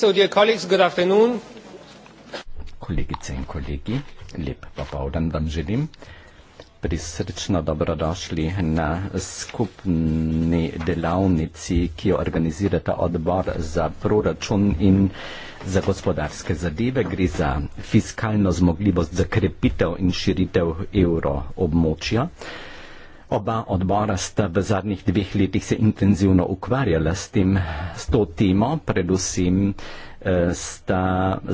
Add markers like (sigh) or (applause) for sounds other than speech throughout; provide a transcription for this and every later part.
so dear colleagues, good afternoon. Kolegice in kolegi, lep popoldan vam želim. Prisrčno dobrodošli na skupni delavnici, ki jo organizirata odbor za proračun in za gospodarske zadeve. Gre za fiskalno zmogljivost za krepitev in širitev evroobmočja. Oba odbora sta v zadnjih dveh letih se intenzivno ukvarjala s, tem, s to temo, predvsem eh, sta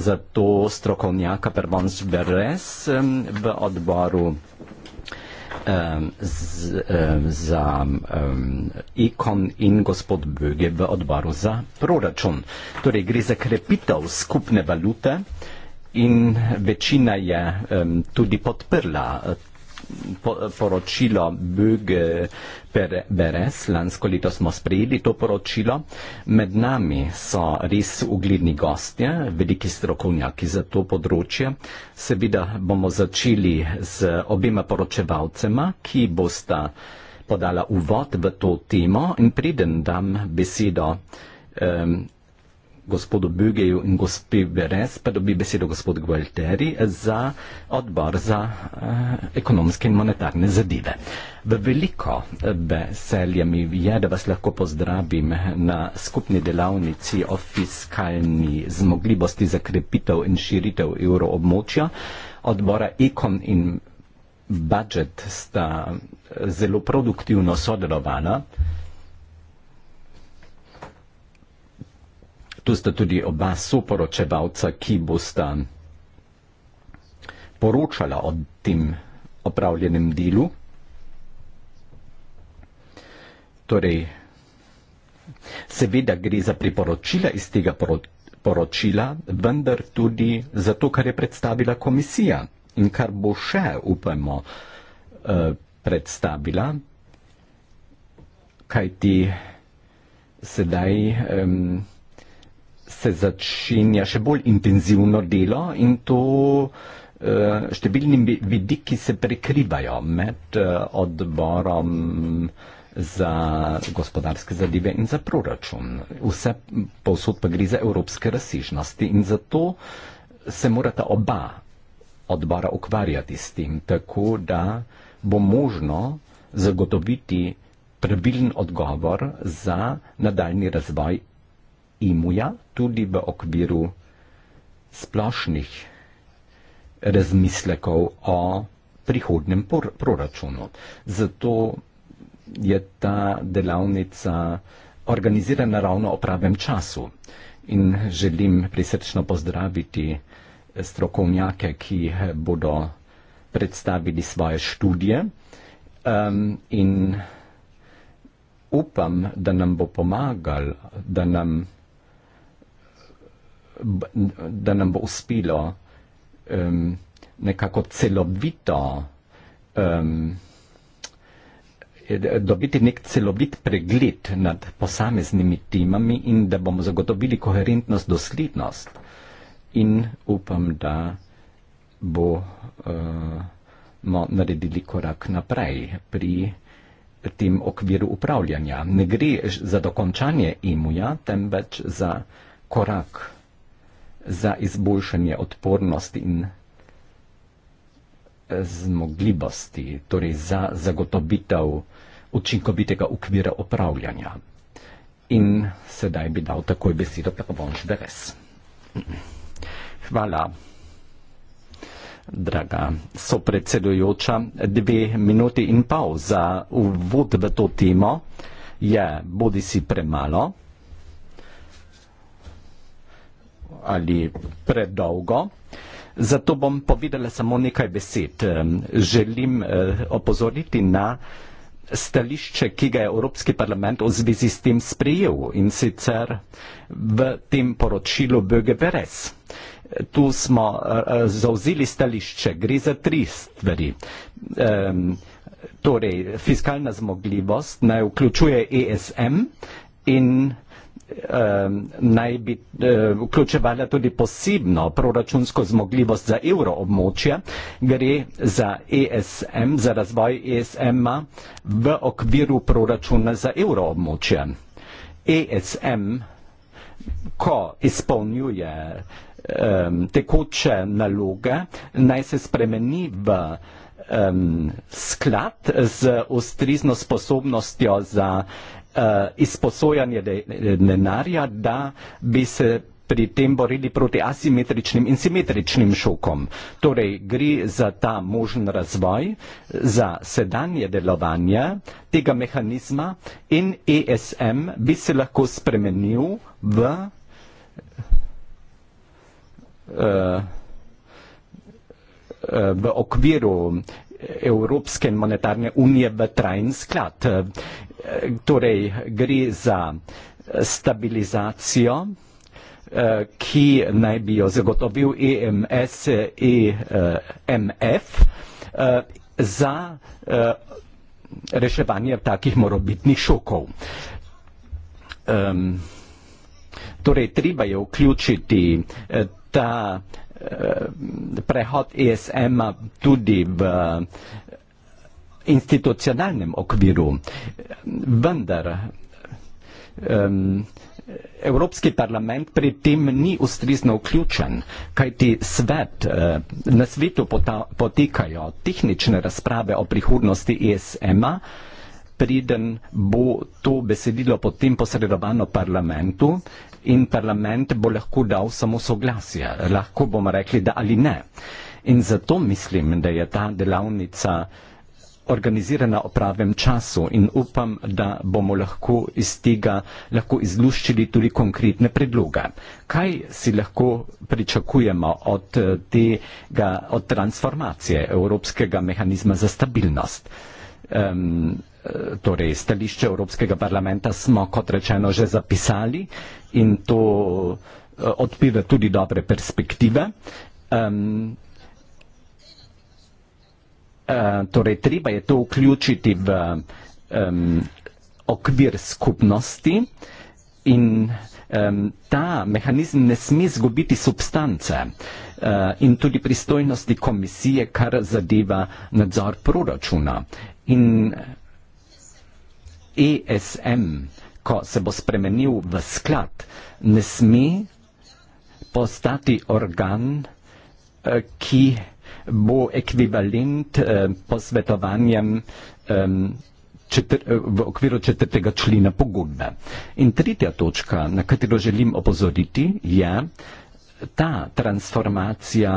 zato strokovnjaka Pervons Beres v odboru za ikon in gospod Böge v odboru za proračun. Torej gre za krepitev skupne valute in večina je tudi podprla eh, poročilo Böge Beres, lansko leto smo sprejeli to poročilo. Med nami so res ugledni gostje, veliki strokovnjaki za to področje. Seveda bomo začeli z obima poročevalcema, ki bosta podala uvod v to temo in preden dam besedo gospodu Bügeju in gospi Beres pa dobi besedo gospod Gualteri za odbor za eh, ekonomske in monetarne zadeve. V veliko eh, veselje mi je, da vas lahko pozdravim na skupni delavnici o fiskalni zmogljivosti za krepitev in širitev euroobmočja odbora Ekon in budžet sta eh, zelo produktivno sodelovala. Tu sta tudi oba soporočevalca, ki bosta poročala o tem opravljenem delu. Torej, seveda gre za priporočila iz tega poročila, vendar tudi za to, kar je predstavila komisija in kar bo še, upajmo, eh, predstavila, kaj ti sedaj. Um, se začenja še bolj intenzivno delo in to eh, številnim vidiki se prekrivajo med eh, odborom za gospodarske zadeve in za proračun. Vse povsod pa gre za evropske razsežnosti in zato se morata oba odbora ukvarjati s tem, tako da bo možno zagotoviti pravilen odgovor za nadaljni razvoj imuja tudi v okviru splošnih razmislekov o prihodnem por, proračunu. Zato je ta delavnica organizirana ravno o pravem času in želim prisrčno pozdraviti strokovnjake, ki bodo predstavili svoje študije um, in upam, da nam bo pomagal, da nam da nam bo uspelo um, nekako celovito um, dobiti nek celovit pregled nad posameznimi temami in da bomo zagotovili koherentnost, doslednost. In upam, da bomo uh, naredili korak naprej pri tem okviru upravljanja. Ne gre za dokončanje imuja, e temveč za korak naprej za izboljšanje odpornosti in eh, zmogljivosti, torej za zagotovitev učinkovitega ukvira upravljanja. In sedaj bi dal takoj besedo Pepavonš Beres. Hvala, draga sopredsedujoča. Dve minuti in pol za uvod v to temo je bodi si premalo. ali predolgo. Zato bom povedala samo nekaj besed. Želim eh, opozoriti na stališče, ki ga je Evropski parlament v zvezi s tem sprejel in sicer v tem poročilu BGBRS. Tu smo eh, zauzeli stališče, gre za tri stvari. Ehm, torej, fiskalna zmogljivost naj vključuje ESM in Ehm, naj bi ehm, vključevala tudi posebno proračunsko zmogljivost za evroobmočje, gre za ESM, za razvoj ESM-a v okviru proračuna za evroobmočje. ESM, ko izpolnjuje ehm, tekoče naloge, naj se spremeni v proračun, um, sklad z ustrizno sposobnostjo za uh, izposojanje denarja, da bi se pri tem borili proti asimetričnim in simetričnim šokom. Torej gre za ta možen razvoj, za sedanje delovanje tega mehanizma in ESM bi se lahko spremenil v uh, v okviru Evropske monetarne unije v trajen sklad. Torej gre za stabilizacijo, ki naj bi jo zagotovil EMS, EMF za reševanje takih morobitnih šokov. Torej, treba je vključiti eh, ta Eh, prehod ESM-a tudi v institucionalnem okviru. Vendar um, Evropski parlament pri tem ni ustrizno vključen, kajti svet, eh, na svetu pota, potekajo tehnične razprave o prihodnosti ESM-a, preden bo to besedilo potem posredovano parlamentu in parlament bo lahko dal samo soglasje. Lahko bomo rekli, da ali ne. In zato mislim, da je ta delavnica organizirana o pravem času in upam, da bomo lahko iz tega lahko izluščili tudi konkretne predloge. Kaj si lahko pričakujemo od, eh, tega, od transformacije Evropskega mehanizma za stabilnost? Um, torej stališče Evropskega parlamenta smo, kot rečeno, že zapisali in to eh, odpira tudi dobre perspektive. Um, torej, treba je to vključiti v um, okvir skupnosti in um, ta mehanizem ne sme zgubiti substance uh, in tudi pristojnosti komisije, kar zadeva nadzor proračuna. In ESM, ko se bo spremenil v sklad, ne sme postati organ, eh, ki bo ekvivalent eh, posvetovanjem eh, četr, v okviru četrtega člena pogodbe. In tretja točka, na katero želim opozoriti, je ta transformacija,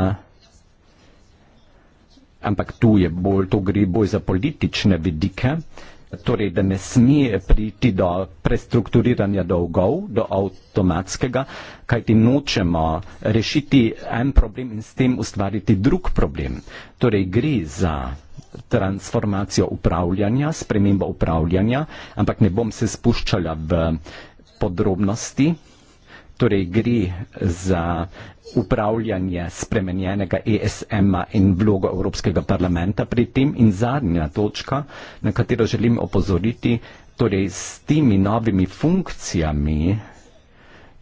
ampak tu je bolj, to gre bolj za politične vidike, eh, torej, da ne sme priti do prestrukturiranja dolgov, do avtomatskega, kajti nočemo rešiti en problem in s tem ustvariti drug problem. Torej, gre za transformacijo upravljanja, spremembo upravljanja, ampak ne bom se spuščala v podrobnosti torej gre za upravljanje spremenjenega ESM-a in vlogo Evropskega parlamenta pri tem in zadnja točka, na katero želim opozoriti, torej s temi novimi funkcijami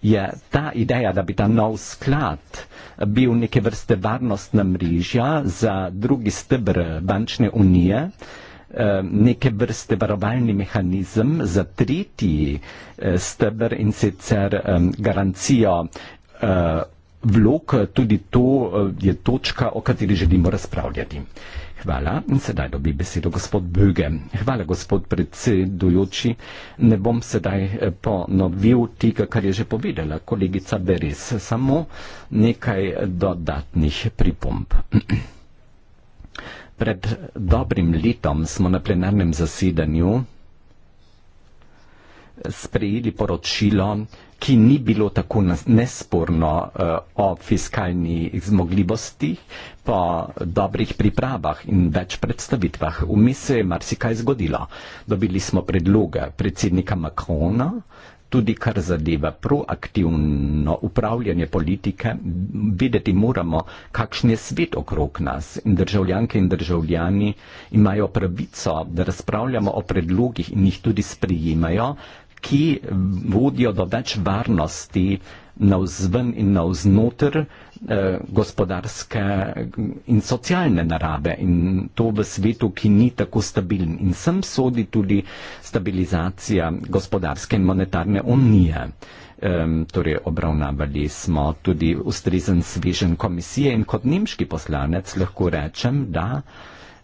je ta ideja, da bi ta nov sklad bil neke vrste varnostna mrežja za drugi stebr bančne unije, Ehm, neke vrste varovalni mehanizem za tretji eh, steber in sicer ehm, garancijo eh, vlog, tudi to eh, je točka, o kateri želimo razpravljati. Hvala in sedaj dobi besedo gospod Böge. Hvala gospod predsedujoči. Ne bom sedaj ponovil tega, kar je že povedala kolegica Beres. Samo nekaj dodatnih pripomb. (clears throat) Pred dobrim letom smo na plenarnem zasedanju sprejeli poročilo, ki ni bilo tako nesporno eh, o fiskalnih zmogljivostih po dobrih pripravah in več predstavitvah. Vmes se je marsikaj zgodilo. Dobili smo predloge predsednika Makrona, tudi kar zadeva proaktivno upravljanje politike, videti moramo, kakšen je svet okrog nas in državljanke in državljani imajo pravico, da razpravljamo o predlogih in jih tudi sprejemajo, ki vodijo do več varnosti navzven in navznoter eh, gospodarske in socialne narave in to v svetu, ki ni tako stabilen. In sem sodi tudi stabilizacija gospodarske in monetarne unije. Eh, torej obravnavali smo tudi ustrezen svežen komisije in kot nemški poslanec lahko rečem, da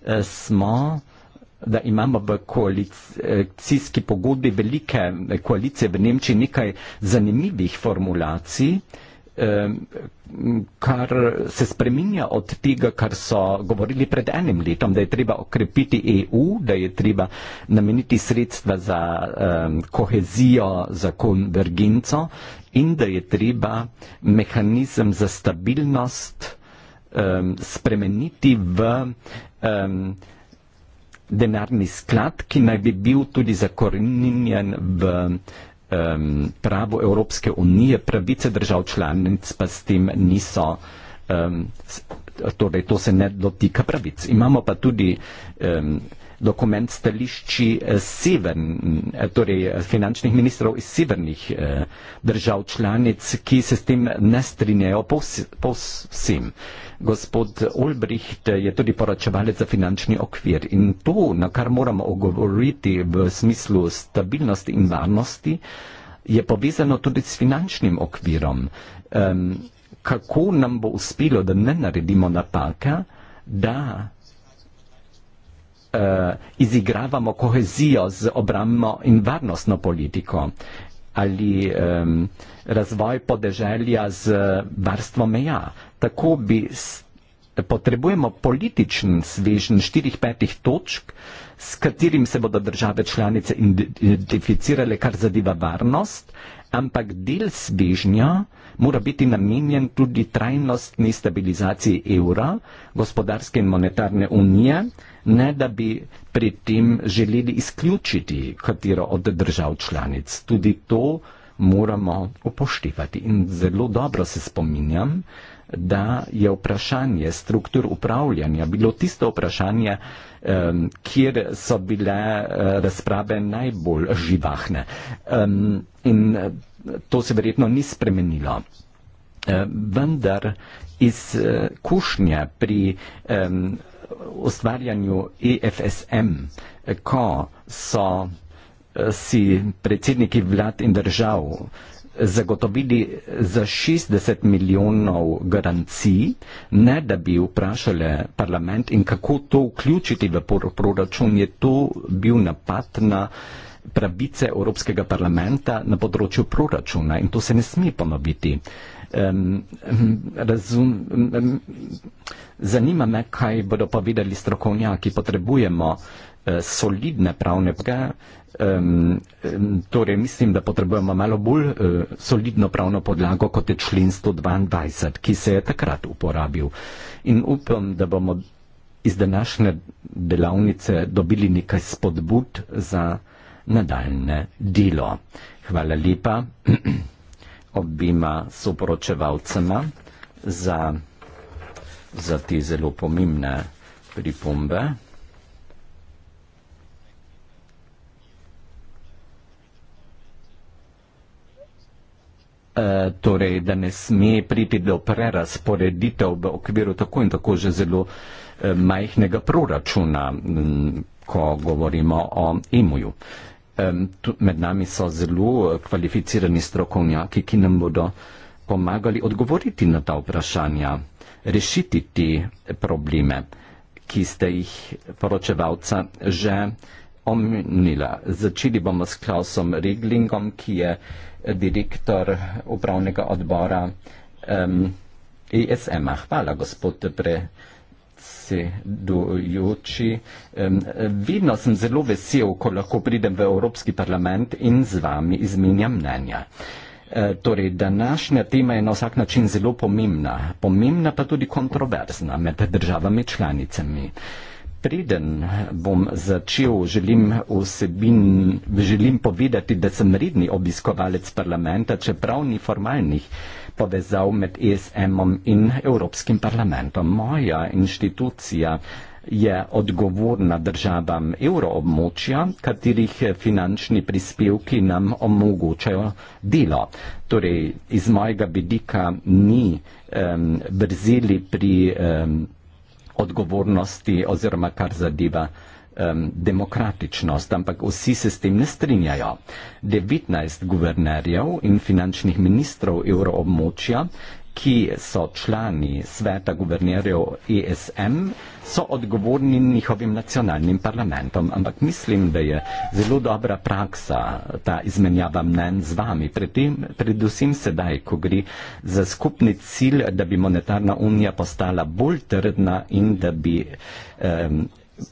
eh, smo eh, da imamo v koalicijski pogodbi velike koalicije v Nemčiji nekaj zanimivih formulacij, kar se spreminja od tega, kar so govorili pred enim letom, da je treba okrepiti EU, da je treba nameniti sredstva za kohezijo, za konvergenco in da je treba mehanizem za stabilnost spremeniti v denarni sklad, ki naj bi bil tudi zakorinjen v um, pravo Evropske unije, pravice držav članic pa s tem niso. Um, torej, to se ne dotika pravic. Imamo pa tudi um, dokument stališči eh, severn, eh, torej eh, finančnih ministrov iz severnih držav članic, ki se s tem ne strinjajo povsem. Gospod Ulbricht je tudi poračevalec za finančni okvir in to, na kar moramo ogovoriti v smislu stabilnosti in varnosti, je povezano tudi s finančnim okvirom. Kako nam bo uspelo, da ne naredimo napaka, da uh, izigravamo kohezijo z obrambno in varnostno politiko ali um, razvoj podeželja z varstvom meja. Tako bi potrebujemo političen svežen štirih petih točk, s katerim se bodo države članice identificirale kar zadeva varnost, ampak del svežnja mora biti namenjen tudi trajnostni stabilizaciji evra, gospodarske in monetarne unije, ne da bi pri tem želeli izključiti katero od držav članic. Tudi to moramo upoštevati. In zelo dobro se spominjam, da je vprašanje struktur upravljanja bilo tisto vprašanje, kjer so bile eh, razprave najbolj živahne. In eh, to se verjetno ni spremenilo. Vendar izkušnje eh, pri ustvarjanju EFSM, ko so eh, si predsedniki vlad in držav zagotovili za 60 milijonov garancij, ne da bi vprašali parlament in kako to vključiti v proračun, je to bil napad na pravice Evropskega parlamenta na področju proračuna in to se ne sme ponoviti razum, zanima me, kaj bodo povedali strokovnjaki. Potrebujemo eh, solidne pravne pge, torej mislim, da potrebujemo malo bolj eh, solidno pravno podlago, kot je člen 122, ki se je takrat uporabil. In upam, da bomo iz današnje delavnice dobili nekaj spodbud za nadaljne delo. Hvala lepa. (clears throat) obima soporočevalcema za, za te zelo pomembne pripombe. E, torej, da ne sme priti do prerasporeditev v okviru tako in tako že zelo e, majhnega proračuna, m, ko govorimo o emuju med nami so zelo kvalificirani strokovnjaki, ki nam bodo pomagali odgovoriti na ta vprašanja, rešiti te probleme, ki ste jih poročevalca že omenila. Začeli bomo s Klausom Riglingom, ki je direktor upravnega odbora ESM-a. Hvala, gospod Prezident predsedujoči. Vedno sem zelo vesel, ko lahko pridem v Evropski parlament in z vami izmenjam mnenja. E, torej, današnja tema je na vsak način zelo pomembna, pomembna pa tudi kontroverzna med državami članicami. Preden bom začel, želim, vsebin, želim povedati, da sem redni obiskovalec parlamenta, čeprav ni formalnih povezav med ESM-om in Evropskim parlamentom. Moja inštitucija je odgovorna državam evroobmočja, katerih finančni prispevki nam omogočajo delo. Torej, iz mojega vidika ni um, brzeli pri um, odgovornosti oziroma kar zadeva um, demokratičnost, ampak vsi se s tem ne strinjajo. 19 guvernerjev in finančnih ministrov evroobmočja, ki so člani sveta guvernerjev ESM, so odgovorni njihovim nacionalnim parlamentom, ampak mislim, da je zelo dobra praksa ta izmenjava mnen z vami, Predtem, predvsem sedaj, ko gre za skupni cilj, da bi monetarna unija postala bolj trdna in da bi um,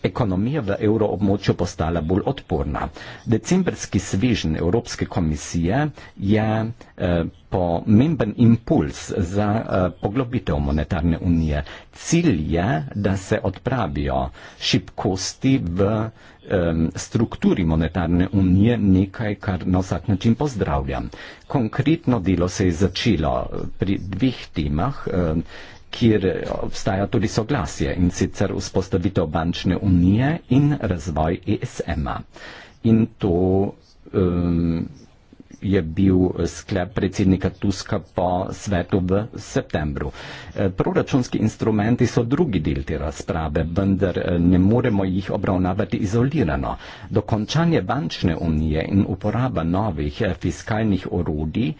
ekonomija v evroobmočju postala bolj odporna. Decembrski svežen Evropske komisije je eh, pomemben impuls za eh, poglobitev monetarne unije. Cilj je, da se odpravijo šibkosti v eh, strukturi monetarne unije, nekaj, kar na vsak način pozdravljam. Konkretno delo se je začelo pri dveh temah. Eh, kjer obstaja tudi soglasje in sicer vzpostavitev bančne unije in razvoj ESM-a. In to um, je bil sklep predsednika Tuska po svetu v septembru. E, proračunski instrumenti so drugi del te razprave, vendar e, ne moremo jih obravnavati izolirano. Dokončanje bančne unije in uporaba novih e, fiskalnih orodij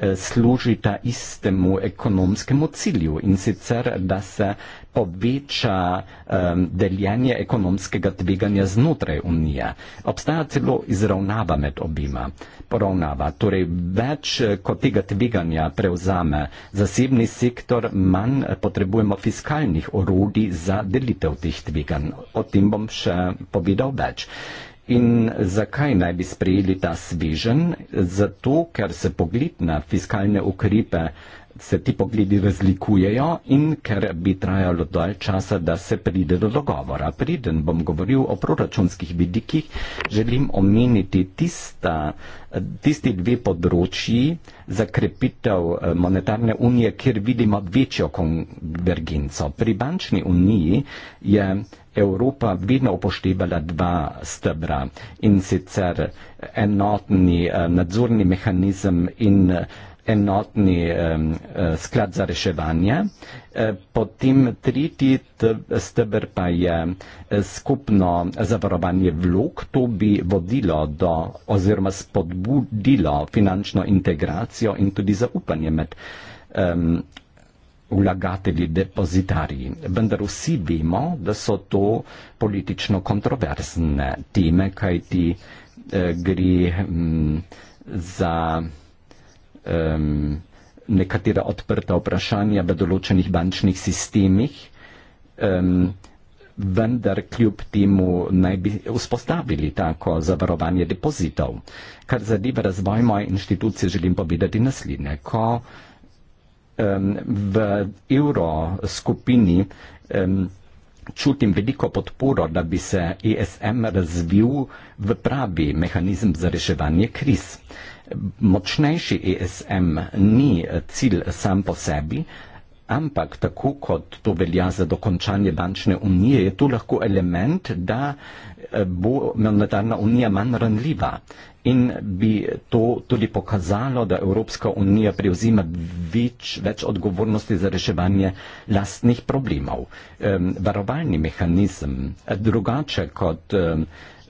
Eh, služita istemu ekonomskemu cilju in sicer, da se poveča um, deljenje ekonomskega tveganja znotraj Unije. Obstaja celo izravnava med obima. Poravnava. Torej, več eh, kot tega tveganja prevzame zasebni sektor, manj potrebujemo fiskalnih orodij za delitev teh tveganj. O tem bom še povedal več. Uh, In zakaj naj bi sprejeli ta svežen? Zato, ker se pogled na fiskalne ukrepe, se ti pogledi razlikujejo in ker bi trajalo dalj časa, da se pride do dogovora. Priden bom govoril o proračunskih vidikih, želim omeniti tista, tisti dve področji za krepitev eh, monetarne unije, kjer vidimo večjo konvergenco. Pri bančni uniji je Evropa vedno upoštevala dva stebra in sicer enotni eh, nadzorni mehanizem in eh, enotni um, sklad za reševanje. Potem tretji steber pa je skupno zavarovanje vlog. To bi vodilo do oziroma spodbudilo finančno integracijo in tudi zaupanje med um, vlagatelji, depozitarji. Vendar vsi vemo, da so to politično kontroverzne teme, kajti eh, gre m, mm, za um, nekatera odprta vprašanja v določenih bančnih sistemih. Um, vendar kljub temu naj bi vzpostavili tako zavarovanje depozitov. Kar zadeva razvoj moje inštitucije, želim povedati naslednje. Ko uh, um, v euroskupini um, čutim veliko podporo, da bi se ESM razvil v pravi mehanizem za reševanje kriz. Močnejši ESM ni cilj sam po sebi, ampak tako kot to velja za dokončanje bančne unije, je to lahko element, da eh, bo monetarna unija manj ranljiva in bi to tudi pokazalo, da Evropska unija prevzima več, več odgovornosti za reševanje lastnih problemov. Ehm, varovalni mehanizem, drugače kot ehm,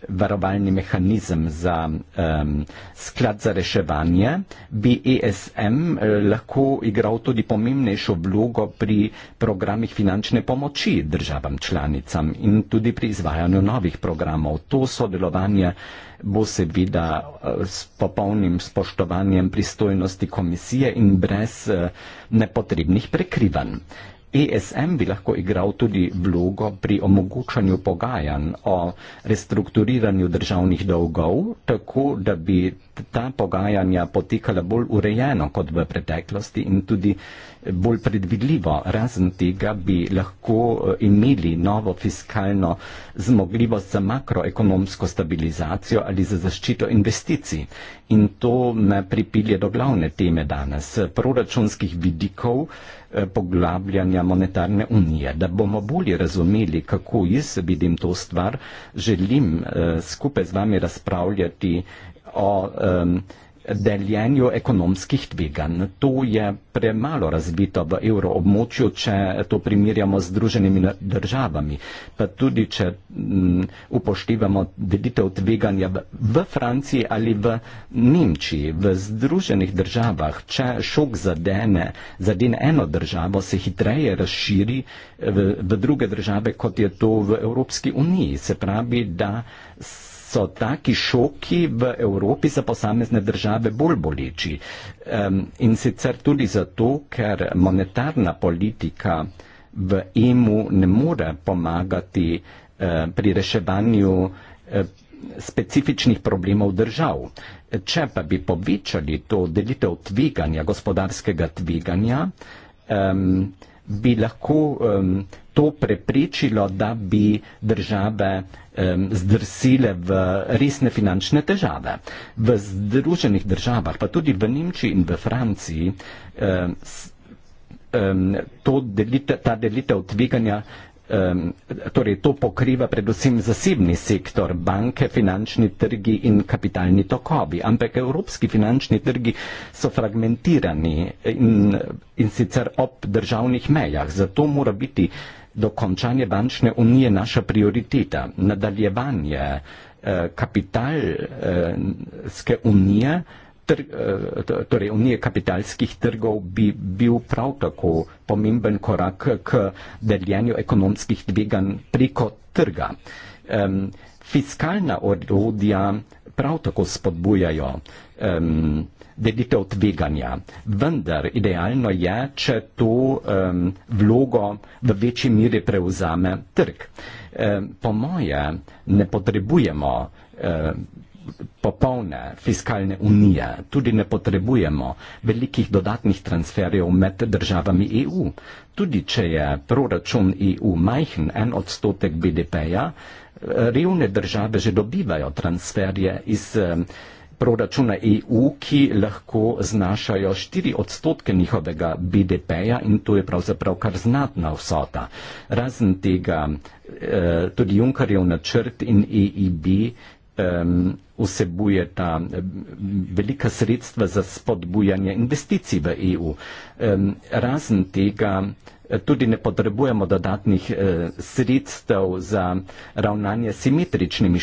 varovalni mehanizem za um, sklad za reševanje, bi ESM eh, lahko igral tudi pomembnejšo vlogo pri programih finančne pomoči državam članicam in tudi pri izvajanju novih programov. To sodelovanje bo seveda eh, s popolnim spoštovanjem pristojnosti komisije in brez uh, nepotrebnih prekrivanj. ESM bi lahko igral tudi vlogo pri omogočanju pogajanj o restrukturiranju državnih dolgov, tako da bi ta pogajanja potekala bolj urejeno kot v preteklosti in tudi bolj predvidljivo. Razen tega bi lahko eh, imeli novo fiskalno zmogljivost za makroekonomsko stabilizacijo ali za zaščito investicij. In to me pripilje do glavne teme danes, eh, proračunskih vidikov eh, poglabljanja monetarne unije. Da bomo bolje razumeli, kako jaz vidim to stvar, želim skupaj z vami razpravljati o um, deljenju ekonomskih tveganj. To je premalo razvito v evroobmočju, če to primirjamo z druženimi državami. Pa tudi, če upoštevamo delitev tveganja v Franciji ali v Nemčiji, v združenih državah, če šok zadene, zadene eno državo, se hitreje razširi v, v druge države, kot je to v Evropski uniji. Se pravi, da se so taki šoki v Evropi za posamezne države bolj boliči. Um, in sicer tudi zato, ker monetarna politika v EMU ne more pomagati uh, pri reševanju uh, specifičnih problemov držav. Če pa bi povečali to delitev tveganja, gospodarskega tveganja, um, bi lahko um, to preprečilo, da bi države um, zdrsile v resne finančne težave. V Združenih državah, pa tudi v Nemčiji in v Franciji, um, um, to delite, ta delitev tveganja. Um, torej to pokriva predvsem zasebni sektor, banke, finančni trgi in kapitalni tokovi. Ampak evropski finančni trgi so fragmentirani in, in sicer ob državnih mejah. Zato mora biti uh, dokončanje bančne unije naša prioriteta. Nadaljevanje eh, kapitalske eh, unije, tr, eh, torej unije kapitalskih trgov bi bil prav tako pomemben korak k deljenju ekonomskih tveganj preko trga. Fiskalna orodja prav tako spodbujajo um, delitev tveganja. Vendar idealno je, če to um, vlogo v večji miri prevzame trg. Um, po moje ne potrebujemo um, popolne fiskalne unije, tudi ne potrebujemo velikih dodatnih transferjev med državami EU. Tudi če je proračun EU majhen, en odstotek BDP-ja, revne države že dobivajo transferje iz um, proračuna EU, ki lahko znašajo 4 odstotke njihovega BDP-ja in to je pravzaprav kar znatna vsota. Razen tega, eh, tudi Junkarjev načrt in EIB vsebuje ta eh, velika sredstva za spodbujanje investicij v EU. Razen tega, tudi ne potrebujemo dodatnih eh, sredstev za ravnanje simetričnimi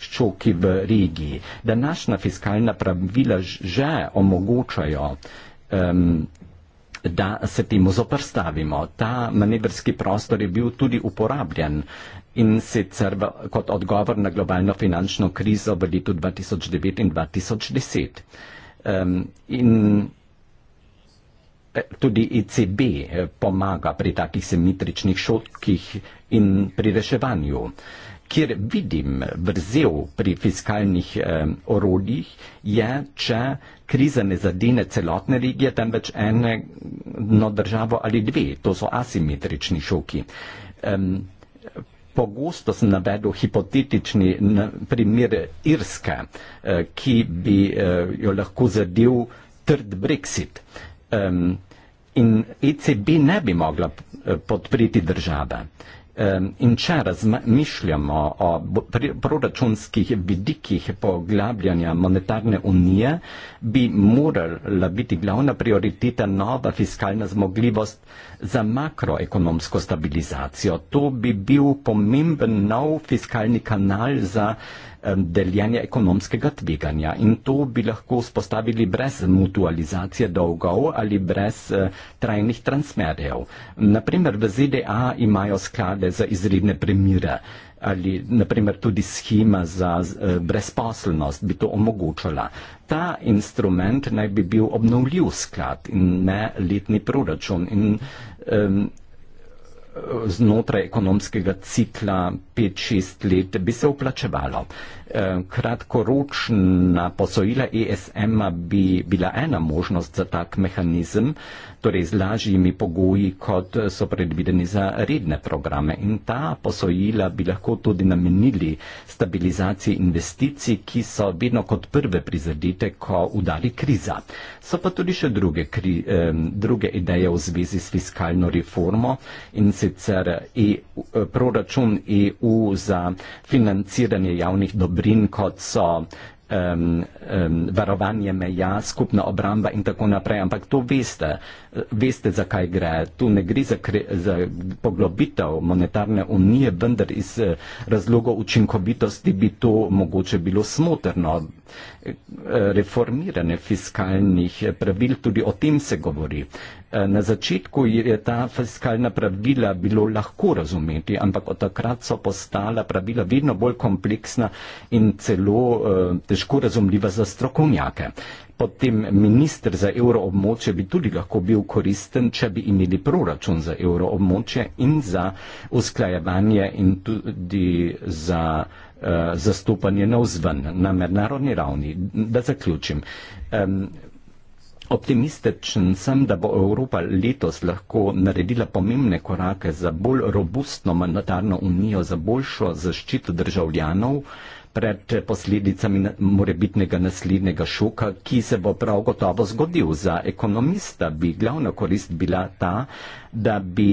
šoki v regiji. Današnja fiskalna pravila že omogočajo, ehm, da se temu zoprstavimo. Ta manevrski prostor je bil tudi uporabljen in sicer v, kot odgovor na globalno finančno krizo v letu 2009 in 2010. Ehm, in Eh, tudi ICB e eh, pomaga pri takih simetričnih šokih in pri reševanju. Kjer vidim vrzel pri fiskalnih eh, orodjih, je, če kriza ne zadine celotne regije, temveč eno državo ali dve. To so asimetrični šoki. Um, Pogosto sem navedel hipotetični primer Irske, eh, ki bi jo lahko zadel trd Brexit um, in ECB ne bi mogla eh, podpriti države. In če razmišljamo o proračunskih vidikih poglabljanja monetarne unije, bi morala biti glavna prioriteta nova fiskalna zmogljivost za makroekonomsko stabilizacijo. To bi bil pomemben nov fiskalni kanal za deljenje ekonomskega tveganja. In to bi lahko spostavili brez mutualizacije dolgov ali brez eh, trajnih transmerjev. Naprimer, v ZDA imajo sklade za izredne primire ali naprimer tudi schema za eh, brezposelnost bi to omogočala. Ta instrument naj bi bil obnovljiv sklad in ne letni proračun in um, znotraj ekonomskega cikla 5-6 let bi se uplačevalo. Uh, Eh, kratkoročna posojila ESM-a bi bila ena možnost za tak mehanizem, torej z lažjimi pogoji, kot so predvideni za redne programe. In ta posojila bi lahko tudi namenili stabilizaciji investicij, ki so vedno kot prve prizadete, ko udari kriza. So pa tudi še druge, kri, eh, druge ideje v zvezi s fiskalno reformo in sicer EU, eh, proračun EU za financiranje javnih dobrin dobrin, kot so um, um, varovanje meja, skupna obramba in tako naprej. Ampak to veste, veste, zakaj gre. Tu ne gre za, kre, za poglobitev monetarne unije, vendar iz eh, razlogov učinkovitosti bi to mogoče bilo smotrno. Eh, reformiranje fiskalnih pravil, tudi o tem se govori. Eh, na začetku je ta fiskalna pravila bilo lahko razumeti, ampak od takrat so postala pravila vedno bolj kompleksna in celo težko razumljiva za strokovnjake potem minister za evroobmoče bi tudi lahko bil koristen, če bi imeli proračun za evroobmoče in za usklajevanje in tudi za uh, zastopanje na vzven, na mednarodni ravni. Da zaključim. Um, Optimističen sem, da bo Evropa letos lahko naredila pomembne korake za bolj robustno monetarno unijo, za boljšo zaščito državljanov. Uh, pred posledicami morebitnega naslednjega šoka, ki se bo prav gotovo zgodil. Za ekonomista bi glavna korist bila ta, da bi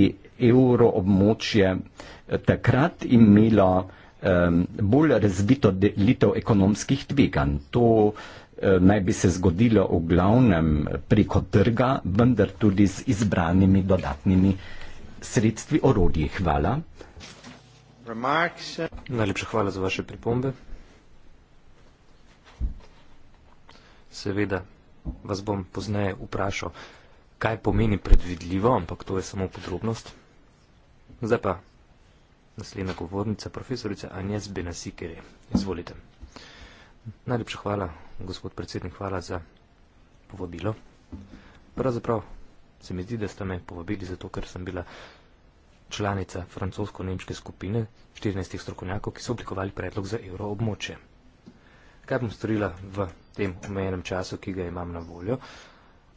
evroobmočje eh, takrat imelo um, bolj razvito delitev ekonomskih tveganj. To um, naj bi se zgodilo v glavnem preko trga, vendar tudi z izbranimi dodatnimi sredstvi orodji. Hvala. Najlepša hvala za vaše pripombe. Seveda vas bom pozneje vprašal, kaj pomeni predvidljivo, ampak to je samo podrobnost. Zdaj pa naslednja govornica, profesorica Anjes Benasikere. Izvolite. Najlepša hvala, gospod predsednik, hvala za povabilo. Pravzaprav se mi zdi, da ste me povabili zato, ker sem bila članica francosko-nemške skupine 14 strokovnjakov, ki so oblikovali predlog za evroobmočje. Kaj bom storila v tem omejenem času, ki ga imam na voljo?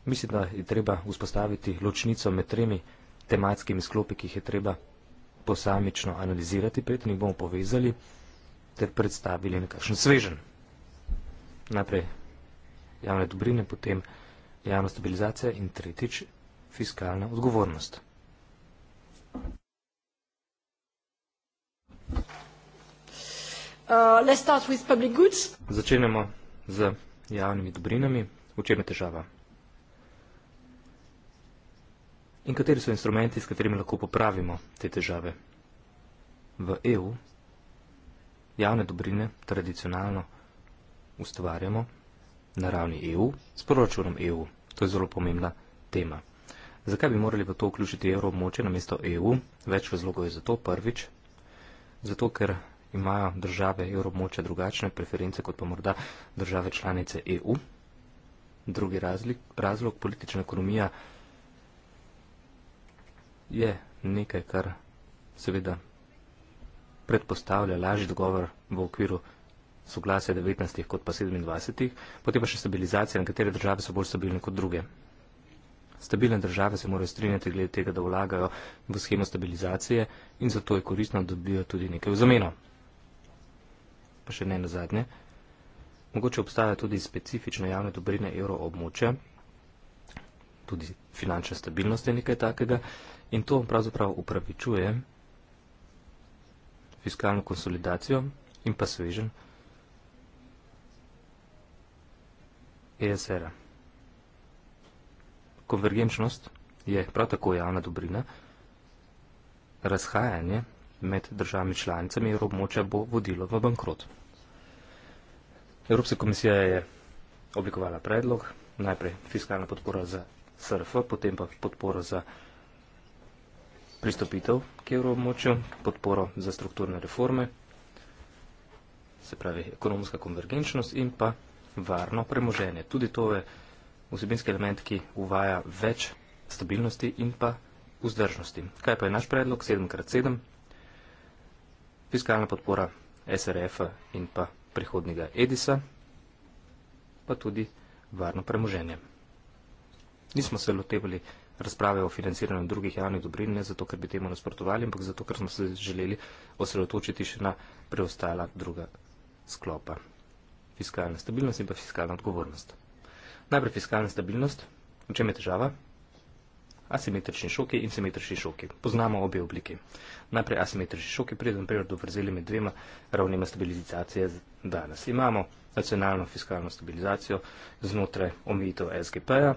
Mislim, da je treba vzpostaviti ločnico med tremi tematskimi sklopi, ki jih je treba posamično analizirati, preden jih bomo povezali ter predstavili nekakšen svežen. Najprej javne dobrine, potem javna stabilizacija in tretjič fiskalna odgovornost. Uh, let's start with public goods. Začenjamo z javnimi dobrinami. V čem je težava? In kateri so instrumenti, s katerimi lahko popravimo te težave? V EU javne dobrine tradicionalno ustvarjamo na ravni EU s proračunom EU. To je zelo pomembna tema. Zakaj bi morali v to vključiti evroobmoče namesto EU? Več razlogov je za to. Prvič, zato ker imajo države evroobmoče drugačne preference kot pa morda države članice EU. Drugi razlik, razlog, politična ekonomija je nekaj, kar seveda predpostavlja lažji dogovor v okviru soglasja 19. kot pa 27. Potem pa še stabilizacija, nekatere države so bolj stabilne kot druge. Stabilne države se morajo strinjati glede tega, da vlagajo v schemo stabilizacije in zato je koristno, da dobijo tudi nekaj v zameno. Pa še ne na zadnje. Mogoče obstaja tudi specifične javne dobrine evroobmoče, tudi finančna stabilnost je nekaj takega in to pravzaprav upravičuje fiskalno konsolidacijo in pa svežen ESR-a. Konvergenčnost je prav tako javna dobrina. Razhajanje med državami članicami evroobmočja bo vodilo v bankrot. Evropska komisija je oblikovala predlog, najprej fiskalna podpora za SRF, potem pa podpora za pristopitev k evroobmočju, podporo za strukturne reforme, se pravi ekonomska konvergenčnost in pa varno premoženje. Tudi to je vsebinski element, ki uvaja več stabilnosti in pa vzdržnosti. Kaj pa je naš predlog? 7x7, fiskalna podpora SRF in pa prihodnjega Edisa, pa tudi varno premoženje. Nismo se lotevali razprave o financiranju drugih javnih dobrin, ne zato, ker bi temu nasprotovali, ampak zato, ker smo se želeli osredotočiti še na preostala druga sklopa. Fiskalna stabilnost in pa fiskalna odgovornost. Najprej fiskalna stabilnost, v čem je težava? Asimetrični šoki in simetrični šoki. Poznamo obe obliki. Najprej asimetrični šoki pride naprej do vrzeli med dvema ravnima stabilizacije danes. Imamo nacionalno fiskalno stabilizacijo znotraj omejitev SGP-ja.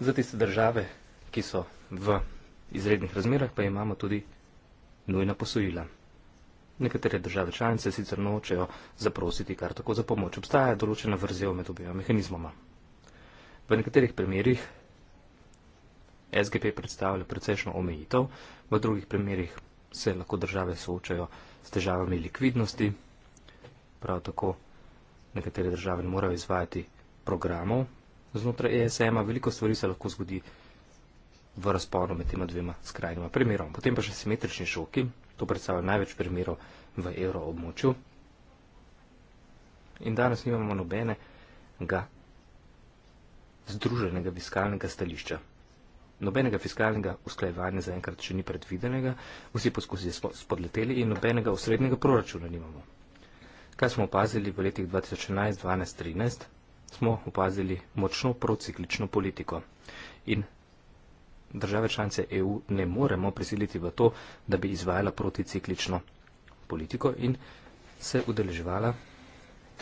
Za tiste države, ki so v izrednih razmerah, pa imamo tudi nujna posojila. Nekatere države članice sicer nočejo zaprositi kar tako za pomoč. Obstaja določena vrzel med obima mehanizmoma. V nekaterih primerjih SGP predstavlja precejšno omejitev, v drugih primerjih se lahko države soočajo s težavami likvidnosti, prav tako nekatere države ne morajo izvajati programov. Znotraj ESM-a veliko stvari se lahko zgodi v razponu med tema dvema skrajnima primeroma. Potem pa še simetrični šoki, To predstavlja največ primerov v evroobmočju. In danes nimamo nobenega združenega fiskalnega stališča. Nobenega fiskalnega usklajevanja zaenkrat še ni predvidenega, vsi poskusi spodleteli in nobenega osrednjega proračuna nimamo. Kaj smo opazili v letih 2011, 2012, 2013? Smo opazili močno prociklično politiko. In države članice EU ne moremo prisiliti v to, da bi izvajala proticiklično politiko in se udeleževala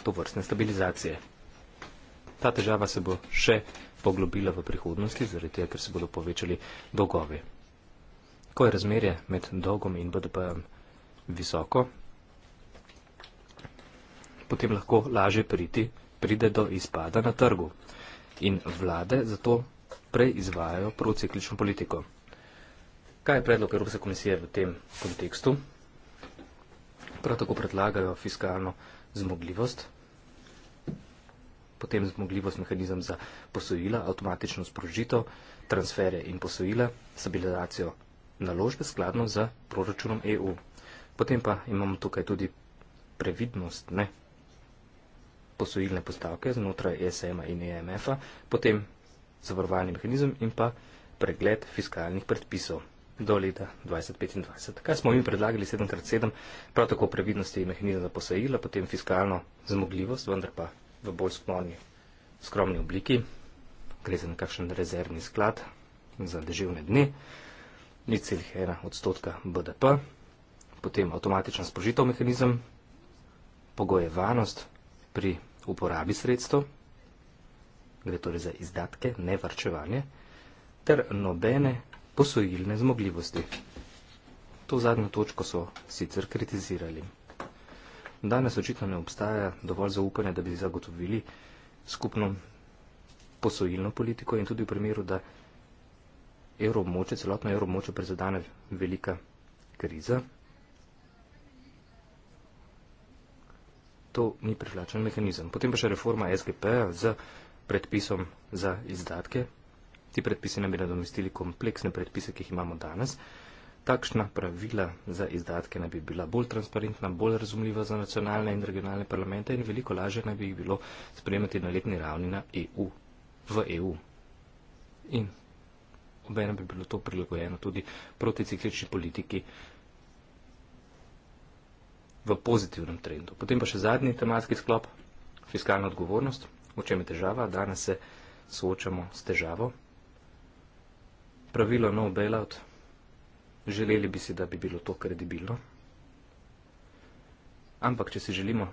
to vrstne stabilizacije. Ta težava se bo še poglobila v prihodnosti, zaradi tega, ker se bodo povečali dolgovi. Ko je razmerje med dolgom in BDP-em visoko, potem lahko laže priti, pride do izpada na trgu. In vlade zato naprej izvajajo prociklično politiko. Kaj je predlog Evropske komisije v tem kontekstu? Prav tako predlagajo fiskalno zmogljivost, potem zmogljivost mehanizem za posojila, avtomatično sprožito, transfere in posojila, stabilizacijo naložbe skladno z proračunom EU. Potem pa imamo tukaj tudi previdnostne posojilne postavke znotraj ESM-a in EMF-a, potem zavarovalni mehanizem in pa pregled fiskalnih predpisov do leta 2025. Kaj smo mi predlagali 7x7, prav tako previdnosti in mehanizem za posojila, potem fiskalno zmogljivost, vendar pa v bolj skromni, skromni obliki. Gre za nekakšen rezervni sklad za deževne dne, ni celih ena odstotka BDP, potem avtomatičen sprožitev mehanizem, pogojevanost pri uporabi sredstev, gre torej za izdatke, ne varčevanje, ter nobene posojilne zmogljivosti. To zadnjo točko so sicer kritizirali. Danes očitno ne obstaja dovolj zaupanja, da bi zagotovili skupno posojilno politiko in tudi v primeru, da evromoče, celotno evromoče prezadane velika kriza. To ni privlačen mehanizem. Potem pa še reforma SGP z predpisom za izdatke. Ti predpisi nam bi nadomestili kompleksne predpise, ki jih imamo danes. Takšna pravila za izdatke naj bi bila bolj transparentna, bolj razumljiva za nacionalne in regionalne parlamente in veliko lažje naj bi jih bilo sprejemati na letni ravni na EU, v EU. In obena bi bilo to prilagojeno tudi proticiklični politiki v pozitivnem trendu. Potem pa še zadnji tematski sklop, fiskalna odgovornost v čem je težava, danes se soočamo s težavo. Pravilo no bailout, želeli bi si, da bi bilo to kredibilno, ampak če si želimo,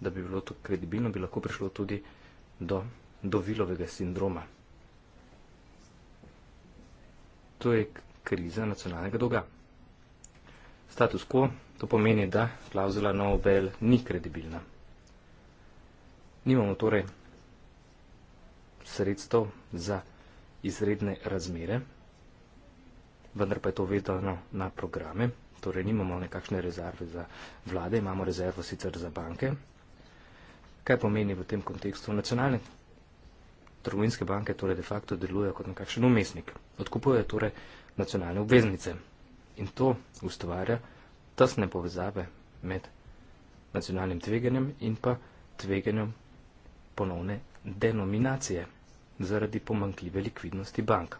da bi bilo to kredibilno, bi lahko prišlo tudi do, do vilovega sindroma. To je kriza nacionalnega dolga. Status quo, to pomeni, da klauzula no bail ni kredibilna. Nimamo torej sredstev za izredne razmere, vendar pa je to vedno na programe, torej nimamo nekakšne rezerve za vlade, imamo rezervo sicer za banke. Kaj pomeni v tem kontekstu? Nacionalne trgovinske banke torej de facto delujejo kot nekakšen umestnik. Odkupujejo torej nacionalne obveznice in to ustvarja tasne povezave med nacionalnim tveganjem in pa tveganjem ponovne denominacije zaradi pomankljive likvidnosti bank.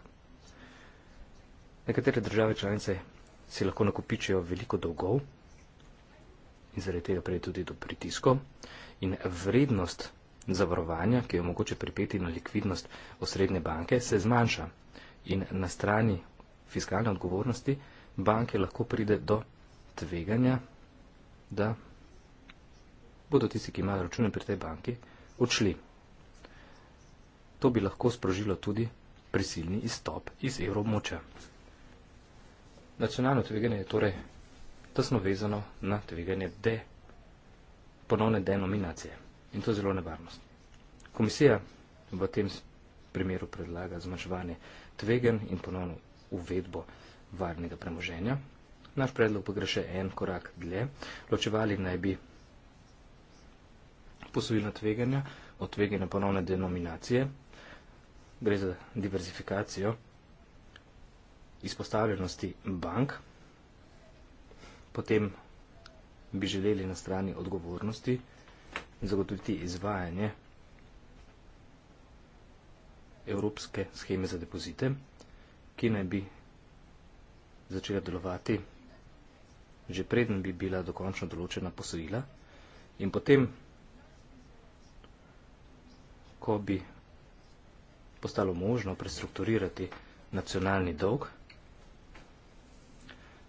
Nekatere države članice si lahko nakopičijo veliko dolgov in zaradi tega prije tudi do pritiskov in vrednost zavarovanja, ki jo mogoče pripeti na likvidnost osrednje banke, se zmanjša in na strani fiskalne odgovornosti banke lahko pride do tveganja, da bodo tisti, ki imajo račune pri tej banki, odšli. To bi lahko sprožilo tudi prisilni izstop iz evroobmoča. Nacionalno tveganje je torej tesno vezano na tveganje de, ponovne denominacije in to je zelo nevarnost. Komisija v tem primeru predlaga zmanjševanje tvegen in ponovno uvedbo varnega premoženja. Naš predlog pa gre še en korak dlje. Ločevali naj bi posojilna tveganja, od tveganja ponovne denominacije, gre za diverzifikacijo izpostavljenosti bank, potem bi želeli na strani odgovornosti zagotoviti izvajanje evropske scheme za depozite, ki naj bi začela delovati že preden bi bila dokončno določena posojila in potem kako bi postalo možno prestrukturirati nacionalni dolg,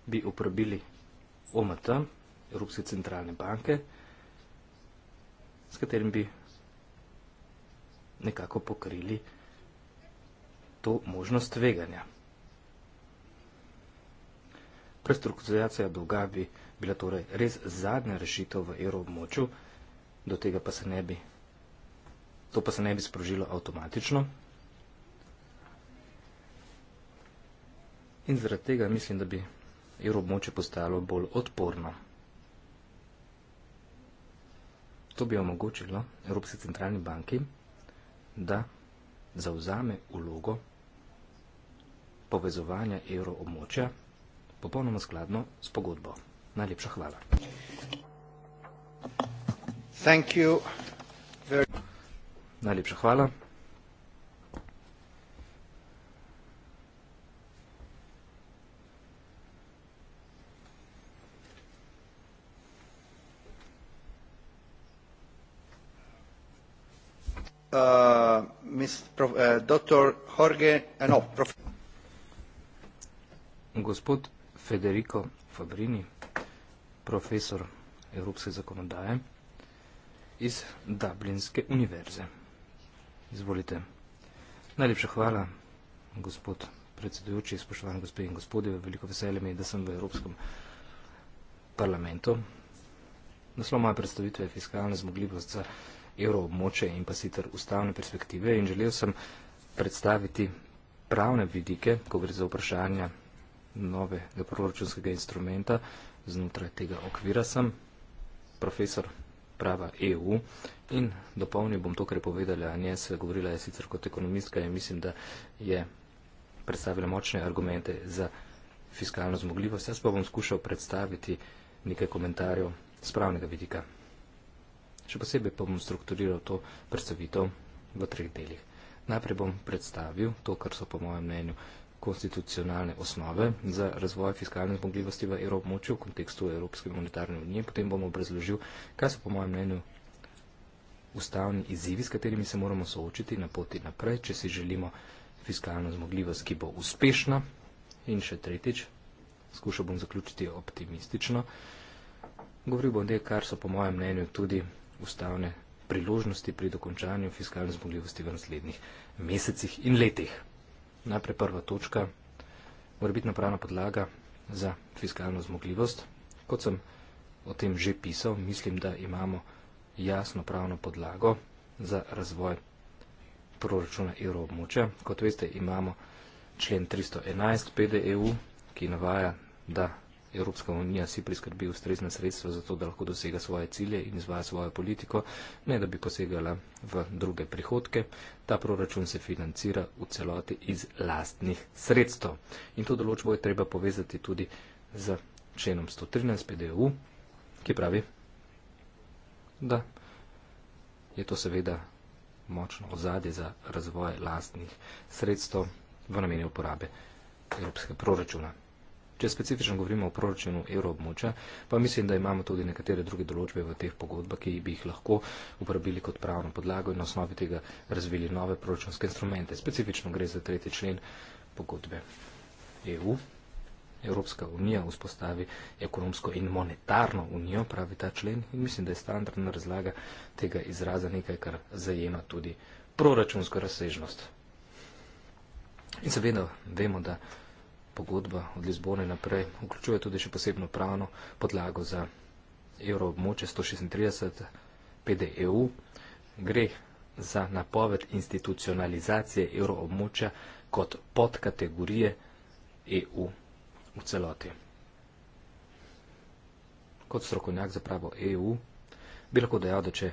bi uporabili OMT, Evropske centralne banke, s katerim bi nekako pokrili to možnost veganja. Prestrukturizacija dolga bi bila torej res zadnja rešitev v evroobmoču, do tega pa se ne bi To pa se ne bi sprožilo avtomatično. In zaradi tega mislim, da bi evroobmoče postajalo bolj odporno. To bi omogočilo Evropski centralni banki, da zauzame ulogo povezovanja evroobmoča popolnoma skladno s pogodbo. Najlepša hvala. Thank you very Najlepša hvala. Uh, Mr. Uh, Dr. Jorge, uh, no, prof. Gospod Federico Fabrini, profesor evropske zakonodaje iz Dublinske univerze. Izvolite. Najlepša hvala, gospod predsedujoči, spoštovani gospe in gospodje, veliko veselje mi, da sem v Evropskem parlamentu. Naslov moje predstavitve je fiskalna zmogljivost za evroobmoče in pa sicer ustavne perspektive in želel sem predstaviti pravne vidike, ko gre za vprašanja novega proračunskega instrumenta, znotraj tega okvira sem profesor prava EU. In dopolnil bom to, kar je povedala Anjes, govorila je sicer kot ekonomistka in mislim, da je predstavila močne argumente za fiskalno zmogljivost. Jaz pa bom skušal predstaviti nekaj komentarjev z pravnega vidika. Še posebej pa bom strukturiral to predstavitev v treh delih. Najprej bom predstavil to, kar so po mojem mnenju konstitucionalne osnove za razvoj fiskalne zmogljivosti v evroobmočju v kontekstu Evropske monetarne unije. Potem bom obrazložil, kaj so po mojem mnenju ustavni izzivi, s katerimi se moramo soočiti na poti naprej, če si želimo fiskalno zmogljivost, ki bo uspešna. In še tretjič, skušal bom zaključiti optimistično. Govoril bom o tem, kar so po mojem mnenju tudi ustavne priložnosti pri dokončanju fiskalne zmogljivosti v naslednjih mesecih in letih najprej prva točka, morbitna pravna podlaga za fiskalno zmogljivost. Kot sem o tem že pisal, mislim, da imamo jasno pravno podlago za razvoj proračuna evroobmočja. Kot veste, imamo člen 311 PDEU, ki navaja, da Evropska unija si priskrbi ustrezna sredstva za to, da lahko dosega svoje cilje in izvaja svojo politiko, ne da bi posegala v druge prihodke. Ta proračun se financira v celoti iz lastnih sredstev. In to določbo je treba povezati tudi z členom 113 PDU, ki pravi, da je to seveda močno ozadje za razvoj lastnih sredstev v namenu uporabe evropskega proračuna če specifično govorimo o proračunu evroobmoča, pa mislim, da imamo tudi nekatere druge določbe v teh pogodbah, ki bi jih lahko uporabili kot pravno podlago in na osnovi tega razvili nove proračunske instrumente. Specifično gre za tretji člen pogodbe EU. Evropska unija vzpostavi ekonomsko in monetarno unijo, pravi ta člen. In mislim, da je standardna razlaga tega izraza nekaj, kar zajema tudi proračunsko razsežnost. In seveda vemo, da pogodba od Lizbone naprej vključuje tudi še posebno pravno podlago za evroobmoče 136 PDEU. Gre za napoved institucionalizacije evroobmoča kot podkategorije EU v celoti. Kot strokovnjak za pravo EU bi lahko dejal, da če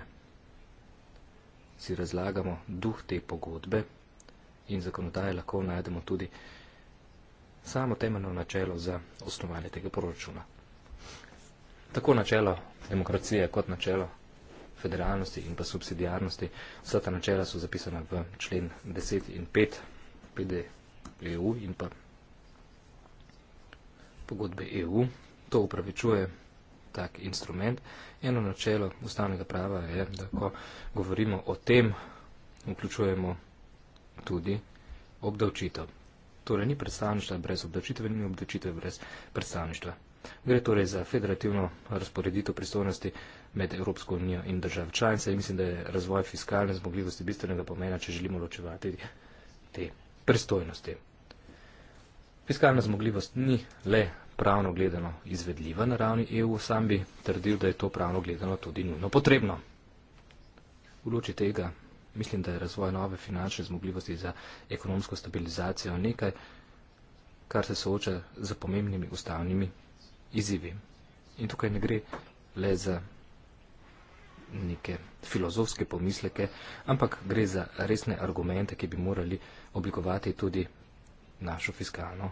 si razlagamo duh te pogodbe in zakonodaje lahko najdemo tudi samo temeljno načelo za osnovanje tega proračuna. Tako načelo demokracije kot načelo federalnosti in pa subsidijarnosti, vsa ta načela so zapisana v člen 10 in 5 PD EU in pa pogodbe EU. To upravičuje tak instrument. Eno načelo ustavnega prava je, da ko govorimo o tem, vključujemo tudi obdavčitev torej ni predstavništva brez obdavčitve, ni obdavčitve brez predstavništva. Gre torej za federativno razporeditev pristojnosti med Evropsko unijo in držav članice in mislim, da je razvoj fiskalne zmogljivosti bistvenega pomena, če želimo ločevati te pristojnosti. Fiskalna zmogljivost ni le pravno gledano izvedljiva na ravni EU, sam bi trdil, da je to pravno gledano tudi nujno potrebno. V luči tega Mislim, da je razvoj nove finančne zmogljivosti za ekonomsko stabilizacijo nekaj, kar se sooča z pomembnimi ustavnimi izzivi. In tukaj ne gre le za neke filozofske pomisleke, ampak gre za resne argumente, ki bi morali oblikovati tudi našo fiskalno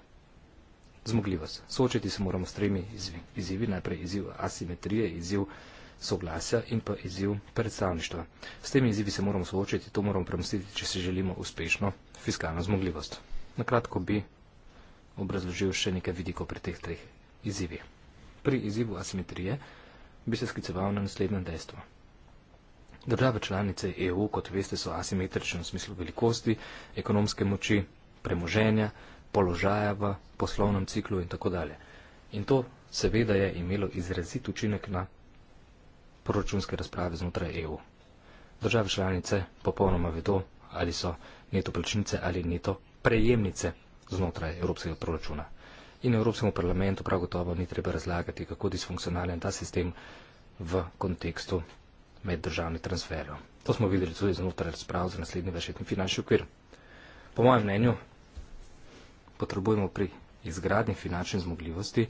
zmogljivost. Soočiti se moramo s tremi izzivi, najprej izziv asimetrije, izziv soglasja in pa izziv predstavništva. S temi izzivi se moramo soočiti, to moramo premestiti, če se želimo uspešno fiskalno zmogljivost. Na kratko bi obrazložil še nekaj vidikov pri teh treh izzivih. Pri izzivu asimetrije bi se skliceval na naslednje dejstvo. Države članice EU, kot veste, so asimetrične v smislu velikosti, ekonomske moči, premoženja, položaja v poslovnem ciklu in tako dalje. In to seveda je imelo izrazit učinek na proračunske razprave znotraj EU. Države članice popolnoma vedo, ali so neto plačnice ali neto prejemnice znotraj evropskega proračuna. In Evropskemu parlamentu prav gotovo ni treba razlagati, kako disfunkcionalen ta sistem v kontekstu med državni transferjo. To smo videli tudi znotraj razprav za naslednji vešetni finančni okvir. Po mojem mnenju potrebujemo pri izgradnji finančne zmogljivosti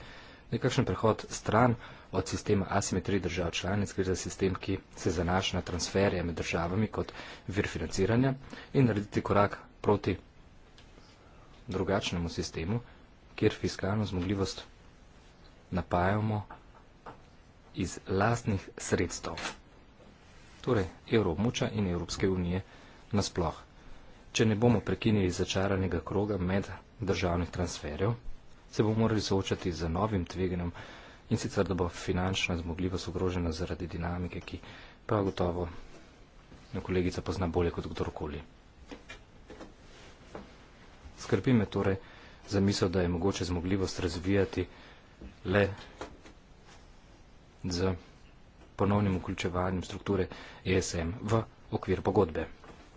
nekakšen prehod stran, od sistema asimetrije držav članic, gre za sistem, ki se zanaša na transferje med državami kot vir financiranja in narediti korak proti drugačnemu sistemu, kjer fiskalno zmogljivost napajamo iz lastnih sredstev, torej Evropmuča in Evropske unije nasploh. Če ne bomo prekinili začaranega kroga med državnih transferjev, se bomo morali soočati z novim tveganjem, in sicer da bo finančna zmogljivost ogrožena zaradi dinamike, ki pa gotovo kolegica pozna bolje kot kdorkoli. Skrbi me torej za misel, da je mogoče zmogljivost razvijati le z ponovnim vključevanjem strukture ESM v okvir pogodbe.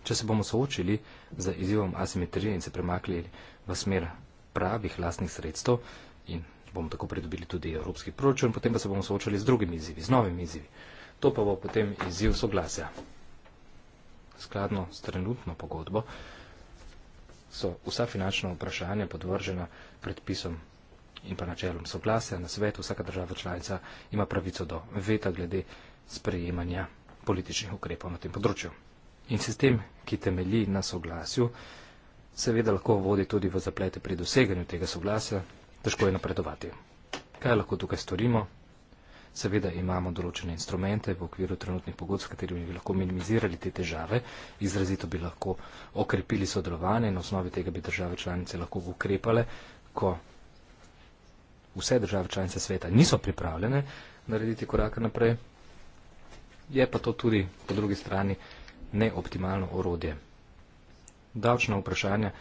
Če se bomo soočili z izjivom asimetrije in se premaklili v smer pravih lastnih sredstev in bomo tako pridobili tudi evropski proračun, potem pa se bomo soočali z drugimi izzivi, z novimi izzivi. To pa bo potem izziv soglasja. Skladno s trenutno pogodbo so vsa finančna vprašanja podvržena predpisom in pa načelom soglasja na svetu. Vsaka država članica ima pravico do veta glede sprejemanja političnih ukrepov na tem področju. In sistem, ki temelji na soglasju, seveda lahko vodi tudi v zaplete pri doseganju tega soglasja, težko je napredovati. Kaj lahko tukaj storimo? Seveda imamo določene instrumente v okviru trenutnih pogodb, s katerimi bi lahko minimizirali te težave, izrazito bi lahko okrepili sodelovanje in na osnovi tega bi države članice lahko ukrepale, ko vse države članice sveta niso pripravljene narediti koraka naprej. Je pa to tudi po drugi strani neoptimalno orodje. Davčna vprašanja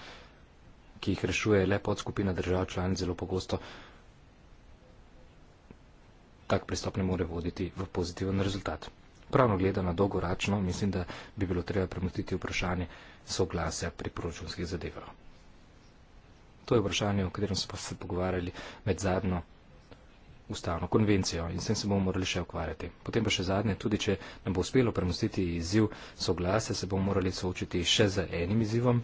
ki jih rešuje le podskupina držav članic, zelo pogosto tak pristop ne more voditi v pozitiven rezultat. Pravno gledano dolgoračno, mislim, da bi bilo treba premustiti vprašanje soglasja pri proračunskih zadevah. To je vprašanje, o katerem smo se pogovarjali med zadnjo ustavno konvencijo in s tem se bomo morali še ukvarjati. Potem pa še zadnje, tudi če nam bo uspelo premustiti izziv soglasja, se bomo morali soočiti še z enim izzivom,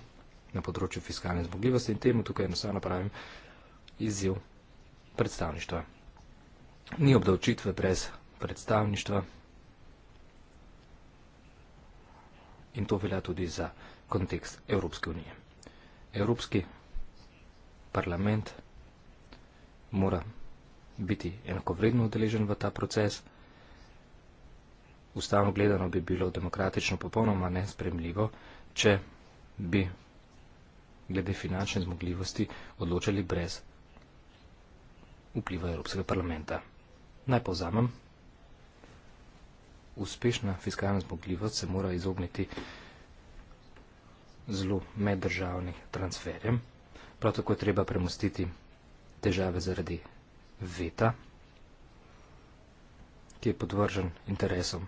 na področju fiskalne zmogljivosti in temu tukaj enostavno pravim izziv predstavništva. Ni obdavčitve brez predstavništva in to velja tudi za kontekst Evropske unije. Evropski parlament mora biti enakovredno udeležen v ta proces. Ustavno gledano bi bilo demokratično popolnoma nespremljivo, če bi glede finančne zmogljivosti odločali brez vpliva Evropskega parlamenta. Naj povzamem. Uspešna fiskalna zmogljivost se mora izogniti zelo meddržavnih transferjem. Prav tako je treba premostiti težave zaradi veta, ki je podvržen interesom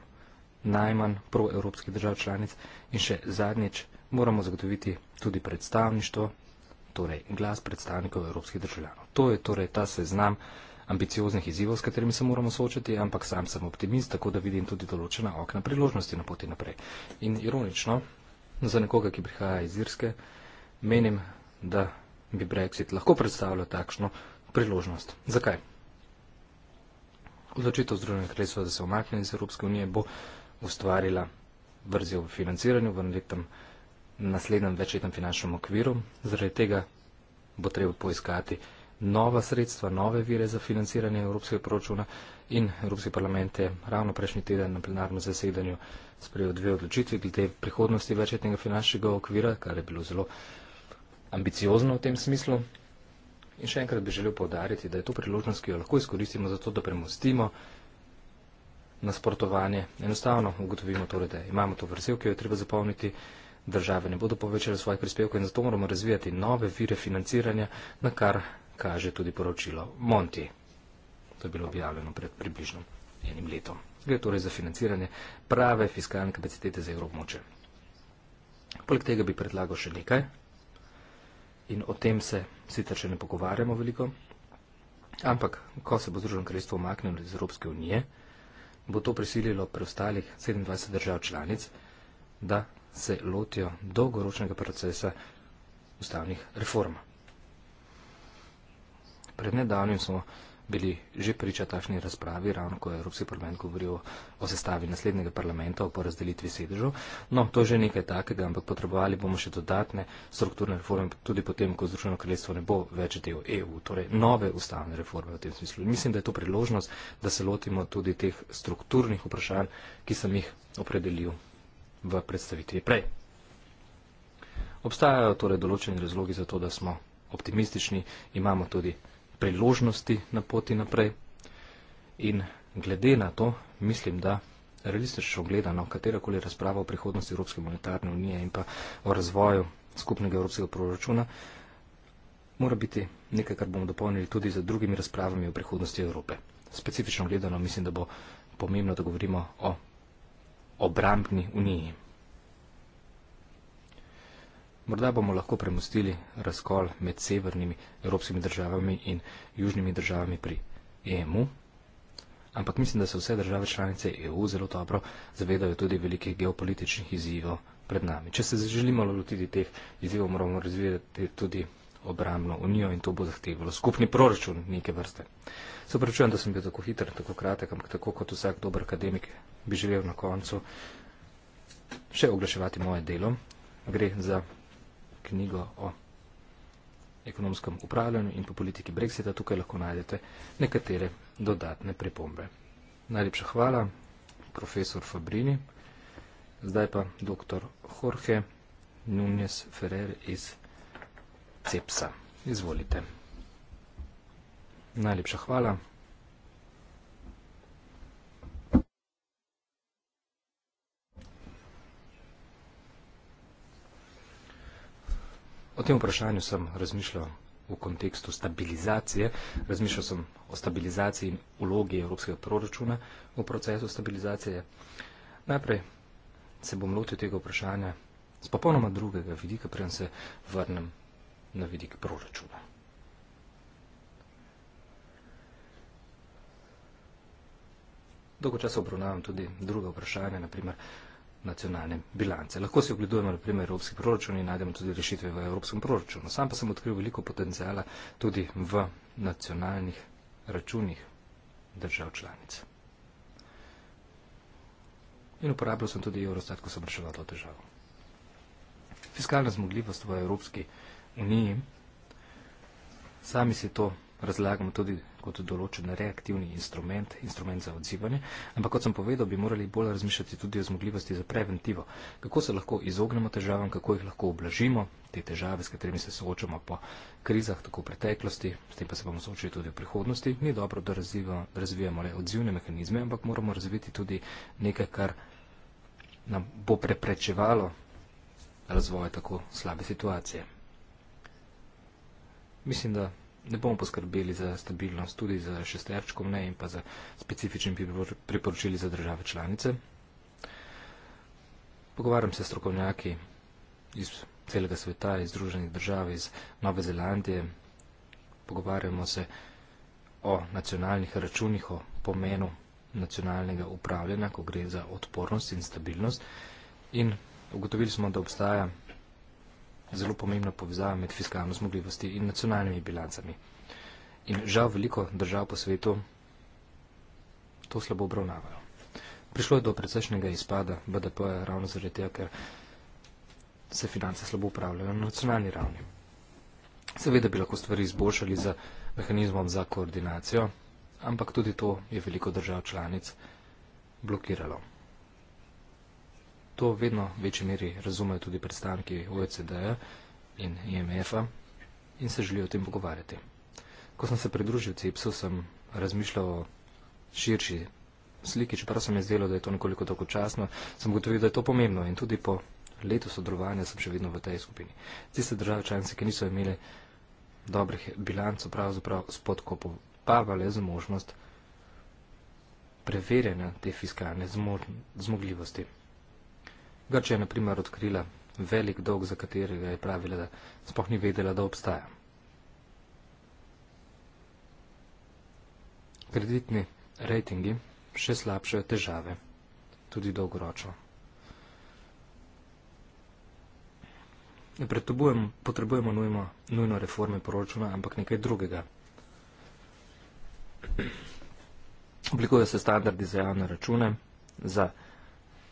najmanj pro-evropskih držav članic in še zadnjič moramo zagotoviti tudi predstavništvo, torej glas predstavnikov evropskih državljanov. To je torej ta seznam ambicioznih izzivov, s katerimi se moramo soočati, ampak sam sem optimist, tako da vidim tudi določena okna priložnosti na poti naprej. In ironično, za nekoga, ki prihaja iz Irske, menim, da bi Brexit lahko predstavljal takšno priložnost. Zakaj? Odločitev Združenih kraljestva, da se omakne iz Evropske unije, bo ustvarila vrzel v financiranju v letem 2020 naslednjem večletnem finančnem okviru. Zaradi tega bo treba poiskati nova sredstva, nove vire za financiranje Evropskega proračuna in Evropski parlament je ravno prejšnji teden na plenarnem zasedanju sprejel dve odločitvi glede prihodnosti večletnega finančnega okvira, kar je bilo zelo ambiciozno v tem smislu. In še enkrat bi želel povdariti, da je to priložnost, ki jo lahko izkoristimo za to, da premostimo nasportovanje. Enostavno ugotovimo torej, da imamo to vrsev, ki jo je treba zapolniti države ne bodo povečale svojih prispevkov in zato moramo razvijati nove vire financiranja, na kar kaže tudi poročilo Monti. To je bilo objavljeno pred približno enim letom. Gre torej za financiranje prave fiskalne kapacitete za evropmoče. Poleg tega bi predlagal še nekaj in o tem se sicer še ne pogovarjamo veliko, ampak ko se bo Združeno kraljestvo omaknilo iz Evropske unije, bo to prisililo preostalih 27 držav članic, da se lotijo dolgoročnega procesa ustavnih reform. Pred nedavnim smo bili že priča takšni razpravi, ravno ko je Evropski parlament govoril o sestavi naslednjega parlamenta, o porazdelitvi sedežev. No, to je že nekaj takega, ampak potrebovali bomo še dodatne strukturne reforme, tudi potem, ko Združeno kraljestvo ne bo več del EU, torej nove ustavne reforme v tem smislu. Mislim, da je to priložnost, da se lotimo tudi teh strukturnih vprašanj, ki sem jih opredelil v predstavitvi prej. Obstajajo torej določeni razlogi za to, da smo optimistični, imamo tudi priložnosti na poti naprej in glede na to mislim, da realistično gledano katerakoli razprava o prihodnosti Evropske monetarne unije in pa o razvoju skupnega evropskega proračuna mora biti nekaj, kar bomo dopolnili tudi za drugimi razpravami o prihodnosti Evrope. Specifično gledano mislim, da bo pomembno, da govorimo o obrambni uniji. Morda bomo lahko premustili razkol med severnimi evropskimi državami in južnimi državami pri EMU, ampak mislim, da se vse države članice EU zelo dobro zavedajo tudi velikih geopolitičnih izzivov pred nami. Če se želimo lotiti teh izzivov, moramo razvijati tudi obrambno unijo in to bo zahtevalo skupni proračun neke vrste. Se upravičujem, da sem bil tako hiter, tako kratek, ampak tako kot vsak dober akademik bi želel na koncu še oglaševati moje delo. Gre za knjigo o ekonomskem upravljanju in po politiki Brexita. Tukaj lahko najdete nekatere dodatne pripombe. Najlepša hvala, profesor Fabrini. Zdaj pa dr. Jorge Núñez Ferrer iz. Cepsa. Izvolite. Najlepša hvala. O tem vprašanju sem razmišljal v kontekstu stabilizacije. Razmišljal sem o stabilizaciji in ulogi evropskega proračuna v procesu stabilizacije. Najprej se bom lotil tega vprašanja z popolnoma drugega vidika, preden se vrnem na vidik proračuna. Dolgo časa obravnavam tudi druga vprašanja, naprimer nacionalne bilance. Lahko si ogledujemo naprimer evropski proračun in najdemo tudi rešitve v evropskem proračunu. Sam pa sem odkril veliko potencijala tudi v nacionalnih računih držav članic. In uporabljal sem tudi Eurostat, ko sem reševal to državo. Fiskalna zmogljivost v evropski proračun uniji. Sami si to razlagamo tudi kot določen reaktivni instrument, instrument za odzivanje, ampak kot sem povedal, bi morali bolj razmišljati tudi o zmogljivosti za preventivo. Kako se lahko izognemo težavam, kako jih lahko oblažimo, te težave, s katerimi se soočamo po krizah, tako v preteklosti, s tem pa se bomo soočili tudi v prihodnosti. Ni dobro, da razvijamo le odzivne mehanizme, ampak moramo razviti tudi nekaj, kar nam bo preprečevalo razvoj tako slabe situacije mislim, da ne bomo poskrbeli za stabilnost tudi za šesterčkom ne in pa za specifičnim priporočili za države članice. Pogovarjam se s strokovnjaki iz celega sveta, iz Združenih držav, iz Nove Zelandije. Pogovarjamo se o nacionalnih računih, o pomenu nacionalnega upravljanja, ko gre za odpornost in stabilnost. In ugotovili smo, da obstaja zelo pomembna povezava med fiskalno zmogljivosti in nacionalnimi bilancami. In žal veliko držav po svetu to slabo obravnavajo. Prišlo je do precejšnjega izpada BDP-ja ravno zaradi tega, ker se finance slabo upravljajo na nacionalni ravni. Seveda bi lahko stvari izboljšali z mehanizmom za koordinacijo, ampak tudi to je veliko držav članic blokiralo to vedno v večji meri razumejo tudi predstavniki OECD-ja in IMF-a e in se želijo o tem pogovarjati. Ko sem se pridružil CIPS-u, e sem razmišljal o širši sliki, čeprav se mi je zdelo, da je to nekoliko dolgočasno, sem gotovil, da je to pomembno in tudi po letu sodelovanja sem še vedno v tej skupini. Tiste države članice, ki niso imeli dobrih bilanc, so pravzaprav spodkopavale z možnost preverjanja te fiskalne zmogljivosti. Grčija je na primer odkrila velik dolg, za katerega je pravila, da sploh ni vedela, da obstaja. Kreditni rejtingi še slabšajo težave, tudi dolgoročno. Potrebujemo nujmo, nujno reforme proračuna, ampak nekaj drugega. Oblikujejo se standardi za javne račune, za računanje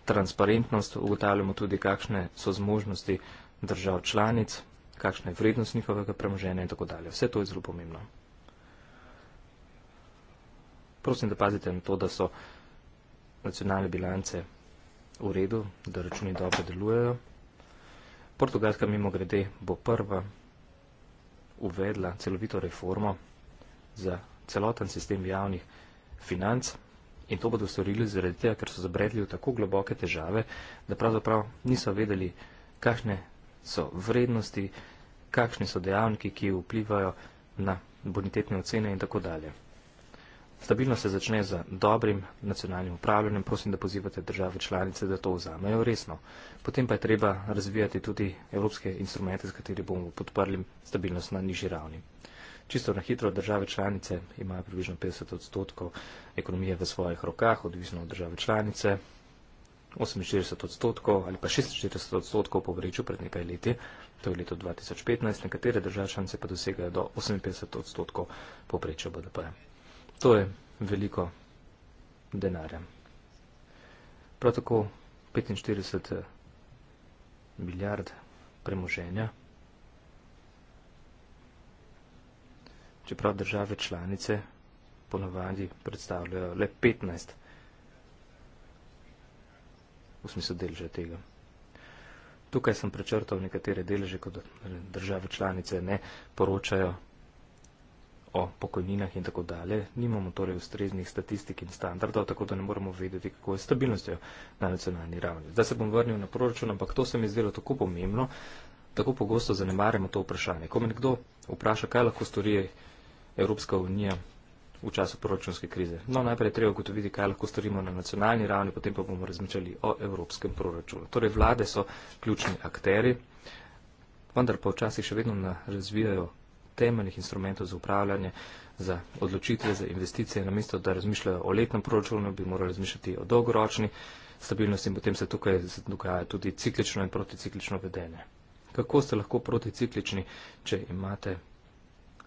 transparentnost, ugotavljamo tudi, kakšne so zmožnosti držav članic, kakšna je vrednost njihovega premoženja in tako dalje. Vse to je zelo pomembno. Prosim, da pazite na to, da so nacionalne bilance v redu, da računi dobro delujejo. Portugalska mimo grede bo prva uvedla celovito reformo za celoten sistem javnih financ in to bodo storili zaradi tega, ker so zabredli v tako globoke težave, da pravzaprav niso vedeli, kakšne so vrednosti, kakšni so dejavniki, ki vplivajo na bonitetne ocene in tako dalje. Stabilnost se začne z dobrim nacionalnim upravljanjem, prosim, da pozivate države članice, da to vzamejo resno. Potem pa je treba razvijati tudi evropske instrumente, s katerimi bomo podprli stabilnost na nižji ravni čisto na hitro države članice imajo približno 50 odstotkov ekonomije v svojih rokah, odvisno od države članice. 48 odstotkov ali pa 46 odstotkov po vreču pred nekaj leti, to je leto 2015, nekatere države članice pa dosegajo do 58 odstotkov po vreču BDP. To je veliko denarja. Prav tako 45 milijard premoženja. čeprav države članice ponovadi predstavljajo le 15 v smislu delže tega. Tukaj sem prečrtal nekatere deleže, kot države članice ne poročajo o pokojninah in tako dalje. Nimamo torej ustreznih statistik in standardov, tako da ne moramo vedeti, kako je stabilnostjo na nacionalni ravni. Zdaj se bom vrnil na proračun, ampak to se mi zdelo tako pomembno, tako pogosto zanemarjamo to vprašanje. Ko me nekdo vpraša, kaj lahko storijo Evropska unija v času proračunske krize. No, najprej je treba gotoviti, kaj lahko storimo na nacionalni ravni, potem pa bomo razmišljali o evropskem proračunu. Torej, vlade so ključni akteri, vendar pa včasih še vedno razvijajo temeljnih instrumentov za upravljanje, za odločitve, za investicije. Namesto, da razmišljajo o letnem proračunu, bi morali razmišljati o dolgoročni stabilnosti in potem se tukaj dogaja tudi ciklično in proticiklično vedenje. Kako ste lahko proticiklični, če imate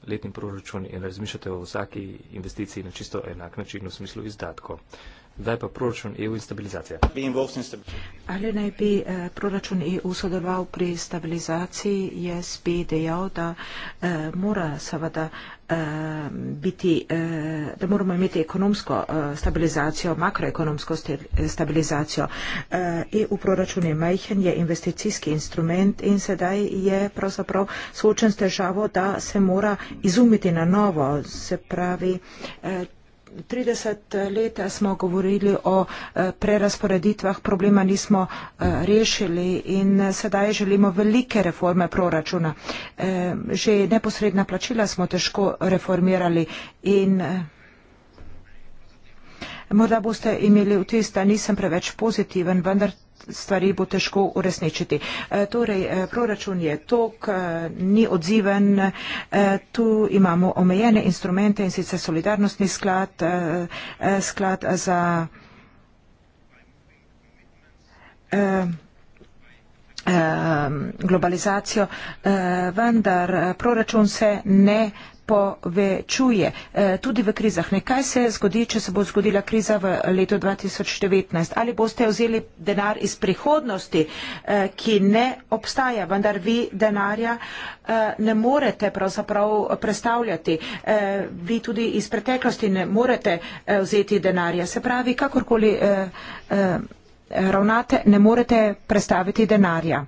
letni proračun in razmišljate o vsaki investiciji na čisto enak način v smislu izdatkov. Zdaj pa proračun EU in stabilizacija. Ali naj bi eh, proračun EU sodeloval pri stabilizaciji, jaz bi dejal, da eh, mora seveda eh, biti, eh, da moramo imeti ekonomsko eh, stabilizacijo, makroekonomsko stabilizacijo. Eh, EU proračun je majhen, je investicijski instrument in sedaj je pravzaprav soočen s težavo, da se mora izumiti na novo, se pravi. Eh, 30 let smo govorili o eh, prerasporeditvah, problema nismo eh, rešili in eh, sedaj želimo velike reforme proračuna. Že neposredna plačila smo težko reformirali in morda boste imeli vtis, da nisem preveč pozitiven, vendar stvari bo težko uresničiti. E, torej, e, proračun je tok, e, ni odziven, tu imamo omejene instrumente in sicer solidarnostni sklad, sklad za globalizacijo, vendar proračun se ne povečuje eh, tudi v krizah. Ne, kaj se zgodi, če se bo zgodila kriza v letu 2019? Ali boste vzeli denar iz prihodnosti, eh, ki ne obstaja, vendar vi denarja eh, ne morete pravzaprav predstavljati. Vi tudi iz preteklosti ne morete vzeti denarja. Se pravi, kakorkoli ravnate, ne morete predstaviti denarja.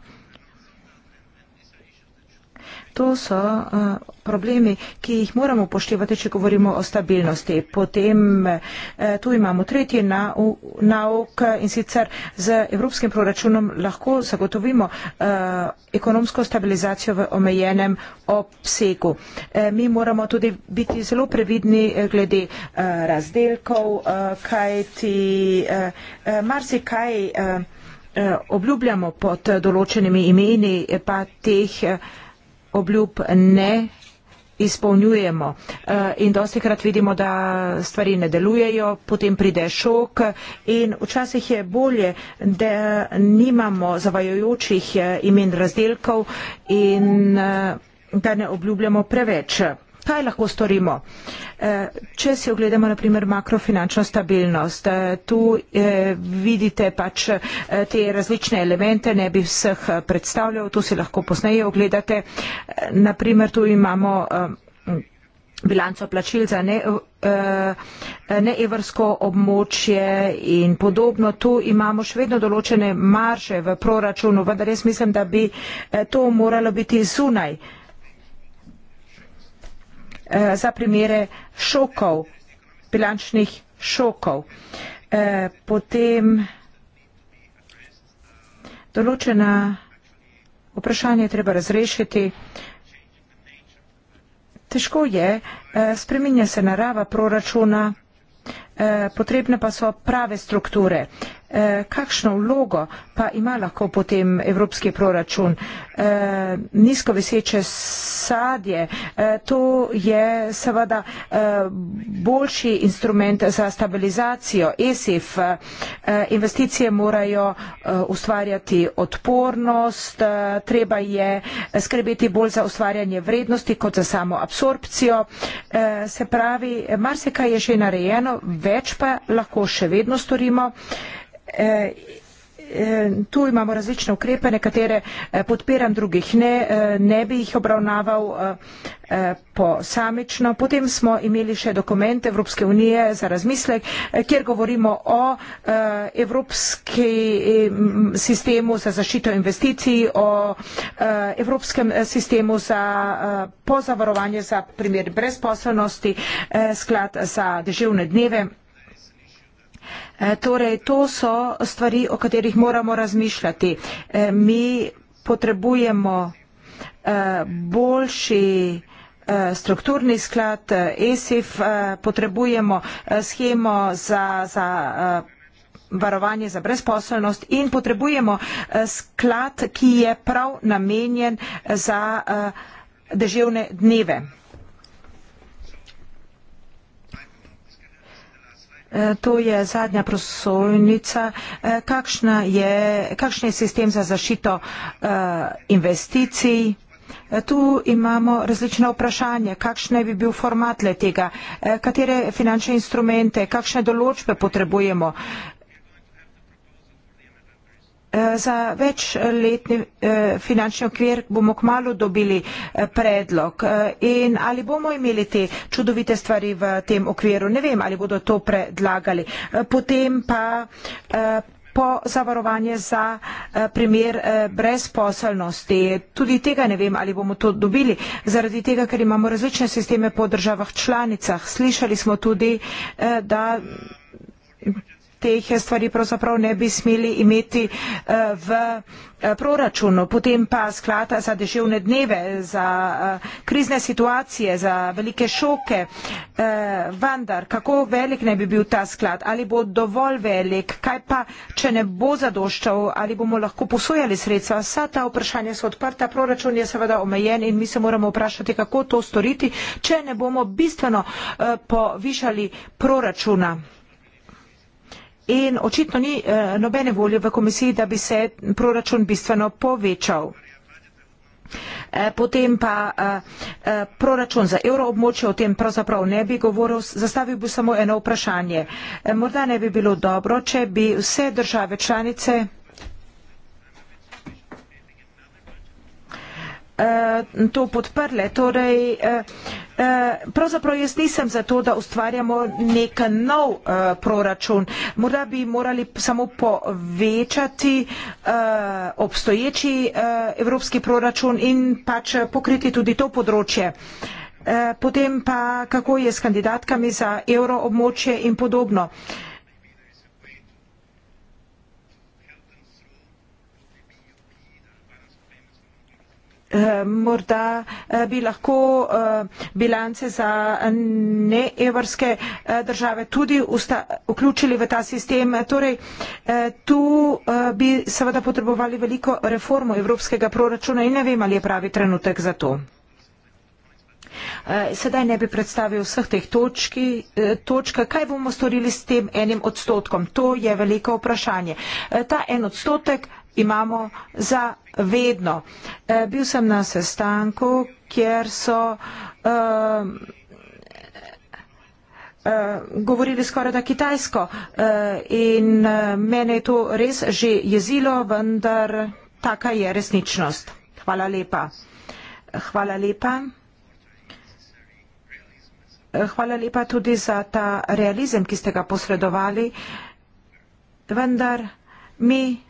To so uh, problemi, ki jih moramo poštevati, če govorimo o stabilnosti. Potem uh, tu imamo tretji na, uh, nauk in sicer z evropskim proračunom lahko zagotovimo uh, ekonomsko stabilizacijo v omejenem obsegu. Uh, mi moramo tudi biti zelo previdni uh, glede uh, razdelkov, uh, kajti uh, uh, marsikaj uh, uh, obljubljamo pod določenimi imeni, pa teh. Uh, obljub ne izpolnjujemo. Eh, in dosti krat vidimo, da stvari ne delujejo, potem pride šok in včasih je bolje, da nimamo zavajojočih eh, imen razdelkov in eh, da ne obljubljamo preveč. Kaj lahko storimo? Eh, če si ogledamo naprimer makrofinančno stabilnost, eh, tu eh, vidite pač te različne elemente, ne bi vseh predstavljal, tu si lahko posneje ogledate. Naprimer tu imamo bilanco plačil za ne, neevrsko območje in podobno. Tu imamo še vedno določene marže v proračunu, vendar jaz mislim, da bi to moralo biti zunaj Eh, za primere šokov, bilančnih šokov. Eh, potem določena vprašanja treba razrešiti. Težko je, eh, spreminja se narava proračuna, potrebne pa so prave strukture. Eh, kakšno vlogo pa ima lahko potem evropski proračun. E, eh, nizko veseče sadje, e, to je seveda e, boljši instrument za stabilizacijo. ESIF, e, investicije morajo e, ustvarjati odpornost, e, treba je skrbeti bolj za ustvarjanje vrednosti kot za samo absorpcijo. E, se pravi, marsikaj je že narejeno, več pa lahko še vedno storimo. Eh, eh, tu imamo različne ukrepe, nekatere eh, podpiram, drugih ne, ne bi jih obravnaval posamično. Potem smo imeli še dokument Evropske unije za razmislek, kjer govorimo o evropskem sistemu za zaščito investicij, o evropskem sistemu za pozavarovanje za primer brezposobnosti, sklad za deževne dneve Eh, torej, to so stvari, o katerih moramo razmišljati. Eh, mi potrebujemo eh, boljši strukturni sklad ESIF, e potrebujemo schemo za, za varovanje za brezposelnost in potrebujemo sklad, ki je prav namenjen za deževne dneve. E, to je zadnja prosojnica. E, kakšna je, kakšen je sistem za zašito e, investicij? Tu imamo različne vprašanja, kakšen bi bil format le tega, katere finančne instrumente, kakšne določbe potrebujemo, Eh, za večletni eh, finančni okvir bomo kmalo dobili eh, predlog in ali bomo imeli te čudovite stvari v tem okviru. Ne vem, ali bodo to predlagali. Potem pa po zavarovanje za primer brezposelnosti. Tudi tega ne vem, ali bomo to dobili, zaradi tega, ker imamo različne sisteme po državah članicah. Slišali smo tudi, da teh stvari pravzaprav ne bi smeli imeti eh, v eh, proračunu. Potem pa sklada za deževne dneve, za eh, krizne situacije, za velike šoke. Vendar, kako velik ne bi bil ta sklad? Ali bo dovolj velik? Kaj pa, če ne bo zadoščal? Ali bomo lahko posojali sredstva? Vsa ta vprašanja so odprta. Proračun je seveda omejen in mi se moramo vprašati, kako to storiti, če ne bomo bistveno povišali proračuna in očitno ni eh, nobene volje v komisiji, da bi se proračun bistveno povečal. Eh, potem pa eh, proračun za evroobmočje, o tem pravzaprav ne bi govoril, zastavil bi samo eno vprašanje. Morda ne bi bilo dobro, če bi vse države članice uh, to podprle. Torej, uh, uh, pravzaprav jaz nisem za to, da ustvarjamo nek nov uh, proračun. Morda bi morali samo povečati uh, obstoječi uh, evropski proračun in pač pokriti tudi to področje. Potem pa kako je s kandidatkami za evroobmočje in podobno. Uh, Eh, morda eh, bi lahko eh, bilance za neevrske države tudi usta, vključili v ta sistem. Torej, tu bi seveda potrebovali veliko reformo evropskega proračuna in ne vem, ali je pravi trenutek za to. Sedaj ne bi predstavil vseh teh točki, točka, kaj bomo storili s tem enim odstotkom. To je veliko vprašanje. Ta en odstotek imamo za vedno. Eh, bil sem na sestanku, kjer so um, govorili skoraj da kitajsko eh, in mene je to res že jezilo, vendar taka je resničnost. Hvala lepa. Hvala lepa. Hvala lepa tudi za ta realizem, ki ste ga posredovali. Vendar mi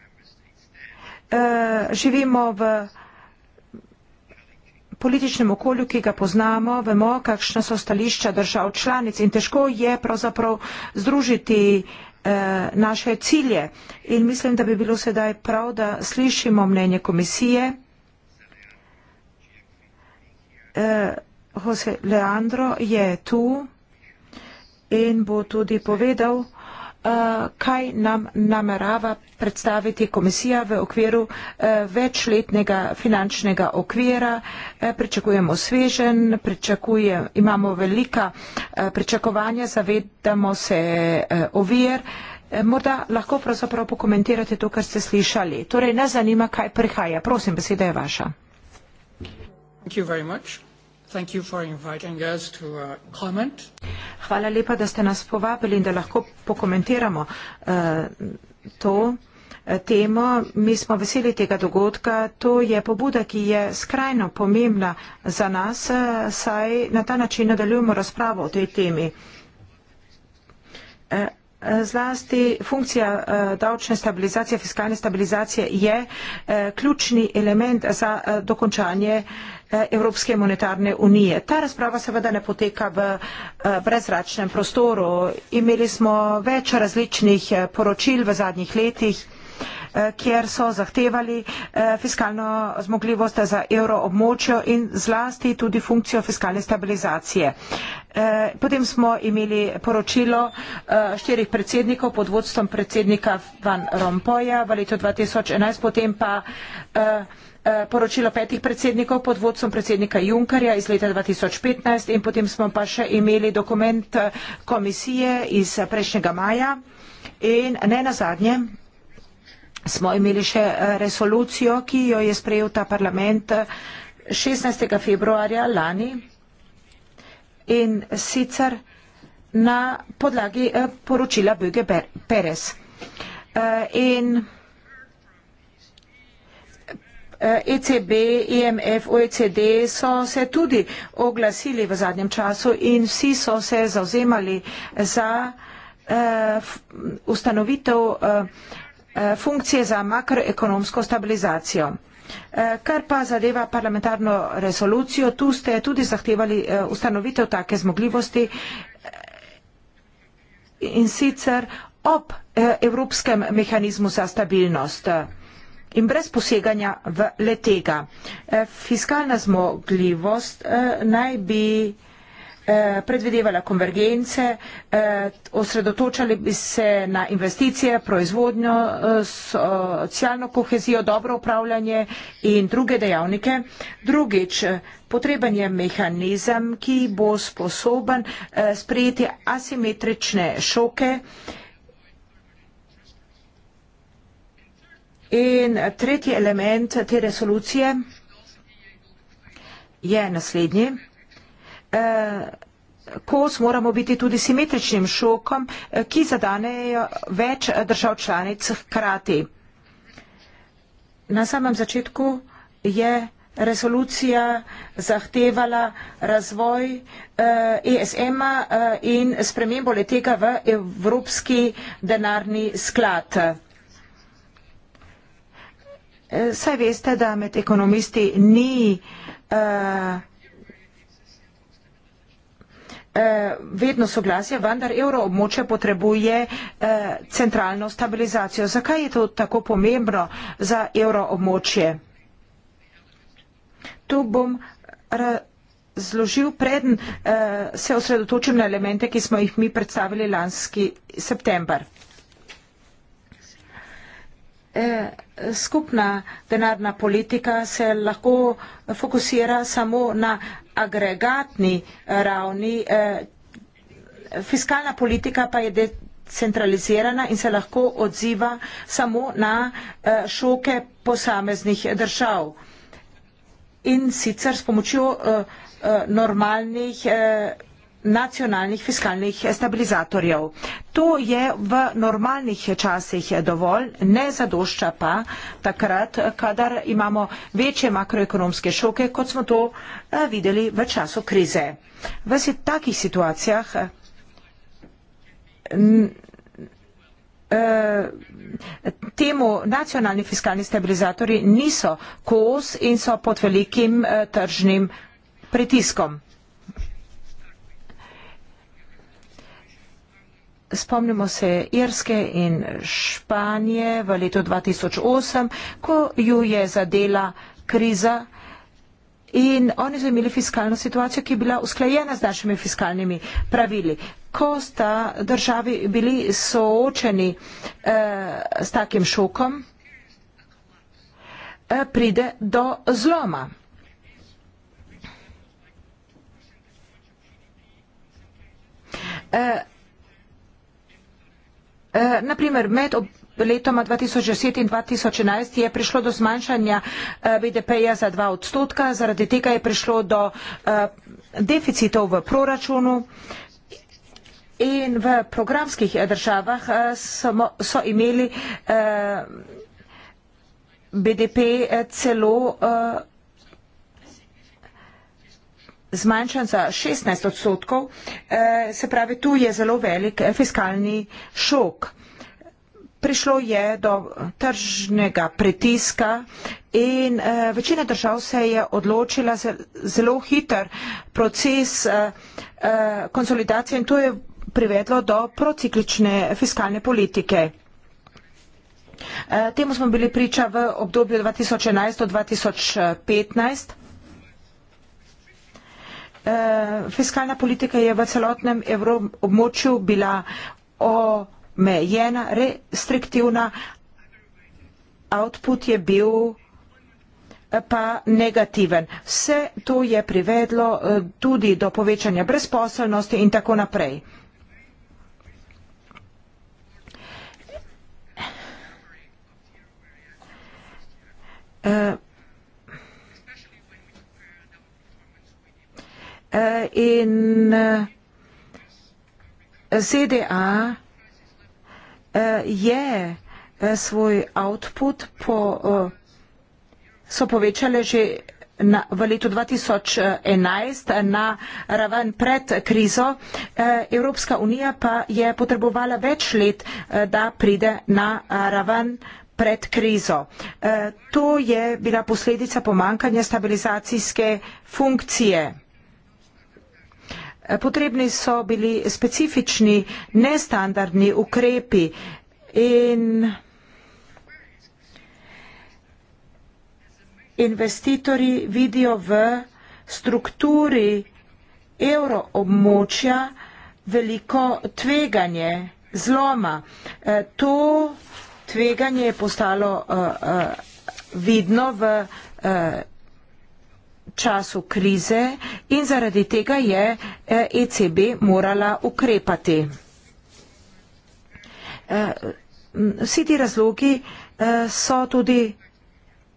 Eh, živimo v političnem okolju, ki ga poznamo, vemo, kakšna so stališča držav članic in težko je pravzaprav združiti eh, naše cilje. In mislim, da bi bilo sedaj prav, da slišimo mnenje komisije. Eh, Jose Leandro je tu in bo tudi povedal, Eh, kaj nam namerava predstaviti komisija v okviru eh, večletnega finančnega okvira. Eh, pričakujemo svežen, pričakuje, imamo velika pričakovanja, zavedamo se ovir. Morda lahko pravzaprav pokomentirate to, kar ste slišali. Torej, nas zanima, kaj prihaja. Prosim, beseda je vaša. Hvala. Uh, Hvala lepa, da ste nas povabili in da lahko pokomentiramo uh, to uh, temo. Mi smo veseli tega dogodka. To je pobuda, ki je skrajno pomembna za nas, uh, saj na ta način nadaljujemo razpravo o tej temi. Zlasti funkcija davčne stabilizacije, fiskalne stabilizacije je ključni element za dokončanje Eh, Evropske monetarne unije. Ta razprava seveda ne poteka v eh, brezračnem prostoru. Imeli smo več različnih eh, poročil v zadnjih letih kjer so zahtevali fiskalno zmogljivost za evro območjo in zlasti tudi funkcijo fiskalne stabilizacije. Potem smo imeli poročilo štirih predsednikov pod vodstvom predsednika Van Rompoja v letu 2011, potem pa Eh, poročilo petih predsednikov pod vodstvom predsednika Junkarja iz leta 2015 in potem smo pa še imeli dokument eh, komisije iz eh, prejšnjega maja in ne nazadnje smo imeli še resolucijo, ki jo je sprejel ta parlament 16. februarja lani in sicer na podlagi poročila Böge Peres. In ECB, eh, e IMF, e OECD so se tudi oglasili v zadnjem času in vsi so se zauzemali za eh, ustanovitev eh, funkcije za makroekonomsko stabilizacijo. Kar pa zadeva parlamentarno resolucijo, tu ste tudi zahtevali ustanovitev take zmogljivosti in sicer ob evropskem mehanizmu za stabilnost in brez poseganja v letega. Eh, fiskalna zmogljivost eh, naj bi eh, predvidevala konvergence, osredotočali bi se na investicije, proizvodnjo, socialno kohezijo, dobro upravljanje in druge dejavnike. Drugič, potreben je mehanizem, ki bo sposoben sprejeti asimetrične šoke, In tretji element te resolucije je naslednji. Eh, kos moramo biti tudi simetričnim šokom, eh, ki zadanejo več držav članic hkrati. Na samem začetku je resolucija zahtevala razvoj ESM-a eh, e in spremembo letega v Evropski denarni sklad. Saj veste, da med ekonomisti ni uh, uh, vedno soglasje, vendar evroobmoče potrebuje uh, centralno stabilizacijo. Zakaj je to tako pomembno za evroobmoče? Tu bom razložil preden uh, se osredotočim na elemente, ki smo jih mi predstavili lanski september. Uh, skupna denarna politika se lahko fokusira samo na agregatni eh, ravni, eh, fiskalna politika pa je decentralizirana in se lahko odziva samo na eh, šoke posameznih držav in sicer s pomočjo normalnih nacionalnih fiskalnih stabilizatorjev. To je v normalnih časih dovolj, ne zadošča pa takrat, kadar imamo večje makroekonomske šoke, kot smo to eh, videli v času krize. V takih situacijah eh, temu nacionalni fiskalni stabilizatori niso kos in so pod velikim eh, tržnim pritiskom. Spomnimo se Irske in Španije v letu 2008, ko ju je zadela kriza in oni so imeli fiskalno situacijo, ki je bila usklajena z našimi fiskalnimi pravili. Ko sta državi bili soočeni eh, s takim šokom, eh, pride do zloma. Eh, Eh, Naprimer, med letoma 2010 in 2011 je prišlo do zmanjšanja eh, BDP-ja za dva odstotka, zaradi tega je prišlo do eh, deficitov v proračunu in v programskih državah so, so imeli BDP celo zmanjšan za 16 odstotkov, eh, se pravi, tu je zelo velik eh, fiskalni šok. Prišlo je do tržnega pritiska in eh, večina držav se je odločila zelo hiter proces konsolidacije in to je privedlo do prociklične fiskalne politike. Temu smo bili priča v obdobju 2011-2015. Eh, fiskalna politika je v celotnem evroobmočju bila omejena, restriktivna, output je bil eh, pa negativen. Vse to je privedlo eh, tudi do povečanja brezposelnosti in tako naprej. Uh, Eh, in ZDA eh, eh, je svoj output po, so povečale že na, v letu 2011 na raven pred krizo. Evropska unija pa je potrebovala več let, da pride na raven pred krizo. To je bila posledica pomankanja stabilizacijske funkcije potrebni so bili specifični nestandardni ukrepi in investitorji vidijo v strukturi evroobmočja veliko tveganje, zloma. E, to tveganje je postalo e, e, vidno v času krize in zaradi tega je ECB eh, e morala ukrepati. Eh, vsi ti razlogi eh, so tudi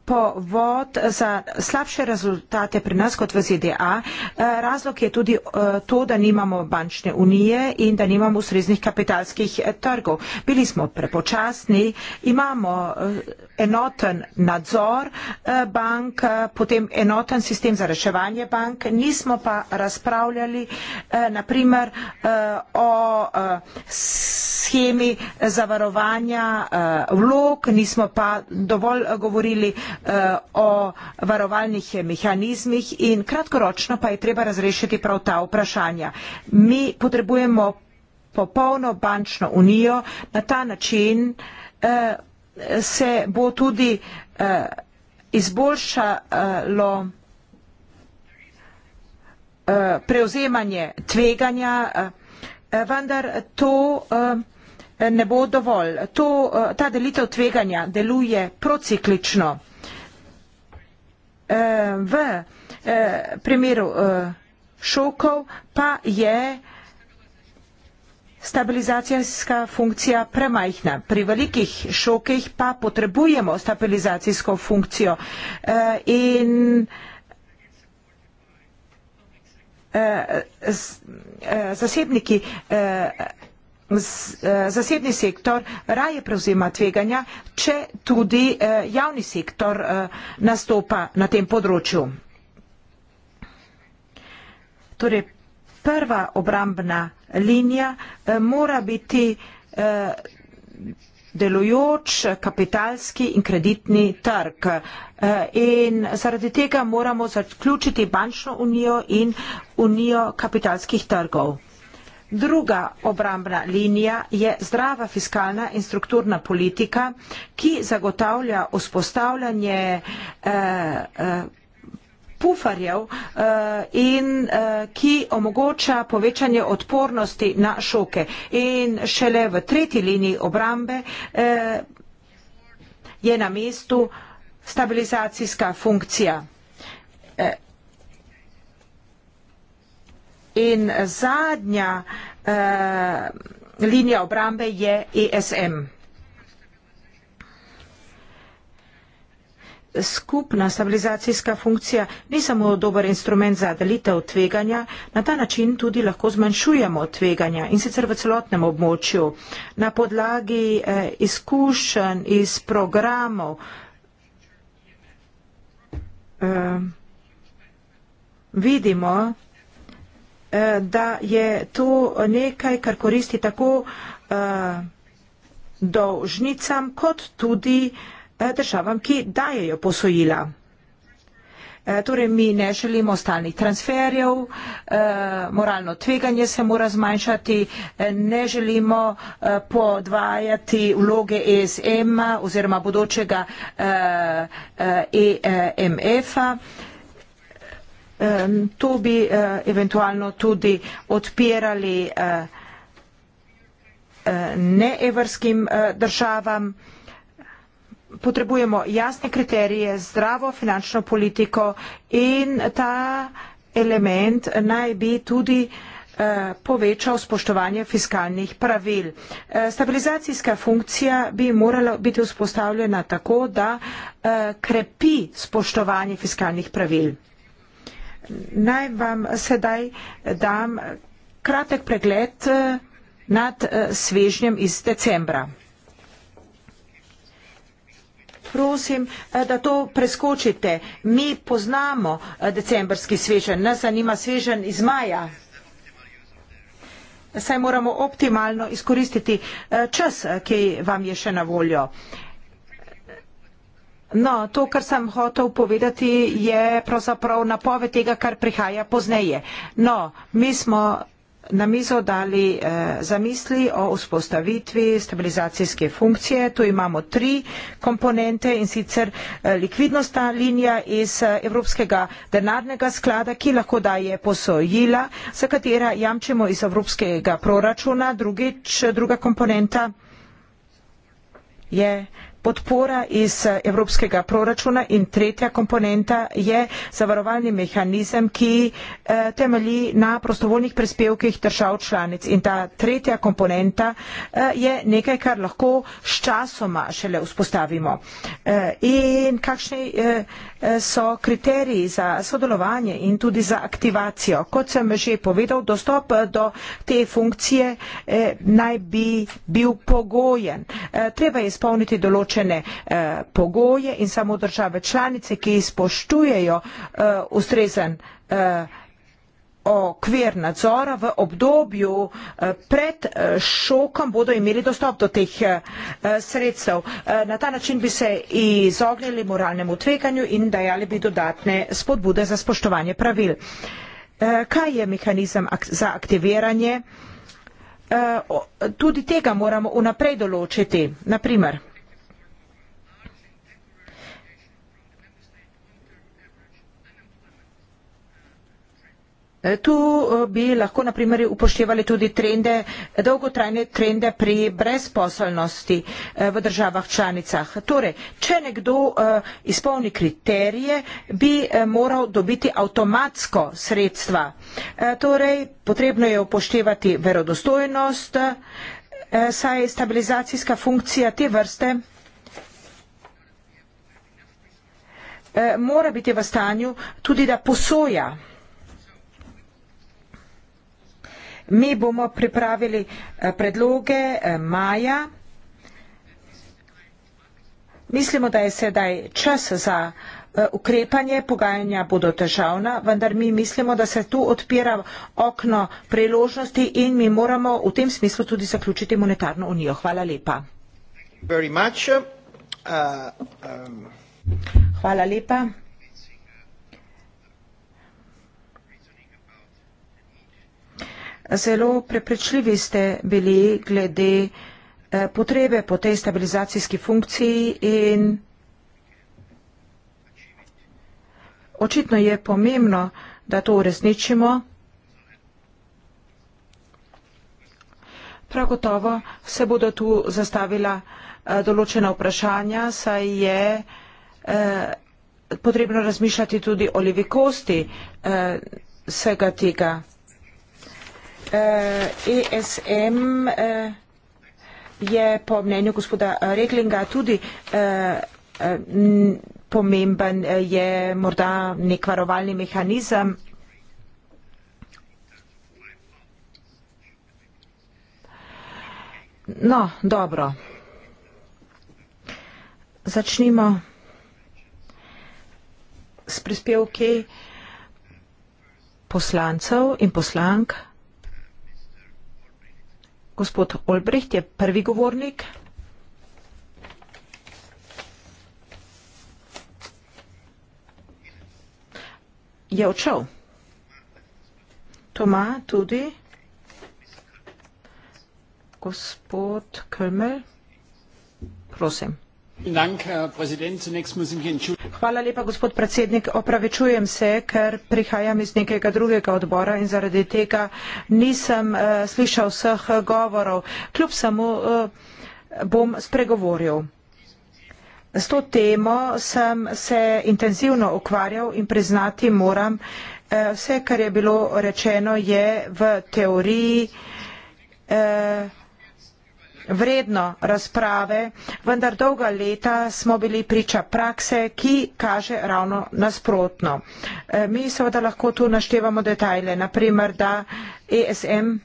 povod za slabše rezultate pri nas kot v ZDA. Eh, razlog je tudi eh, to, da nimamo bančne unije in da nimamo ustreznih kapitalskih eh, trgov. Bili smo prepočasni, imamo enoten nadzor bank, potem enoten sistem za reševanje bank, nismo pa razpravljali naprimer o schemi zavarovanja vlog, nismo pa dovolj govorili Eh, o varovalnih mehanizmih in kratkoročno pa je treba razrešiti prav ta vprašanja. Mi potrebujemo popolno bančno unijo, na ta način eh, se bo tudi eh, izboljšalo eh, prevzemanje tveganja, eh, vendar to eh, ne bo dovolj. To, eh, ta delitev tveganja deluje prociklično v eh, primeru eh, šokov pa je stabilizacijska funkcija premajhna. Pri velikih šokih pa potrebujemo stabilizacijsko funkcijo eh, in zasebniki Eh, zasebni sektor raje prevzema tveganja, če tudi eh, javni sektor eh, nastopa na tem področju. Torej, prva obrambna linija mora biti delujoč kapitalski in kreditni trg. In zaradi tega moramo zaključiti bančno unijo in unijo kapitalskih trgov. Druga obrambna linija je zdrava fiskalna in strukturna politika, ki zagotavlja vzpostavljanje eh, eh, pufarjev eh, in eh, ki omogoča povečanje odpornosti na šoke. In šele v tretji liniji obrambe eh, je na mestu stabilizacijska funkcija. in zadnja uh, linija obrambe je ESM. Skupna stabilizacijska funkcija ni samo dober instrument za delitev tveganja, na ta način tudi lahko zmanjšujemo tveganja in sicer v celotnem območju. Na podlagi eh, izkušenj iz programov eh, vidimo, Eh, da je to nekaj, kar koristi tako eh, dolžnicam, kot tudi eh, državam, ki dajejo posojila. Torej, mi ne želimo stalnih transferjev, moralno tveganje se mora zmanjšati, ne želimo podvajati vloge ESM-a oziroma bodočega EMF-a. E e tu bi eh, eventualno tudi odpirali eh, eh, neevrskim državam. Potrebujemo jasne kriterije, zdravo finančno politiko in ta element naj bi tudi povečal spoštovanje fiskalnih pravil. Stabilizacijska funkcija bi morala biti vzpostavljena tako, da krepi spoštovanje fiskalnih pravil naj vam sedaj dam kratek pregled eh, nad eh, svežnjem iz decembra. Prosim, eh, da to preskočite. Mi poznamo decembrski svežen, nas zanima svežen iz maja. Saj moramo optimalno izkoristiti čas, ki vam je še na voljo. No, to, kar sem hotel povedati, je pravzaprav napoved tega, kar prihaja pozneje. No, mi smo na mizo dali eh, zamisli o vzpostavitvi stabilizacijske funkcije. Tu imamo tri komponente in sicer eh, likvidnostna linija iz eh, Evropskega denarnega sklada, ki lahko daje posojila, za katera jamčimo iz Evropskega proračuna. Drugič, druga komponenta je. Eh, podpora iz eh, evropskega proračuna in tretja komponenta je zavarovalni mehanizem, ki eh, temelji na prostovoljnih prispevkih držav članic. In ta tretja komponenta eh, je nekaj, kar lahko s časoma šele vzpostavimo. Eh, in kakšni. Eh, Eh, so kriteriji za sodelovanje in tudi za aktivacijo. Kot sem že povedal, dostop eh, do te funkcije eh, naj bi bil pogojen. Treba je izpolniti določene pogoje in samo države članice, ki spoštujejo ustrezen okvir nadzora v obdobju eh, pred eh, šokom bodo imeli dostop do teh eh, sredstev. Na ta način bi se izognili moralnemu tveganju in dajali bi dodatne spodbude za spoštovanje pravil. Kaj je mehanizem za aktiviranje? Tudi tega moramo unaprej določiti. Naprimer, Eh, tu eh, bi lahko na primer upoštevali tudi trende, dolgotrajne trende pri brezposelnosti eh, v državah članicah. Torej, če nekdo izpolni kriterije, bi moral dobiti avtomatsko sredstva. Torej, potrebno je upoštevati verodostojnost, saj stabilizacijska funkcija te vrste mora biti v stanju tudi, da posoja Mi bomo pripravili eh, predloge eh, maja. Mislimo, da je sedaj čas za eh, ukrepanje, pogajanja bodo težavna, vendar mi mislimo, da se tu odpira okno priložnosti in mi moramo v tem smislu tudi zaključiti monetarno unijo. Hvala lepa. Uh, um, Hvala lepa. Zelo preprečljivi ste bili glede eh, potrebe po tej stabilizacijski funkciji in očitno je pomembno, da to uresničimo. Prav gotovo se bodo tu zastavila eh, določena vprašanja, saj je eh, potrebno razmišljati tudi o levikosti vsega tega. ESM eh, e eh, je po mnenju gospoda Reglinga tudi eh, pomemben, je morda nek varovalni mehanizem. No, dobro. Začnimo s prispevki poslancev in poslank. Gospod Olbricht je prvi govornik. Je odšel. Toma tudi. Gospod Kölmel, prosim hvala lepa gospod predsednik opravičujem se ker prihajam iz nekega drugega odbora in zaradi tega nisem eh, slišal vseh eh, govorov kljub vsemu eh, bom spregovoril s to temo sem se intenzivno ukvarjal in priznati moram vse kar je bilo rečeno je v teoriji vredno razprave, vendar dolga leta smo bili priča prakse, ki kaže ravno nasprotno. Eh, mi seveda lahko tu naštevamo detajle, naprimer, da ESM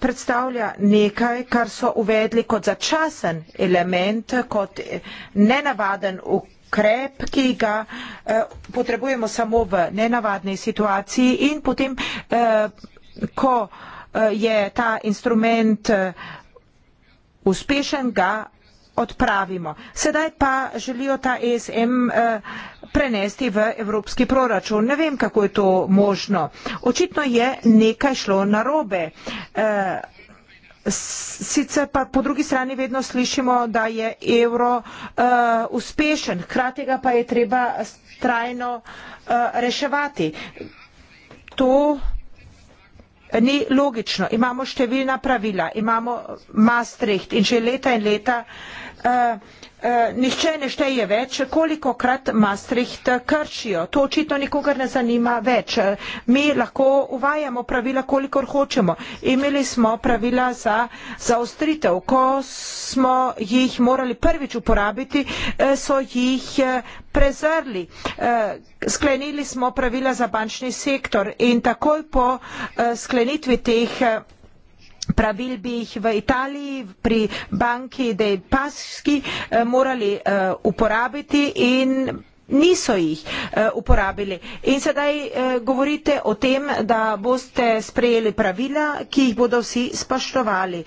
predstavlja nekaj, kar so uvedli kot začasen element, kot eh, nenavaden ukrep, ki ga eh, potrebujemo samo v nenavadni situaciji in potem, eh, ko eh, Eh, je ta instrument eh, uspešen, ga odpravimo. Sedaj pa želijo ta ESM eh, prenesti v evropski proračun. Ne vem, kako je to možno. Očitno je nekaj šlo narobe. Sicer pa po drugi strani vedno slišimo, da je evro uh, uspešen, hkrati ga pa je treba trajno uh, reševati. To ni logično. Imamo številna pravila, imamo Maastricht in že leta in leta uh, Eh, eh, nihče ne šteje več, koliko krat Maastricht kršijo. To očitno nikogar ne zanima več. Mi lahko uvajamo pravila, kolikor hočemo. Imeli smo pravila za zaostritev. Ko smo jih morali prvič uporabiti, eh, so jih prezrli. Sklenili smo pravila za bančni sektor in takoj po sklenitvi teh pravil bi jih v Italiji pri banki De Paschi eh, morali eh, uporabiti in niso jih eh, uporabili. In sedaj govorite o tem, da boste sprejeli pravila, ki jih bodo vsi spoštovali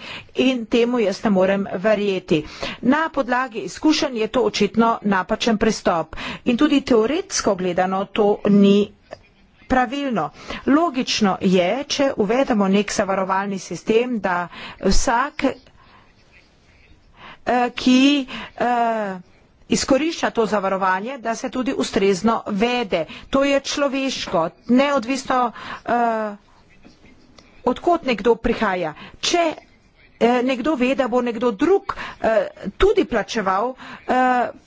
in temu jaz ne morem verjeti. Na podlagi izkušenj je to očitno napačen pristop in tudi teoretsko gledano to ni pravilno. Logično je, če uvedemo nek zavarovalni sistem, da vsak, eh, ki eh, izkorišča to zavarovanje, da se tudi ustrezno vede. To je človeško, neodvisno eh, odkot nekdo prihaja. Če nekdo ve, da bo nekdo drug tudi plačeval,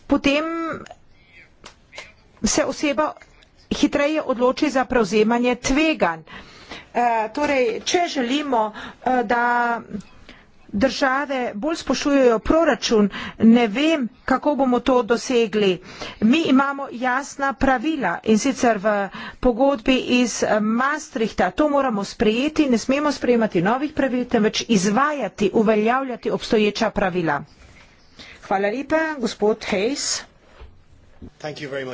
potem se oseba hitreje odloči za prevzemanje tveganj. Eh, torej, če želimo, eh, da države bolj spošujejo proračun, ne vem, kako bomo to dosegli. Mi imamo jasna pravila in sicer v pogodbi iz eh, Maastrichta. To moramo sprejeti, ne smemo sprejemati novih pravil, temveč izvajati, uveljavljati obstoječa pravila. Hvala lepa, gospod Hayes. Uh,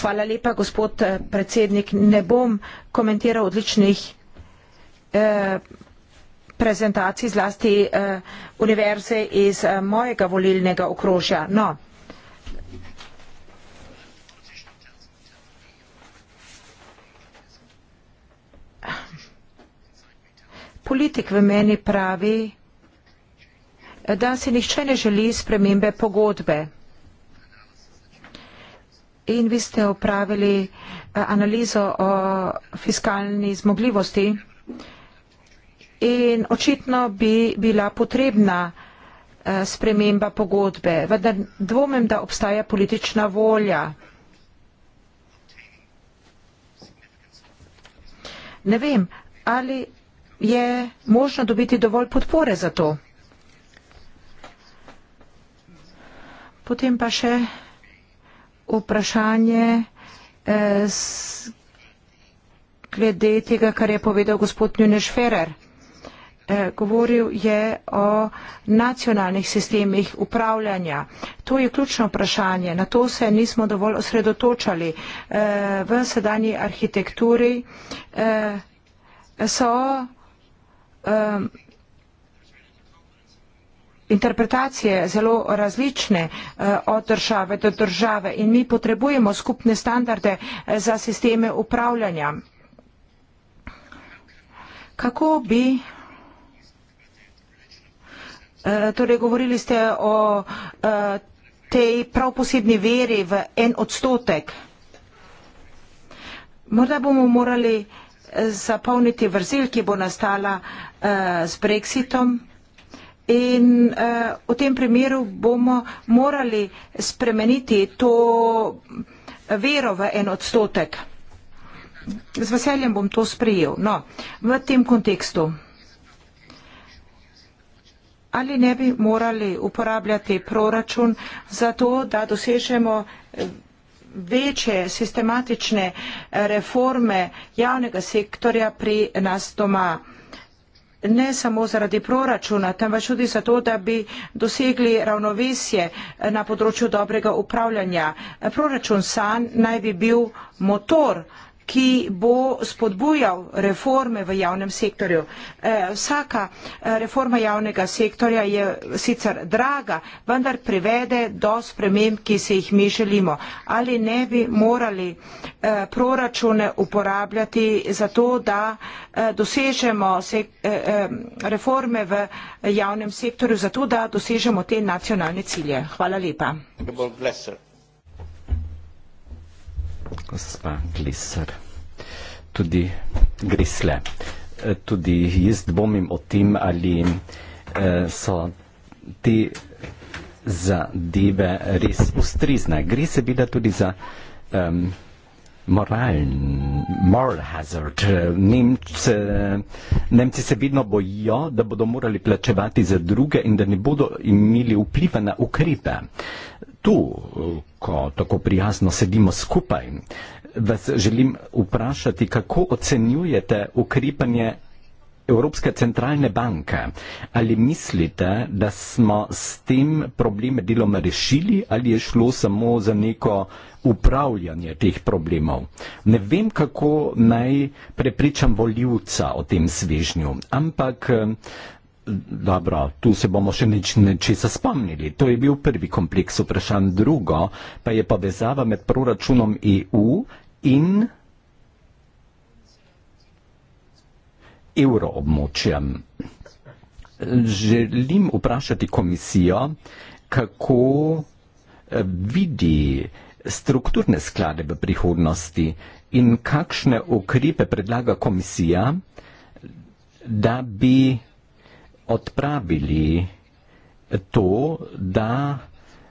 Hvala lepa, gospod eh, predsednik. Ne bom komentiral odličnih eh, prezentacij zlasti eh, univerze iz mojega volilnega okrožja. No. Politik v meni pravi, da se nihče ne želi spremembe pogodbe in vi ste upravili eh, analizo o fiskalni zmogljivosti in očitno bi bila potrebna eh, sprememba pogodbe, vendar dvomem, da obstaja politična volja. Ne vem, ali je možno dobiti dovolj podpore za to. Potem pa še vprašanje eh, s, glede tega, kar je povedal gospod Njuneš Ferrer. Eh, govoril je o nacionalnih sistemih upravljanja. To je ključno vprašanje. Na to se nismo dovolj osredotočali. Eh, v sedanji arhitekturi eh, so interpretacije zelo različne eh, od države do države in mi potrebujemo skupne standarde eh, za sisteme upravljanja. Kako bi eh, Torej, govorili ste o tej prav posebni veri v en odstotek. Morda bomo morali zapolniti vrzel, ki bo nastala s Brexitom. In uh, v tem primeru bomo morali spremeniti to vero v en odstotek. Z veseljem bom to sprejel. No, v tem kontekstu. Ali ne bi morali uporabljati proračun za to, da dosežemo eh, večje sistematične eh, reforme javnega sektorja pri nas doma? ne samo zaradi proračuna, temveč tudi zato, da bi dosegli ravnovesje eh, na področju dobrega upravljanja. Proračun sam naj bi bil motor ki bo spodbujal reforme v javnem sektorju. Eh, vsaka eh, reforma javnega sektorja je sicer draga, vendar privede do sprememb, ki se jih mi želimo. Ali ne bi morali eh, proračune uporabljati za to, da dosežemo reforme v javnem sektorju, za to, da dosežemo te nacionalne cilje. Hvala lepa. Gospod Glesser gospa Glisar. Tudi Grisle. E, tudi jaz dvomim o tem, ali e, so te zadeve res ustrizne. Gre se bila tudi za um, moralen, moral hazard. Nemce, Nemci se vedno bojijo, da bodo morali plačevati za druge in da ne bodo imeli vpliva na ukrepe tu, ko tako prijazno sedimo skupaj, vas želim vprašati, kako ocenjujete ukrepanje Evropske centralne banke. Ali mislite, da smo s tem problemom deloma rešili ali je šlo samo za neko upravljanje teh problemov? Ne vem, kako naj prepričam voljivca o tem svežnju, ampak Dobro, tu se bomo še nič nečesa spomnili. To je bil prvi kompleks vprašanj. Drugo pa je povezava med proračunom EU in evroobmočjem. Želim vprašati komisijo, kako eh, vidi strukturne sklade v prihodnosti in kakšne ukrepe predlaga komisija, da bi odpravili to, da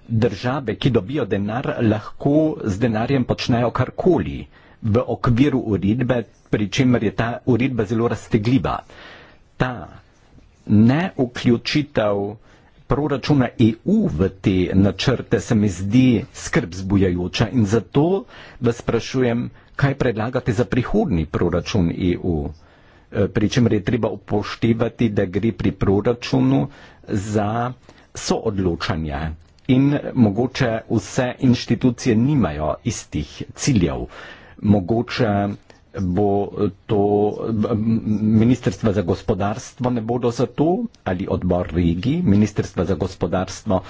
države, ki dobijo denar, lahko z denarjem počnejo karkoli v okviru uredbe, pri čemer je ta uredba zelo raztegljiva. Ta neuključitev proračuna EU v te načrte se mi zdi skrb zbujajoča in zato vas sprašujem, kaj predlagate za prihodni proračun EU pri čemer je treba upoštevati, da gre pri proračunu za soodločanje in mogoče vse inštitucije nimajo istih ciljev. Mogoče bo to ministrstvo za gospodarstvo ne bodo za to ali odbor regij, ministrstvo za gospodarstvo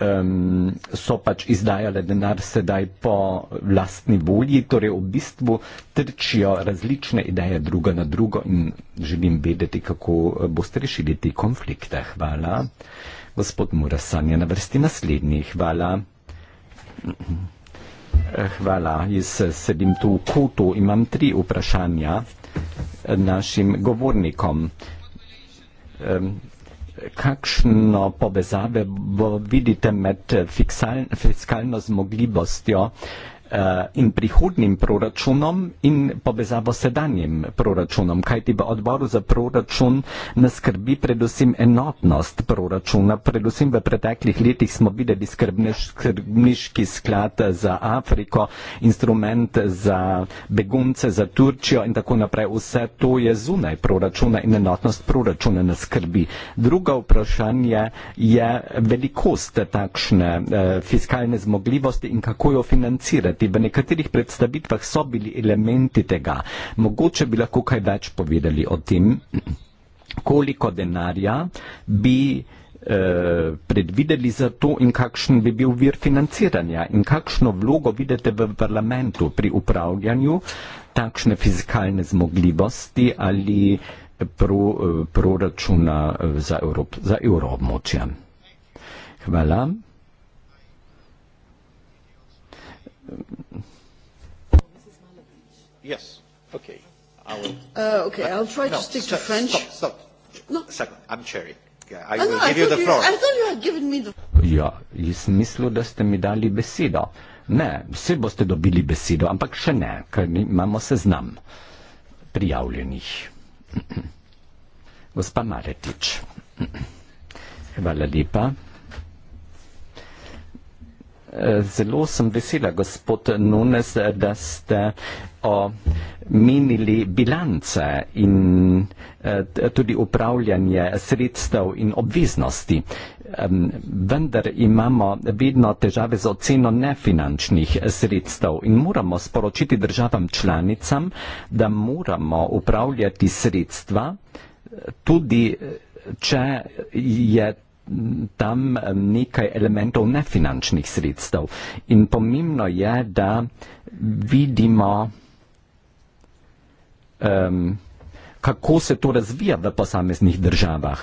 um, so pač izdajale denar sedaj po lastni volji, torej v bistvu trčijo različne ideje druga na drugo in želim vedeti, kako eh, boste rešili te konflikte. Hvala. Gospod Murasan je na vrsti naslednji. Hvala. Mm-hmm. Hvala. Jaz sedim tu v kutu. Imam tri vprašanja našim govornikom. Kakšno povezave bo, vidite med fiskalno zmogljivostjo Eh, in prihodnim proračunom in povezavo sedanjem proračunom. Kaj ti v odboru za proračun nas skrbi predvsem enotnost proračuna? Predvsem v preteklih letih smo videli skrbniški sklad za Afriko, instrument za begunce, za Turčijo in tako naprej. Vse to je zunaj proračuna in enotnost proračuna nas skrbi. Drugo vprašanje je velikost takšne eh, fiskalne zmogljivosti in kako jo financirati povedati. V nekaterih predstavitvah so bili elementi tega. Mogoče bi lahko kaj več povedali o tem, koliko denarja bi eh, predvideli za to in kakšen bi bil vir financiranja in kakšno vlogo vidite v parlamentu pri upravljanju takšne fizikalne zmogljivosti ali pro, eh, proračuna eh, za evropmočja. Evrop Hvala. Yes. Okay. I will. Uh, okay. I'll try no, to stick st to French. Stop. Stop. No. Second. I'm chairing. I will I give you the floor. You, I thought you had given me the. Ja, jaz mislil, da ste mi dali besedo. Ne, vsi boste dobili besedo, ampak še ne, ker imamo seznam prijavljenih. (clears throat) Gospa Maretič, (clears throat) hvala lepa. Zelo sem vesela, gospod Nunes, da ste omenili bilance in eh, tudi upravljanje sredstev in obveznosti. Vendar imamo vedno težave z oceno nefinančnih sredstev in moramo sporočiti državam članicam, da moramo upravljati sredstva tudi eh, če je tam nekaj elementov nefinančnih sredstev. In pomembno je, da vidimo um, kako se to razvija v posameznih državah,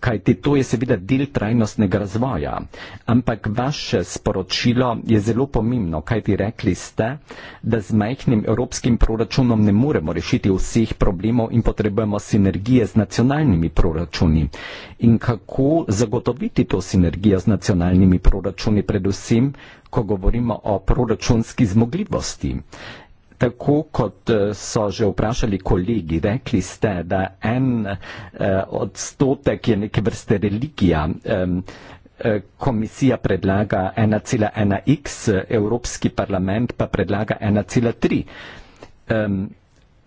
kajti to je seveda del trajnostnega razvoja. Ampak vaše sporočilo je zelo pomembno, kajti rekli ste, da z majhnim evropskim proračunom ne moremo rešiti vseh problemov in potrebujemo sinergije z nacionalnimi proračuni. In kako zagotoviti to sinergijo z nacionalnimi proračuni, predvsem, ko govorimo o proračunski zmogljivosti tako kot eh, so že vprašali kolegi, rekli ste, da en eh, odstotek je neke vrste religija. Eh, komisija predlaga 1,1x, Evropski parlament pa predlaga 1,3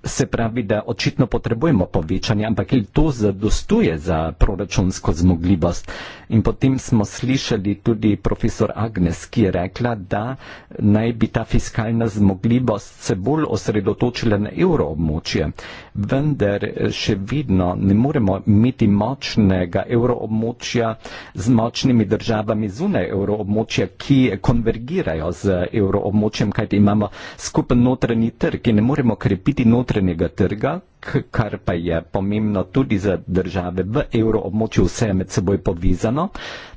se pravi, da očitno potrebujemo povečanje, ampak to zadostuje za proračunsko zmogljivost. In potem smo slišali tudi profesor Agnes, ki je rekla, da naj bi ta fiskalna zmogljivost se bolj osredotočila na evroobmočje. Vendar še vedno ne moremo imeti močnega evroobmočja z močnimi državami zunaj evroobmočja, ki konvergirajo z evroobmočjem, kajti imamo skupen notranji trg in ne moremo krepiti notranji trg notranjega trga, kar pa je pomembno tudi za države v evroobmočju, vse je med seboj povezano.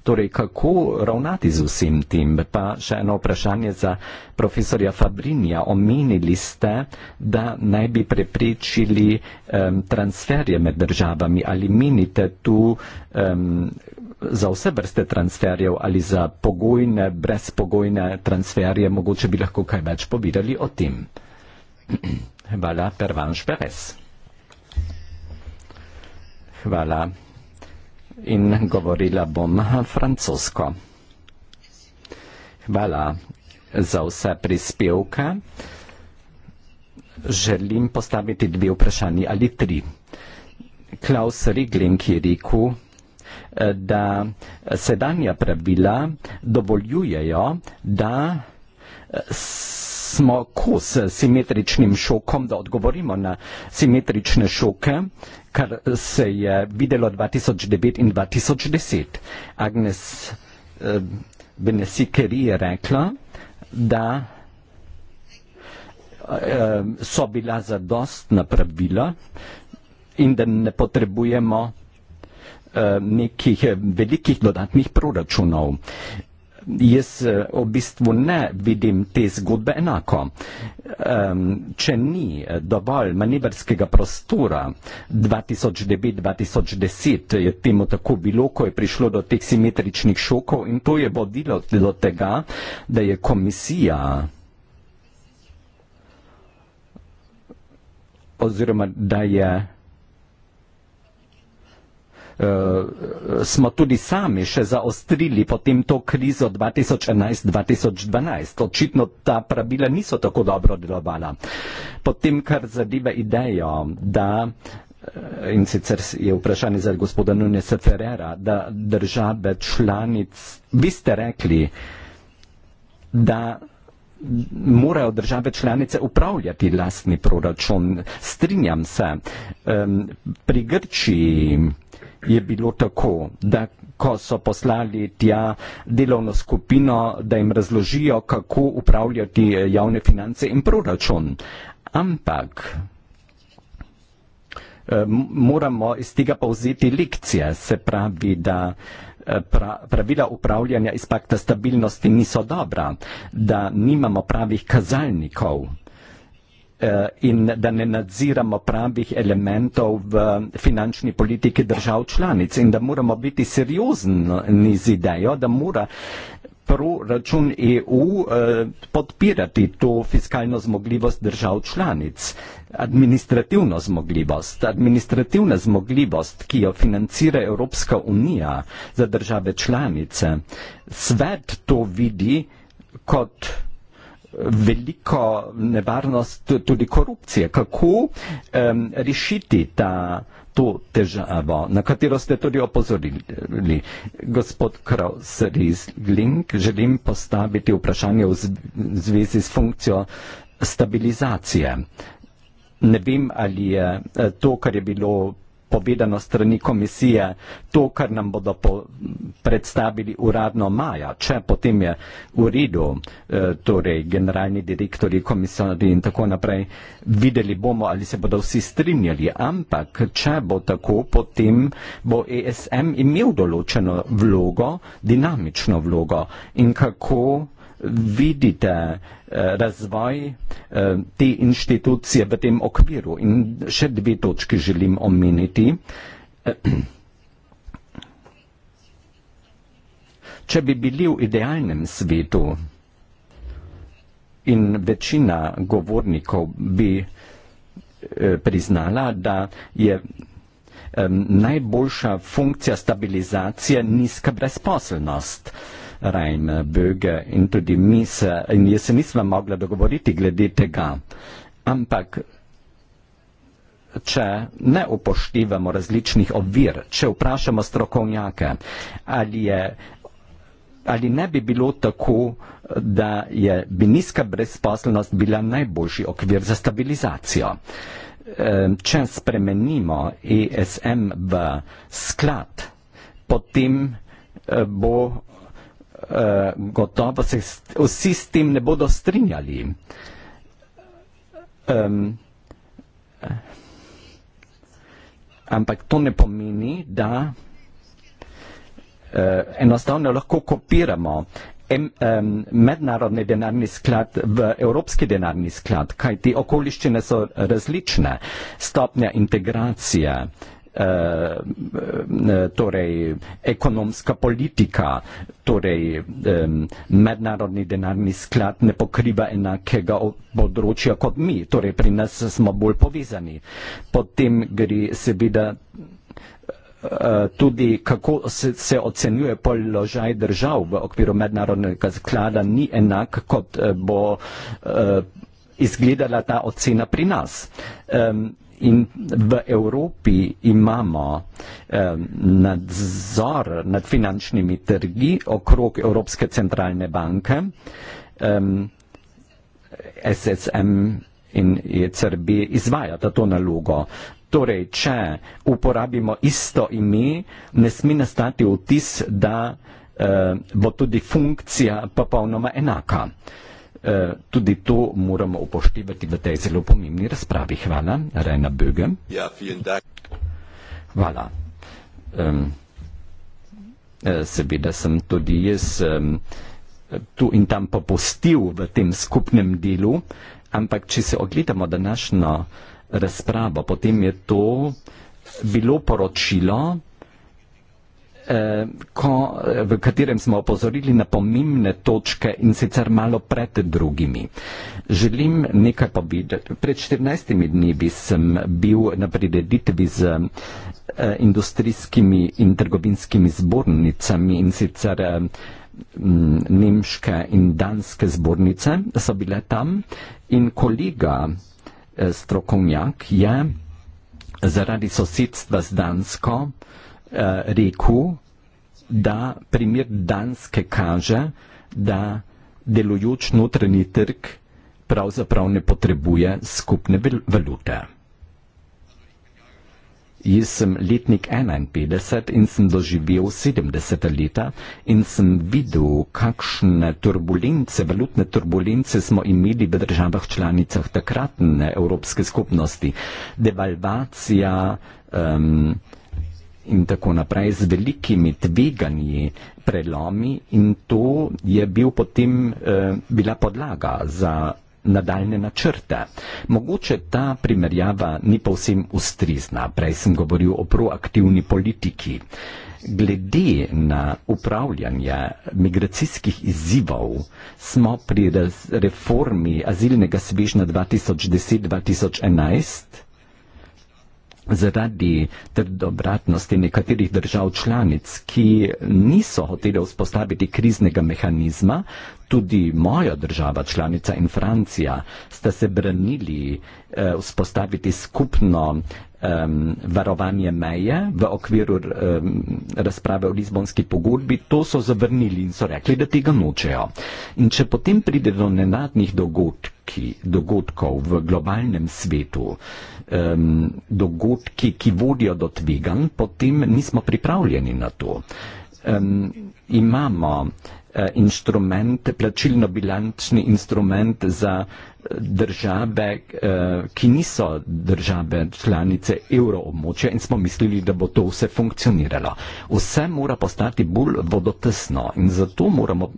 Torej, kako ravnati z vsem tem? Pa še eno vprašanje za profesorja Fabrinja. Omenili ste, da naj bi preprečili um, transferje med državami. Ali menite tu um, za vse vrste transferjev ali za pogojne, brezpogojne transferje, mogoče bi lahko kaj več povedali o tem? (clears throat) Hvala, Pervanš Perez. Hvala. In govorila bom francosko. Hvala za vse prispevke. Želim postaviti dve vprašanje ali tri. Klaus Riglink je rekel, eh, da sedanja pravila dovoljujejo, da s smo kos simetričnim šokom, da odgovorimo na simetrične šoke, kar se je videlo 2009 in 2010. Agnes eh, Benesikeri je rekla, da eh, so bila zadostna pravila in da ne potrebujemo eh, nekih velikih dodatnih proračunov jaz eh, v bistvu ne vidim te zgodbe enako. Um, če ni eh, dovolj manevrskega prostora 2009-2010, je temu tako bilo, ko je prišlo do teh simetričnih šokov in to je vodilo do tega, da je komisija oziroma da je uh, smo tudi sami še zaostrili potem to krizo 2011-2012. Očitno ta pravila niso tako dobro delovala. Potem, kar zadeva idejo, da eh, in sicer je vprašanje za gospoda Nunesa Ferrera, da države članic, vi ste rekli, da morajo države članice upravljati lastni proračun. Strinjam se, um, pri Grčiji je bilo tako, da ko so poslali tja delovno skupino, da jim razložijo, kako upravljati eh, javne finance in proračun. Ampak um, moramo iz tega povzeti lekcije, se pravi, da Eh, pra, pravila upravljanja ispak stabilnosti niso dobra, da nimamo pravih kazalnikov eh, in da ne nadziramo pravih elementov v finančni politiki držav članic in da moramo biti seriozni z idejo, da mora proračun EU eh, podpirati to fiskalno zmogljivost držav članic, administrativno zmogljivost, administrativna zmogljivost, ki jo financira Evropska unija za države članice. Svet to vidi kot veliko nevarnost tudi korupcije. Kako um, rešiti ta to težavo, na katero ste tudi opozorili. Gospod Kraus Riesling, želim postaviti vprašanje v zvezi z funkcijo stabilizacije. Ne vem, ali je eh, to, kar je bilo napovedano strani komisije, to, kar nam bodo po, predstavili uradno maja, če potem je v redu, e, torej generalni direktori, komisari in tako naprej, videli bomo, ali se bodo vsi strinjali, ampak če bo tako, potem bo ESM imel določeno vlogo, dinamično vlogo in kako vidite eh, razvoj eh, te inštitucije v tem okviru. In še dve točki želim omeniti. (clears throat) Če bi bili v idealnem svetu in večina govornikov bi eh, priznala, da je najboljša funkcija stabilizacije nizka brezposelnost. Rajn Böge in tudi mi se, in jaz se nisva mogla dogovoriti glede tega. Ampak če ne upoštivamo različnih ovir, če vprašamo strokovnjake, ali je ali ne bi bilo tako, da je bi nizka brezposelnost bila najboljši okvir za stabilizacijo. Ehm, če spremenimo ESM v sklad, potem eh, bo Eh, gotovo se vsi s tem ne bodo strinjali. Um, ampak to ne pomeni, da uh, enostavno lahko kopiramo em, um, mednarodni denarni sklad v evropski denarni sklad, kajti okoliščine so različne, stopnja integracije. Eh, eh, torej ekonomska politika, torej mednarodni denarni sklad ne pokriva enakega področja kot mi, torej pri nas smo bolj povezani. Potem gre seveda eh, tudi kako se, se ocenjuje položaj držav v okviru mednarodnega sklada ni enak, kot bo izgledala ta ocena pri nas. In v Evropi imamo eh, nadzor nad finančnimi trgi okrog Evropske centralne banke, eh, SSM in ECRB izvajata to nalogo. Torej, če uporabimo isto ime, ne sme nastati vtis, da eh, bo tudi funkcija popolnoma enaka. Eh, Eh, tudi to moramo upoštevati v tej zelo pomembni razpravi. Hvala, Rena Böge. Ja, Hvala. Um, seveda sem tudi jaz um, tu in tam popustil v tem skupnem delu, ampak če se ogledamo današnjo razpravo, potem je to bilo poročilo, eh, ko, eh, v katerem smo opozorili na pomembne točke in sicer malo pred drugimi. Želim nekaj povedati. Pred 14 dnevi sem bil na prireditvi z eh, industrijskimi in trgovinskimi zbornicami in sicer eh, Nemške in Danske zbornice so bile tam in kolega eh, strokovnjak je zaradi sosedstva z Dansko eh, Eh, rekel, da primer Danske kaže, da delujoč notranji trg pravzaprav ne potrebuje skupne valute. Jaz sem letnik 51 in sem doživel 70 leta in sem videl, kakšne turbulence, valutne turbulence smo imeli v državah članicah takratne Evropske skupnosti. Devalvacija, um, in tako naprej z velikimi tveganji, prelomi in to je bil potem, eh, bila podlaga za nadaljne načrte. Mogoče ta primerjava ni povsem ustrizna, prej sem govoril o proaktivni politiki. Glede na upravljanje migracijskih izzivov smo pri reformi azilnega svežna 2010-2011 Zaradi trdobratnosti nekaterih držav članic, ki niso hotele vzpostaviti kriznega mehanizma, tudi moja država članica in Francija sta se branili eh, vzpostaviti skupno um, varovanje meje v okviru um, razprave o Lizbonski pogodbi, to so zavrnili in so rekli, da tega nočejo. In če potem pride do nenadnih dogodki, dogodkov v globalnem svetu, um, dogodki, ki vodijo do tvegan, potem nismo pripravljeni na to um, imamo uh, e, instrument, plačilno bilančni instrument za države, uh, ki niso države članice evroobmočja in smo mislili, da bo to vse funkcioniralo. Vse mora postati bolj vodotesno in zato moramo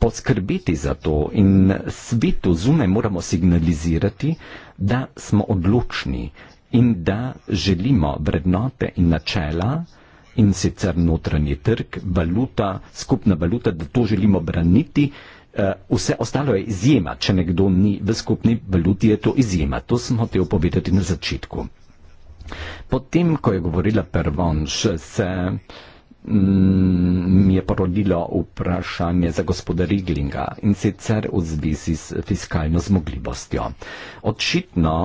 poskrbeti za to in svetu zunaj moramo signalizirati, da smo odločni in da želimo vrednote in načela, in sicer notranji trg, valuta, skupna valuta, da to želimo braniti. Eh, vse ostalo je izjema. Če nekdo ni v skupni valuti, je to izjema. To sem hotel povedati na začetku. Potem, ko je govorila Pervonš, se mm, mi je porodilo vprašanje za gospoda Riglinga in sicer v zvezi s fiskalno zmogljivostjo. Očitno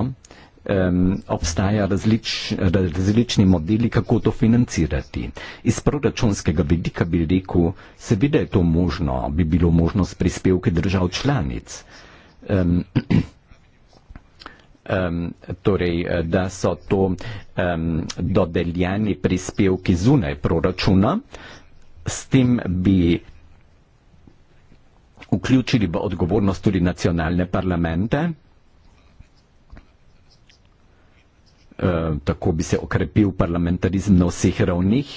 um, obstaja različ, različni modeli, kako to financirati. Iz proračunskega vidika bi rekel, seveda je to možno, bi bilo možno s prispevki držav članic. Um, Um, (clears throat) torej, da so to um, dodeljeni prispevki zunaj proračuna, s tem bi vključili v odgovornost tudi nacionalne parlamente, Eh, tako bi se okrepil parlamentarizem na vseh ravnih,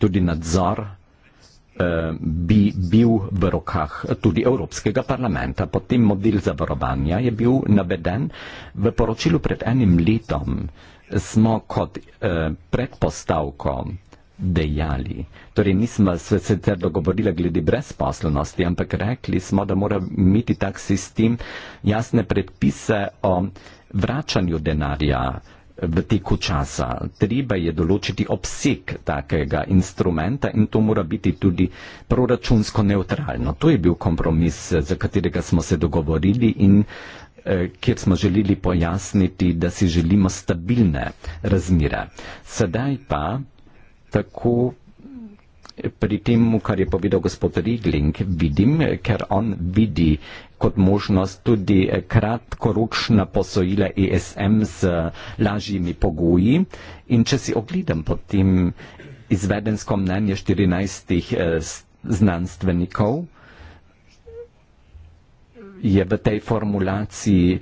tudi nadzor eh, bi bil v rokah tudi Evropskega parlamenta. Potem model zavarovanja je bil naveden v poročilu pred enim letom. Smo kot eh, predpostavko dejali, torej nismo se sicer dogovorili glede brezposlenosti, ampak rekli smo, da mora imeti tak sistem jasne predpise o vračanju denarja v teku časa. Treba je določiti obseg takega instrumenta in to mora biti tudi proračunsko neutralno. To je bil kompromis, za katerega smo se dogovorili in eh, kjer smo želeli pojasniti, da si želimo stabilne razmire. Sedaj pa tako eh, pri tem, kar je povedal gospod Regling, vidim, ker on vidi kot možnost tudi eh, kratkoročna posojila ESM z eh, lažjimi pogoji. In če si ogledam potem izvedensko mnenje 14 eh, znanstvenikov, je v tej formulaciji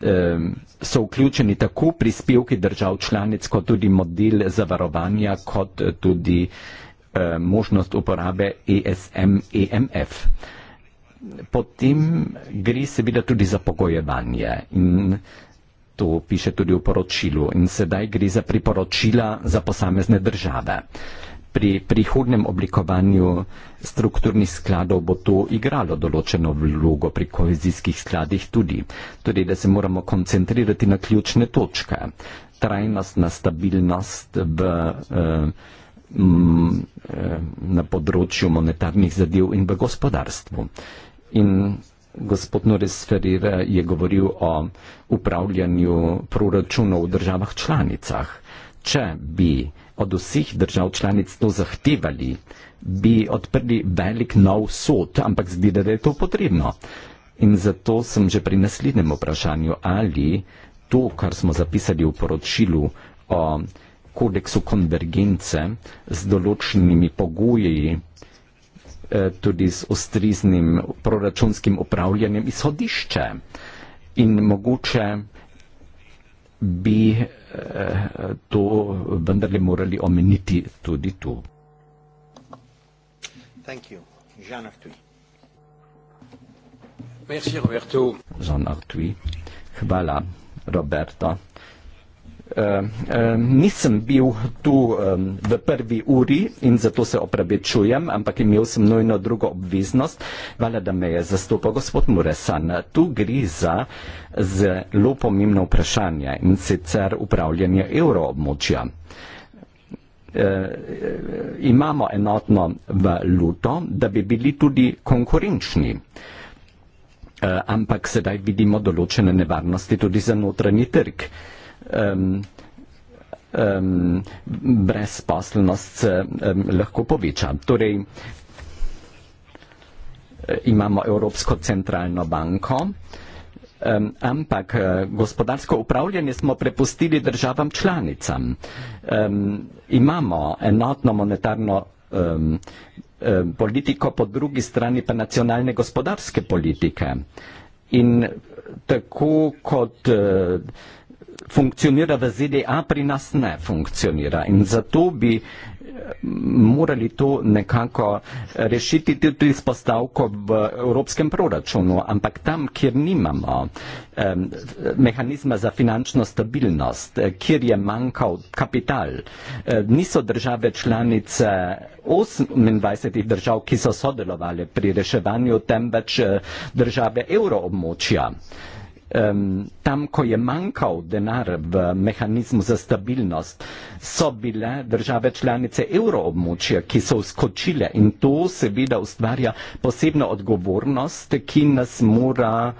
ehm, so vključeni tako prispevki držav članic, kot tudi model zavarovanja, kot tudi možnost uporabe ESM-EMF potem gre seveda tudi za pogojevanje in to piše tudi v poročilu in sedaj gre za priporočila za posamezne države. Pri prihodnem oblikovanju strukturnih skladov bo to igralo določeno vlogo pri kohezijskih skladih tudi, torej da se moramo koncentrirati na ključne točke, trajnost na stabilnost v, eh, eh, na področju monetarnih zadev in v gospodarstvu. In gospod Norris Ferreira je govoril o upravljanju proračunov v državah članicah. Če bi od vseh držav članic to zahtevali, bi odprli velik nov sod, ampak zdi se, da je to potrebno. In zato sem že pri naslednjem vprašanju, ali to, kar smo zapisali v poročilu o kodeksu konvergence z določenimi pogoji, Eh, tudi z ustriznim proračunskim upravljanjem izhodišče in mogoče bi eh, to vendarle morali omeniti tudi tu. Jean Artui. Jean Artui. Hvala, Roberto. Uh, nisem bil tu um, v prvi uri in zato se opravičujem, ampak imel sem nujno drugo obveznost. Hvala, da me je zastopal gospod Muresan. Tu gre za zelo pomembno vprašanje in sicer upravljanje evroobmočja. Uh, imamo enotno valuto, da bi bili tudi konkurenčni. Uh, ampak sedaj vidimo določene nevarnosti tudi za notranji trg. Uh, um, um, brezposelnost se um, lahko poveča. Torej, eh, imamo Evropsko centralno banko, um, ampak eh, gospodarsko upravljanje smo prepustili državam članicam. Um, imamo enotno monetarno um, um, politiko, po drugi strani pa nacionalne gospodarske politike. In tako kot uh, funkcionira v ZDA, pri nas ne funkcionira. In zato bi eh, morali to nekako rešiti tudi s postavko v evropskem proračunu. Ampak tam, kjer nimamo um, mehanizma za finančno stabilnost, eh, kjer je manjkal kapital, eh, niso države članice 28 držav, ki so sodelovali pri reševanju, temveč države evroobmočja tam, ko je manjkal denar v mehanizmu za stabilnost, so bile države članice evroobmočja, ki so skočile in to seveda ustvarja posebno odgovornost, ki nas mora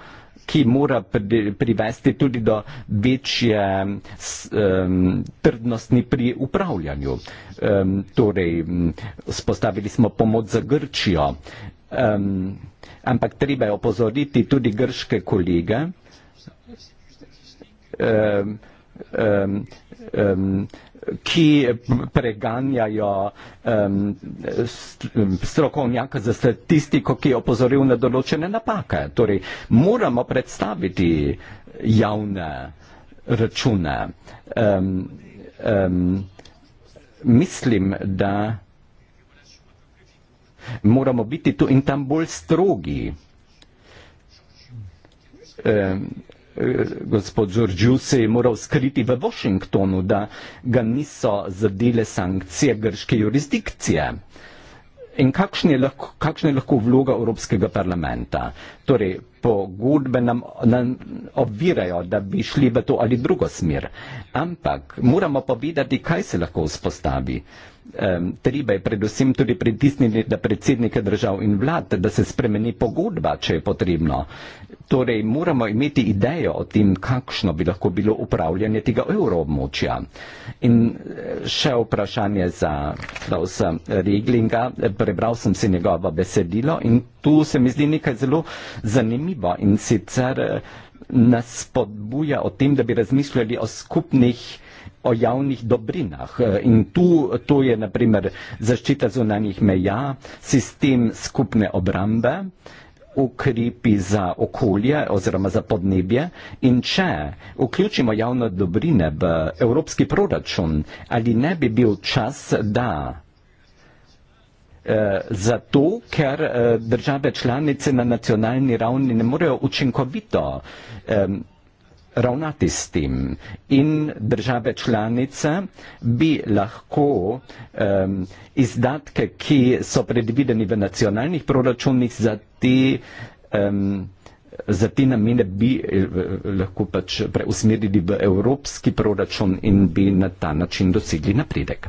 ki mora privesti tudi do večje um, trdnosti pri upravljanju. Um, torej, spostavili smo pomoč za Grčijo, um, ampak treba je opozoriti tudi grške kolege, um, um, um, ki preganjajo um, strokovnjaka za statistiko, ki je opozoril na določene napake. Torej, moramo predstaviti javne račune. Um, um, mislim, da moramo biti tu in tam bolj strogi. Um, gospod Džordžu se je moral skriti v Washingtonu, da ga niso zadele sankcije grške jurisdikcije. In kakšna je, kakšn je lahko vloga Evropskega parlamenta? Torej, pogodbe nam, nam obvirajo, da bi šli v to ali drugo smer. Ampak moramo povedati, kaj se lahko vzpostavi. Um, treba je predvsem tudi pritisniti na predsednike držav in vlad, da se spremeni pogodba, če je potrebno. Torej moramo imeti idejo o tem, kakšno bi lahko bilo upravljanje tega evroobmočja. In eh, še vprašanje za Klausa Reglinga. Prebral sem si njegovo besedilo in tu se mi zdi nekaj zelo zanimivo in sicer eh, nas spodbuja o tem, da bi razmišljali o skupnih o javnih dobrinah. Eh, in tu to je naprimer zaščita zunanjih meja, sistem skupne obrambe ukrepi za okolje oziroma za podnebje in če vključimo javne dobrine v evropski proračun, ali ne bi bil čas, da eh, zato, ker eh, države članice na nacionalni ravni ne morejo učinkovito eh, ravnati s tem. In države članice bi lahko um, izdatke, ki so predvideni v nacionalnih proračunih za te um, za te namene bi eh, lahko pač preusmerili v evropski proračun in bi na ta način dosegli napredek.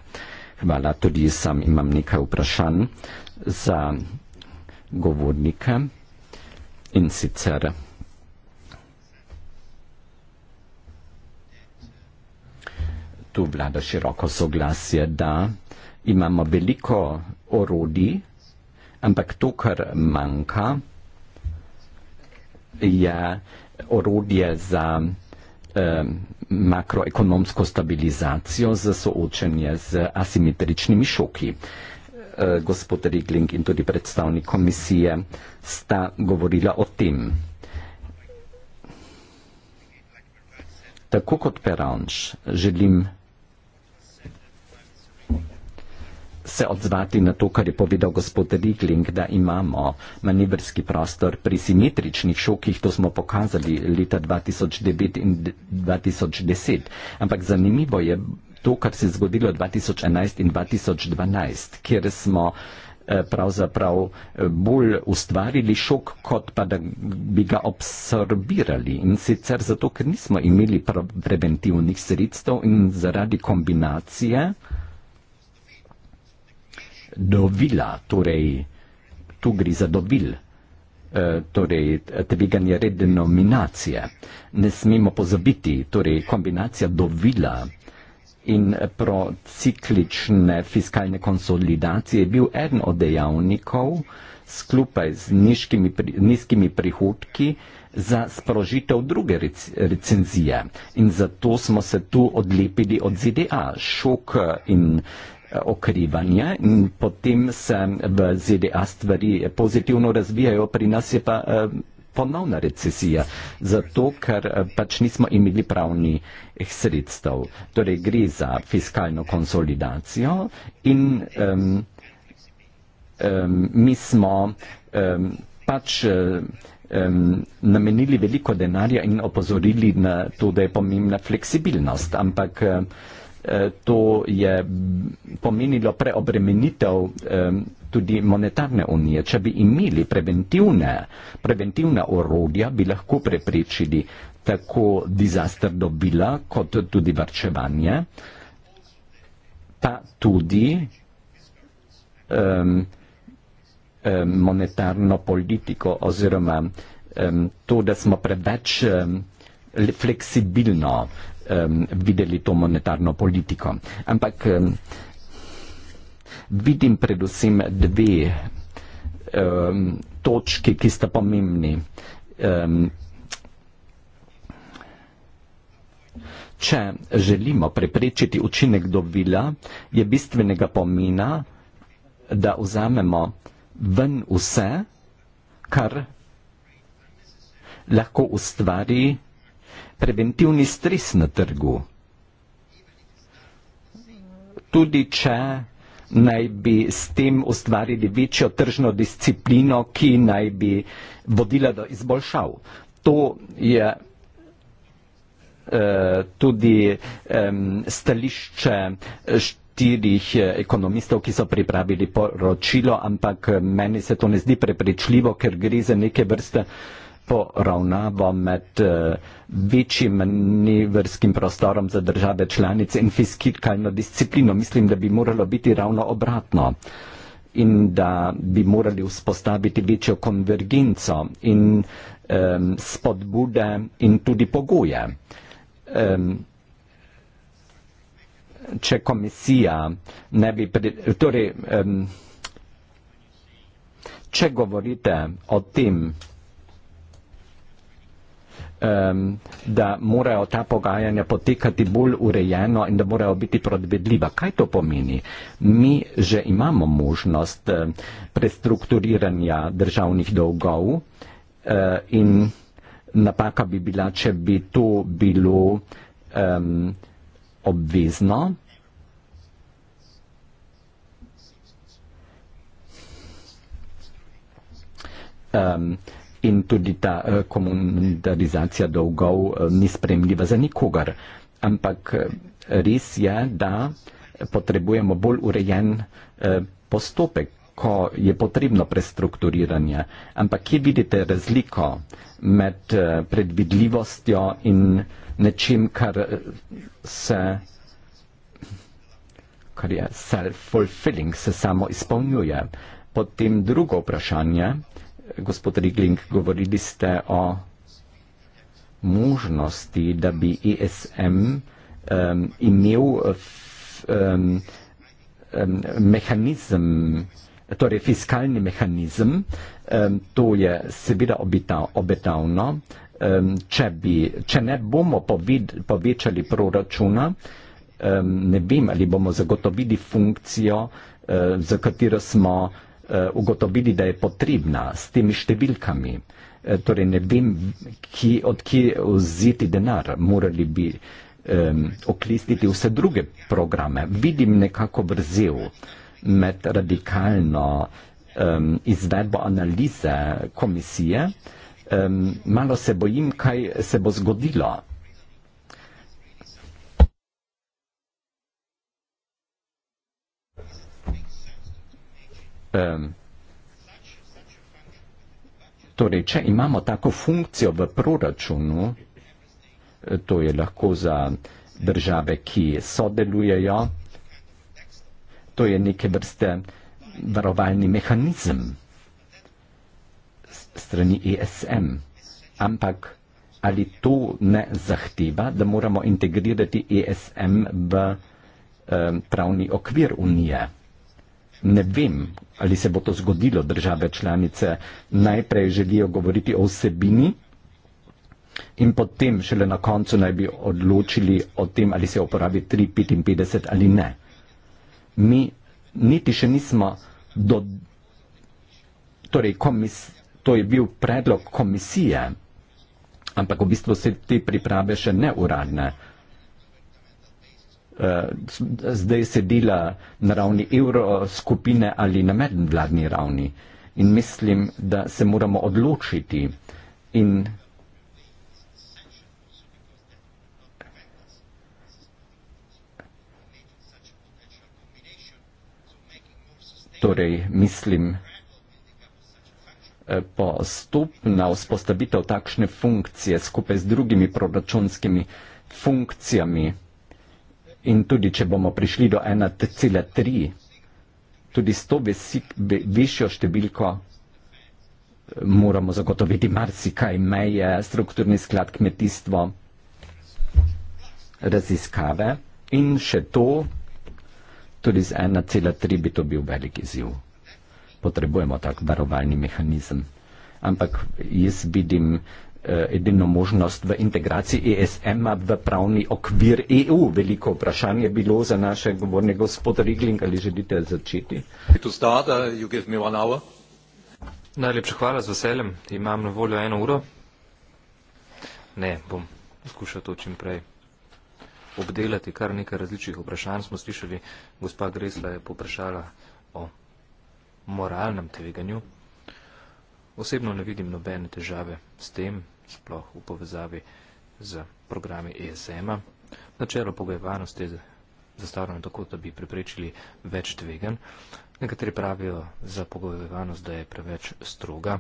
Hvala, tudi sam imam nekaj vprašanj za govornika in sicer. tu vlada široko soglasje, da imamo veliko orodij, ampak to, kar manjka, je orodje za eh, makroekonomsko stabilizacijo za soočenje z asimetričnimi šoki. Eh, gospod Rigling in tudi predstavnik komisije sta govorila o tem. Tako kot Peranč želim se odzvati na to, kar je povedal gospod Rigling, da imamo manevrski prostor pri simetričnih šokih, to smo pokazali leta 2009 in 2010. Ampak zanimivo je to, kar se je zgodilo 2011 in 2012, kjer smo eh, pravzaprav eh, bolj ustvarili šok, kot pa da bi ga absorbirali. In sicer zato, ker nismo imeli preventivnih sredstev in zaradi kombinacije dovila, torej tu gre za dovil, eh, torej tveganje redenominacije. Ne smemo pozabiti, torej kombinacija dovila in prociklične fiskalne konsolidacije je bil eden od dejavnikov skupaj z nižkimi, nizkimi prihodki za sprožitev druge recenzije. In zato smo se tu odlepili od ZDA. Šok in okrevanje in potem se eh, v ZDA stvari pozitivno razvijajo, pri nas je pa eh, ponovna recesija, zato ker eh, pač nismo imeli pravnih sredstev. Torej gre za fiskalno konsolidacijo in um, um, mi smo um, pač um, namenili veliko denarja in opozorili na to, da je pomembna fleksibilnost, ampak um, Eh, to je pomenilo preobremenitev tudi monetarne unije. Če bi imeli preventivne, preventivna orodja, bi lahko preprečili tako dizaster dobila, kot tudi varčevanje, pa tudi um, um, monetarno politiko oziroma um, to, da smo preveč um, fleksibilno um, videli to monetarno politiko. Ampak um, vidim predvsem dve um, točki, ki sta pomembni. Um, če želimo preprečiti učinek dovila, je bistvenega pomena, da vzamemo ven vse, kar lahko ustvari preventivni stres na trgu. Tudi če naj bi s tem ustvarili večjo tržno disciplino, ki naj bi vodila do izboljšav. To je eh, tudi eh, stališče štirih eh, ekonomistov, ki so pripravili poročilo, ampak eh, meni se to ne zdi prepričljivo, ker gre za neke vrste eh, poravnavo med eh, večjim nivrskim prostorom za države članice in fiskalno disciplino. Mislim, da bi moralo biti ravno obratno in da bi morali vzpostaviti večjo konvergenco in um, spodbude in tudi pogoje. Um, če komisija ne bi pri, torej, um, če govorite o tem, da morajo ta pogajanja potekati bolj urejeno in da morajo biti predvedljiva. Kaj to pomeni? Mi že imamo možnost prestrukturiranja državnih dolgov eh, in napaka bi bila, če bi to bilo obvezno. Um, in tudi ta eh, komunitarizacija dolgov eh, ni spremljiva za nikogar. Ampak eh, res je, da potrebujemo bolj urejen postopek, ko je potrebno prestrukturiranje. Ampak kje vidite razliko med predvidljivostjo in nečem, kar se kar je self-fulfilling, se samo izpolnjuje. Potem drugo vprašanje gospod Rigling, govorili ste o možnosti, da bi ESM um, imel f, um, um, mehanizem, torej fiskalni mehanizem, um, to je seveda obetavno, um, če, bi, če ne bomo poved, povečali proračuna, um, ne vem, ali bomo zagotovili funkcijo, uh, za katero smo Eh, ugotovili, da je potrebna s temi številkami. Eh, torej, ne vem, ki, od kje vzeti denar. Morali bi um, oklistiti vse druge programe. Vidim nekako vrzel med radikalno um, izvedbo analize komisije. Um, malo se bojim, kaj se bo zgodilo. torej, če imamo tako funkcijo v proračunu, eh, to je lahko za države, ki sodelujejo, to je neke vrste varovalni mehanizem strani ESM. Ampak ali to ne zahteva, da moramo integrirati ESM v eh, pravni okvir Unije? Ne vem, ali se bo to zgodilo, države članice najprej želijo govoriti o vsebini in potem šele na koncu naj bi odločili o tem, ali se uporabi 355 ali ne. Mi niti še nismo do... Torej, komis, to je bil predlog komisije, ampak v bistvu se te priprave še ne uradne uh, Eh, zdaj sedila na ravni evroskupine ali na medvladni ravni. In mislim, da se moramo odločiti in torej mislim, eh, postop na vzpostavitev takšne funkcije skupaj z drugimi proračunskimi funkcijami. In tudi, če bomo prišli do 1,3, tudi s to višjo številko eh, moramo zagotoviti marsikaj meje, strukturni sklad kmetijstvo, raziskave in še to, tudi z 1,3 bi to bil velik izjiv. Potrebujemo tak varovalni mehanizem. Ampak jaz vidim Eh, edino možnost v integraciji ESM v pravni okvir EU. Veliko vprašanje bilo za naše govorne gospod Rigling, ali želite začeti? Start, uh, Najlepša hvala z veseljem. Imam na voljo eno uro. Ne, bom skušal to čim prej obdelati kar nekaj različnih vprašanj. Smo slišali, gospa Gresla je poprašala o moralnem tveganju. Osebno ne vidim nobene težave s tem, sploh v povezavi z programi ESM-a. Načelo pogojevanosti je zastavljeno tako, da bi preprečili več tvegan. Nekateri pravijo za pogojevanost, da je preveč stroga.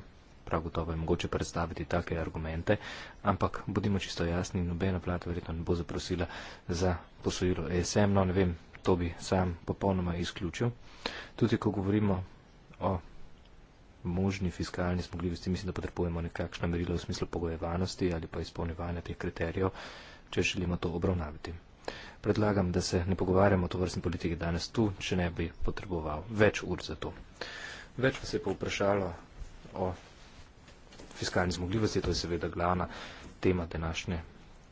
Prav gotovo je mogoče predstaviti take argumente, ampak bodimo čisto jasni, nobena plata verjetno ne bo zaprosila za posojilo ESM. No, ne vem, to bi sam popolnoma izključil. Tudi, ko govorimo o možni fiskalni zmogljivosti, mislim, da potrebujemo nekakšna merila v smislu pogojevanosti ali pa izpolnjevanja teh kriterijev, če želimo to obravnaviti. Predlagam, da se ne pogovarjamo o to vrstni politiki danes tu, če ne bi potreboval več ur za to. Več pa se je povprašalo o fiskalni zmogljivosti, to je seveda glavna tema današnje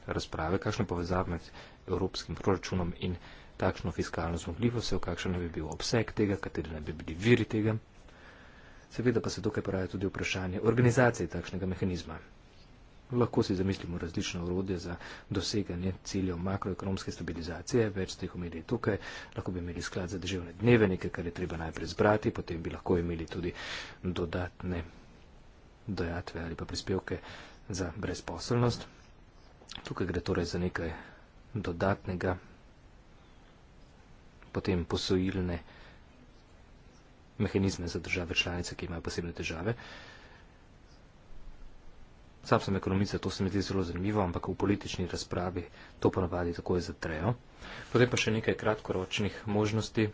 razprave, kakšna povezava med evropskim proračunom in takšno fiskalno zmogljivost, kakšen ne bi bil obseg tega, kateri ne bi bili viri tega. Seveda pa se tukaj poraja tudi vprašanje organizacije takšnega mehanizma. Lahko si zamislimo različne urodje za doseganje ciljev makroekonomske stabilizacije, več ste jih omenili tukaj, lahko bi imeli sklad za državne dneve, nekaj, kar je treba najprej zbrati, potem bi lahko imeli tudi dodatne dojatve ali pa prispevke za brezposelnost. Tukaj gre torej za nekaj dodatnega, potem posojilne dojatve mehanizme za države članice, ki imajo posebne težave. Sam sem ekonomica, to se mi zdi zelo zanimivo, ampak v politični razpravi to ponavadi tako je zatrejo. Potem pa še nekaj kratkoročnih možnosti.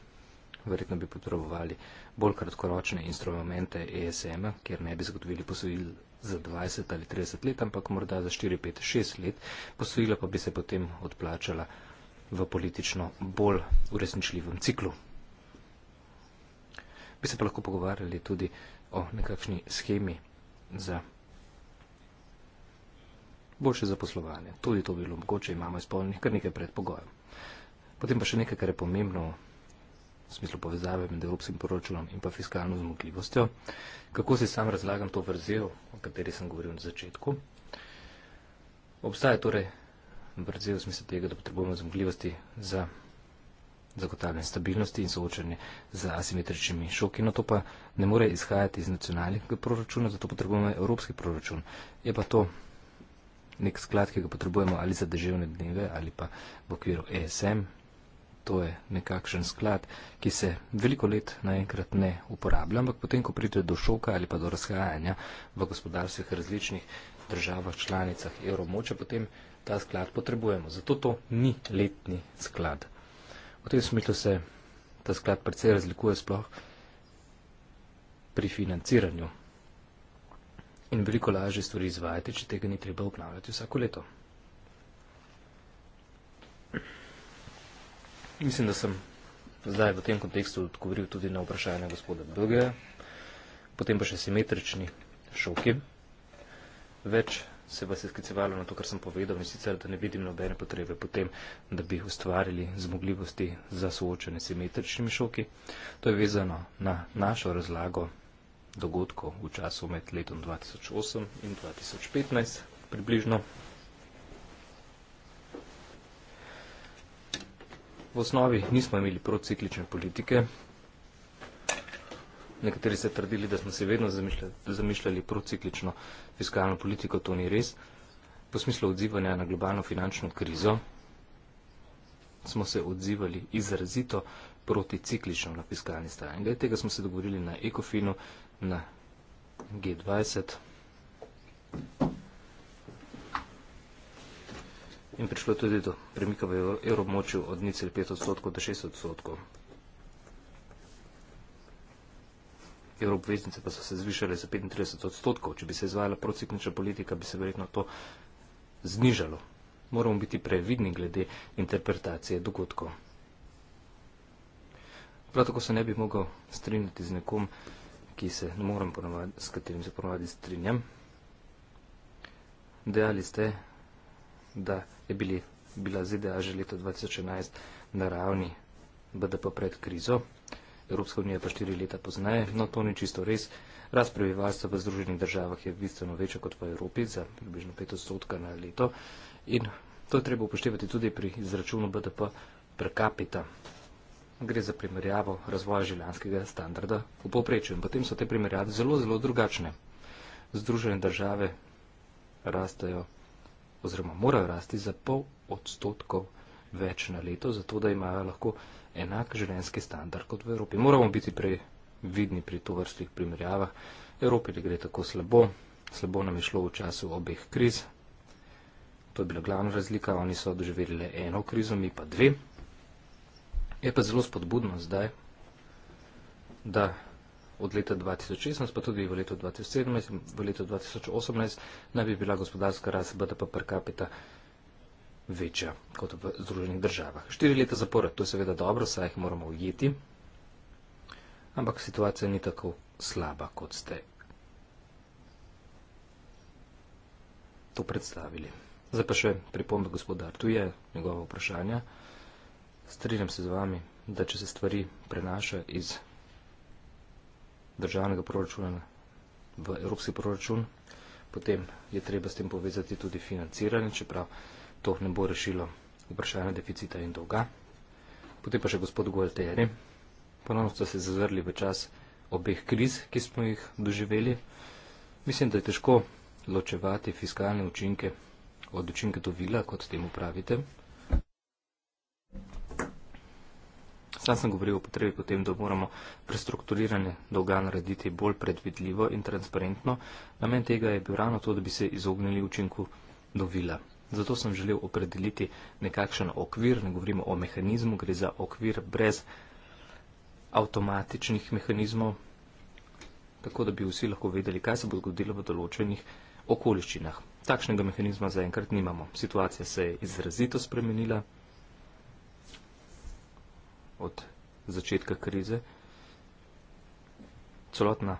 Verjetno bi potrebovali bolj kratkoročne instrumente ESM, kjer ne bi zagotovili posojil za 20 ali 30 let, ampak morda za 4, 5, 6 let. Posojila pa bi se potem odplačala v politično bolj uresničljivem ciklu bi se pa lahko pogovarjali tudi o nekakšni schemi za boljše zaposlovanje. Tudi to bi bilo mogoče, imamo izpolnjenih kar nekaj predpogojev. Potem pa še nekaj, kar je pomembno v smislu povezave med evropskim poročilom in pa fiskalno zmogljivostjo. Kako si sam razlagam to vrzel, o kateri sem govoril na začetku? Obstaja torej vrzel v smislu tega, da potrebujemo zmogljivosti za zagotavljanje stabilnosti in soočanje z asimetričnimi šoki. No, to pa ne more izhajati iz nacionalnega proračuna, zato potrebujemo evropski proračun. Je pa to nek sklad, ki ga potrebujemo ali za državne dneve ali pa v okviru ESM. To je nekakšen sklad, ki se veliko let naenkrat ne uporablja, ampak potem, ko pride do šoka ali pa do razhajanja v gospodarstvih različnih državah, članicah evromoča, potem ta sklad potrebujemo. Zato to ni letni sklad. V tem smislu se ta sklad precej razlikuje sploh pri financiranju. In veliko lažje stvari izvajati, če tega ni treba obnavljati vsako leto. Mislim, da sem zdaj v tem kontekstu odgovoril tudi na vprašanje gospoda Belgeja, potem pa še simetrični šoki. Več se vas je sklicevalo na to, kar sem povedal, in sicer, da ne vidim nobene potrebe potem, da bi ustvarili zmogljivosti za soočanje s simetričnimi šoki. To je vezano na našo razlago dogodkov v času med letom 2008 in 2015 približno. V osnovi nismo imeli prociklične politike, Nekateri ste trdili, da smo se vedno zamišljali, zamišljali prociklično fiskalno politiko, to ni res. Po smislu odzivanja na globalno finančno krizo smo se odzivali izrazito proticiklično na fiskalni strani. Glede tega smo se dogovorili na ECOFIN-u, na G20. In prišlo tudi do premika v evromočju od 0,5 odstotkov do 6 odstotkov. evroobveznice pa so se zvišale za 35 odstotkov. Če bi se izvajala prociklična politika, bi se verjetno to znižalo. Moramo biti previdni glede interpretacije dogodkov. Prav tako se ne bi mogel strinjati z nekom, ki se ne morem ponovadi, s katerim se ponovadi strinjam. Dejali ste, da je bili, bila ZDA že leta 2011 na ravni BDP pred krizo. Evropska unija pa štiri leta pozneje, no to ni čisto res. Rast prebivalstva v Združenih državah je bistveno večja kot v Evropi za približno 5 odstotka na leto in to je treba upoštevati tudi pri izračunu BDP per capita. Gre za primerjavo razvoja življanskega standarda v povprečju in potem so te primerjave zelo, zelo drugačne. Združene države rastejo oziroma morajo rasti za pol odstotkov več na leto, zato da imajo lahko enak življenjski standard kot v Evropi. Moramo biti previdni pri to vrstih primerjavah. Evropi ne gre tako slabo, slabo nam je šlo v času obeh kriz. To je bila glavna razlika, oni so doživeli le eno krizo, mi pa dve. Je pa zelo spodbudno zdaj, da od leta 2016, pa tudi v letu 2017, v letu 2018, naj bi bila gospodarska rast BDP per capita večja kot v Združenih državah. Štiri leta zapora, to je seveda dobro, saj jih moramo ujeti, ampak situacija ni tako slaba, kot ste to predstavili. Zdaj pa še pripombe gospoda Artuje, njegova vprašanja. Strinjam se z vami, da če se stvari prenaša iz državnega proračuna v evropski proračun, potem je treba s tem povezati tudi financiranje, čeprav vprašanje, to ne bo rešilo vprašanja deficita in dolga. Potem pa še gospod Gualtieri. Ponovno so se zazrli v čas obeh kriz, ki smo jih doživeli. Mislim, da je težko ločevati fiskalne učinke od učinke dovila, kot temu pravite. Sam sem govoril o potrebi potem, da moramo prestrukturiranje dolga narediti bolj predvidljivo in transparentno. Namen tega je bil ravno to, da bi se izognili učinku dovila. Zato sem želel opredeliti nekakšen okvir, ne govorimo o mehanizmu, gre za okvir brez avtomatičnih mehanizmov, tako da bi vsi lahko vedeli, kaj se bo zgodilo v določenih okoliščinah. Takšnega mehanizma zaenkrat nimamo. Situacija se je izrazito spremenila od začetka krize. Celotna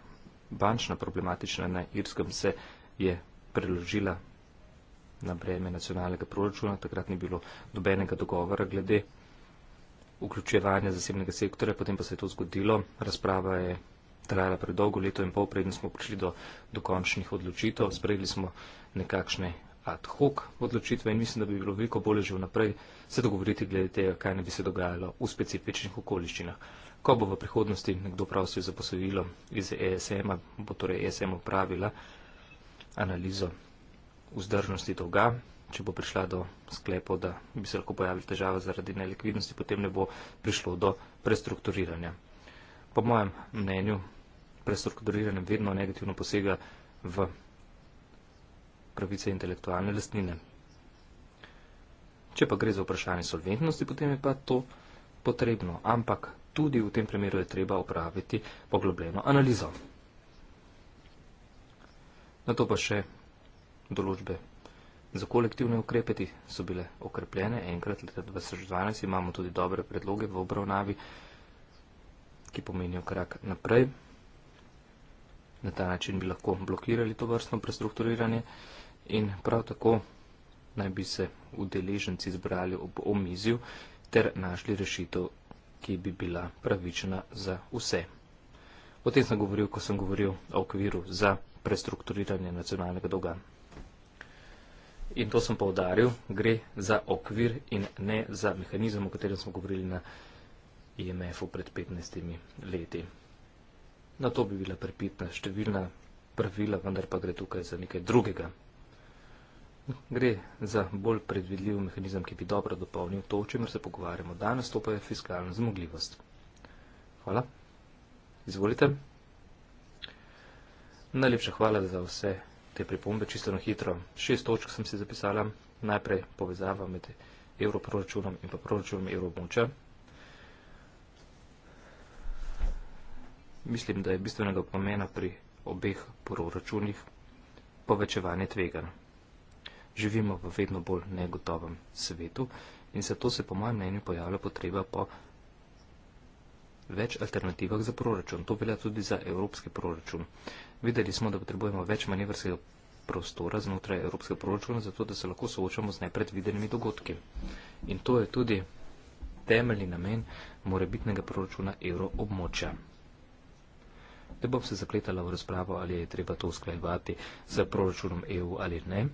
bančna problematična na Irskem se je preložila na breme nacionalnega proračuna. Takrat ni bilo dobenega dogovora glede vključevanja zasebnega sektorja, potem pa se je to zgodilo. Razprava je trajala predolgo, leto in pol, preden smo prišli do dokončnih odločitev. Sprejeli smo nekakšne ad hoc odločitve in mislim, da bi bilo veliko bolje že vnaprej se dogovoriti glede tega, kaj ne bi se dogajalo v specifičnih okoliščinah. Ko bo v prihodnosti nekdo prosil za posojilo iz ESM-a, bo torej ESM upravila analizo vzdržnosti dolga. Če bo prišla do sklepa, da bi se lahko pojavila težava zaradi nelikvidnosti, potem ne bo prišlo do prestrukturiranja. Po mojem mnenju, prestrukturiranje vedno negativno posega v pravice intelektualne lastnine. Če pa gre za vprašanje solventnosti, potem je pa to potrebno. Ampak tudi v tem primeru je treba opraviti poglobljeno analizo. Na to pa še določbe za kolektivne ukrepe, ti so bile okrepljene enkrat leta 2012, imamo tudi dobre predloge v obravnavi, ki pomenijo korak naprej. Na ta način bi lahko blokirali to vrstno prestrukturiranje in prav tako naj bi se udeleženci zbrali ob omizju ter našli rešitev, ki bi bila pravična za vse. O tem sem govoril, ko sem govoril o okviru za prestrukturiranje nacionalnega dolga in to sem povdaril, gre za okvir in ne za mehanizem, o katerem smo govorili na IMF-u pred 15 leti. Na to bi bila pripitna številna pravila, vendar pa gre tukaj za nekaj drugega. Gre za bolj predvidljiv mehanizem, ki bi dobro dopolnil to, o čemer se pogovarjamo danes, to pa je fiskalna zmogljivost. Hvala. Izvolite. Najlepša hvala za vse te pripombe čisto na hitro. Šest točk sem si zapisala. Najprej povezava med evroproračunom in pa proračunom evroobmoča. Mislim, da je bistvenega pomena pri obeh proračunih povečevanje tveganj. Živimo v vedno bolj negotovem svetu in zato se po mojem mnenju pojavlja potreba po več alternativah za proračun. To velja tudi za evropski proračun. Uh, Videli smo, da potrebujemo več manevrskega prostora znotraj evropskega proračuna, zato da se lahko soočamo z nepredvidenimi dogodki. In to je tudi temeljni namen morebitnega proračuna evroobmočja. Ne bom se zapletala v razpravo, ali je treba to usklajevati z proračunom EU ali ne.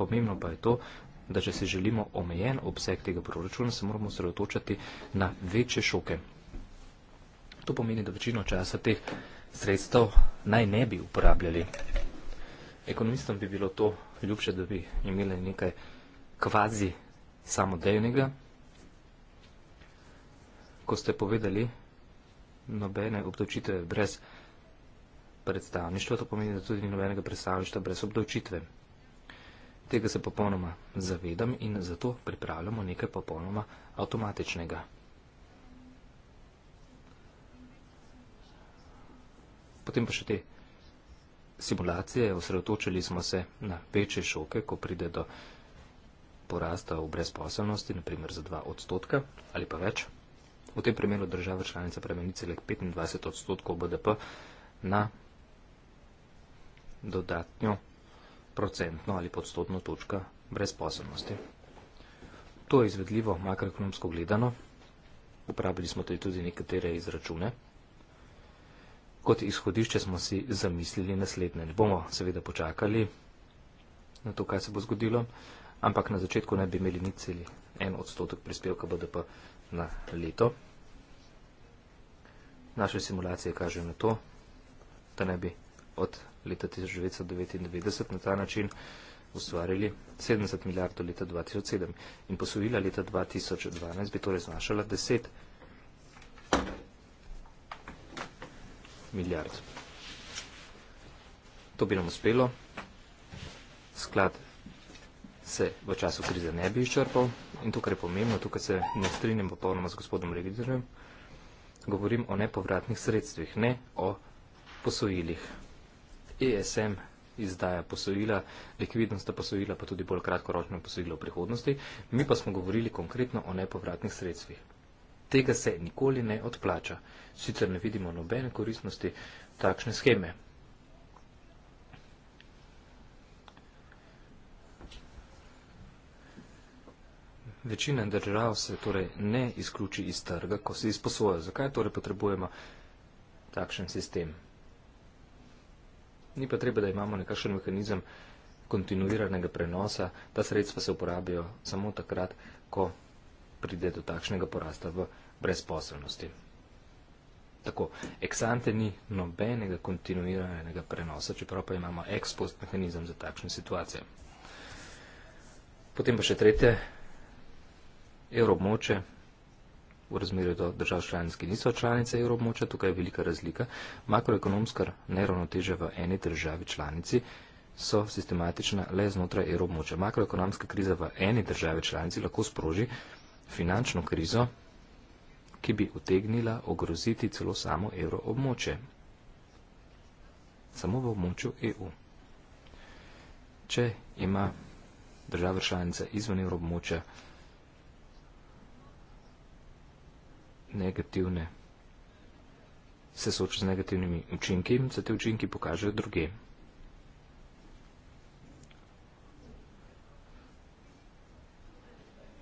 Pomembno pa je to, da če si želimo omejen obseg tega proračuna, se moramo sredotočati na večje šoke. To pomeni, da večino časa teh sredstev naj ne bi uporabljali. Ekonomistom bi bilo to ljubše, da bi imeli nekaj kvazi samodejnega. Ko ste povedali, nobene obdavčitve brez predstavništva, to pomeni, da tudi ni nobenega predstavništva brez obdavčitve. Tega se popolnoma zavedam in zato pripravljamo nekaj popolnoma avtomatičnega. Potem pa še te simulacije, osredotočili smo se na večje šoke, ko pride do porasta v brezposelnosti, naprimer za 2 odstotka ali pa več. V tem primeru država članica premeni celek 25 odstotkov BDP na dodatnjo procentno ali podstotno točko brezposobnosti. To je izvedljivo makroekonomsko gledano. Uporabili smo tudi nekatere izračune. Kot izhodišče smo si zamislili naslednje. Ne bomo seveda počakali na to, kaj se bo zgodilo, ampak na začetku naj bi imeli nič celi en odstotek prispevka BDP na leto. Naše simulacije kažejo na to, da naj bi od leta 1999 na ta način ustvarili 70 milijardov leta 2007 in posojila leta 2012 bi torej znašala 10 milijardov. milijard. To bi nam uspelo. Sklad se v času krize ne bi izčrpal in tukaj je pomembno, tukaj se ne strinjam popolnoma z gospodom Revitorjem, govorim o nepovratnih sredstvih, ne o posojilih. ESM izdaja posojila, likvidnostna posojila, pa tudi bolj kratkoročno posojilo v prihodnosti. Mi pa smo govorili konkretno o nepovratnih sredstvih tega se nikoli ne odplača. Sicer ne vidimo nobene koristnosti takšne scheme. Večina držav se torej ne izključi iz trga, ko se izposoja. Zakaj torej potrebujemo takšen sistem? Ni pa treba, da imamo nekakšen mehanizem kontinuiranega prenosa, da sredstva se uporabijo samo takrat, ko pride do takšnega porasta v trgu brezposelnosti. Tako, eksante ni nobenega kontinuiranega prenosa, čeprav pa imamo ekspost mehanizem za takšne situacije. Potem pa še tretje, evroobmoče v razmerju do držav članic, ki niso članice evroobmoča, tukaj je velika razlika. Makroekonomska neravnoteže v eni državi članici so sistematična le znotraj evroobmoča. Makroekonomska kriza v eni državi članici lahko sproži finančno krizo ki bi utegnila ogroziti celo samo evro območje. Samo v območju EU. Če ima država članica izven evro območja negativne se soča z negativnimi učinki, se te učinki pokažejo druge.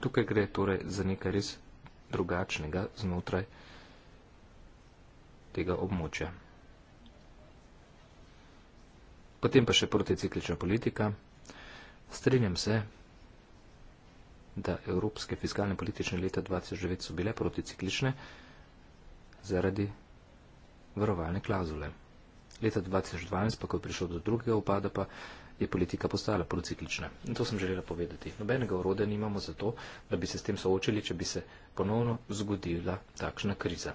Tukaj gre torej za nekaj res drugačnega znotraj tega območja. Potem pa še proticiklična politika. Strinjam se, da evropske fiskalne politične leta 2009 so bile proticiklične zaradi varovalne klauzule. Leta 2012 pa, ko je prišlo do drugega upada, pa je politika postala prociklična. In to sem želela povedati. Nobenega orode nimamo za to, da bi se s tem soočili, če bi se ponovno zgodila takšna kriza.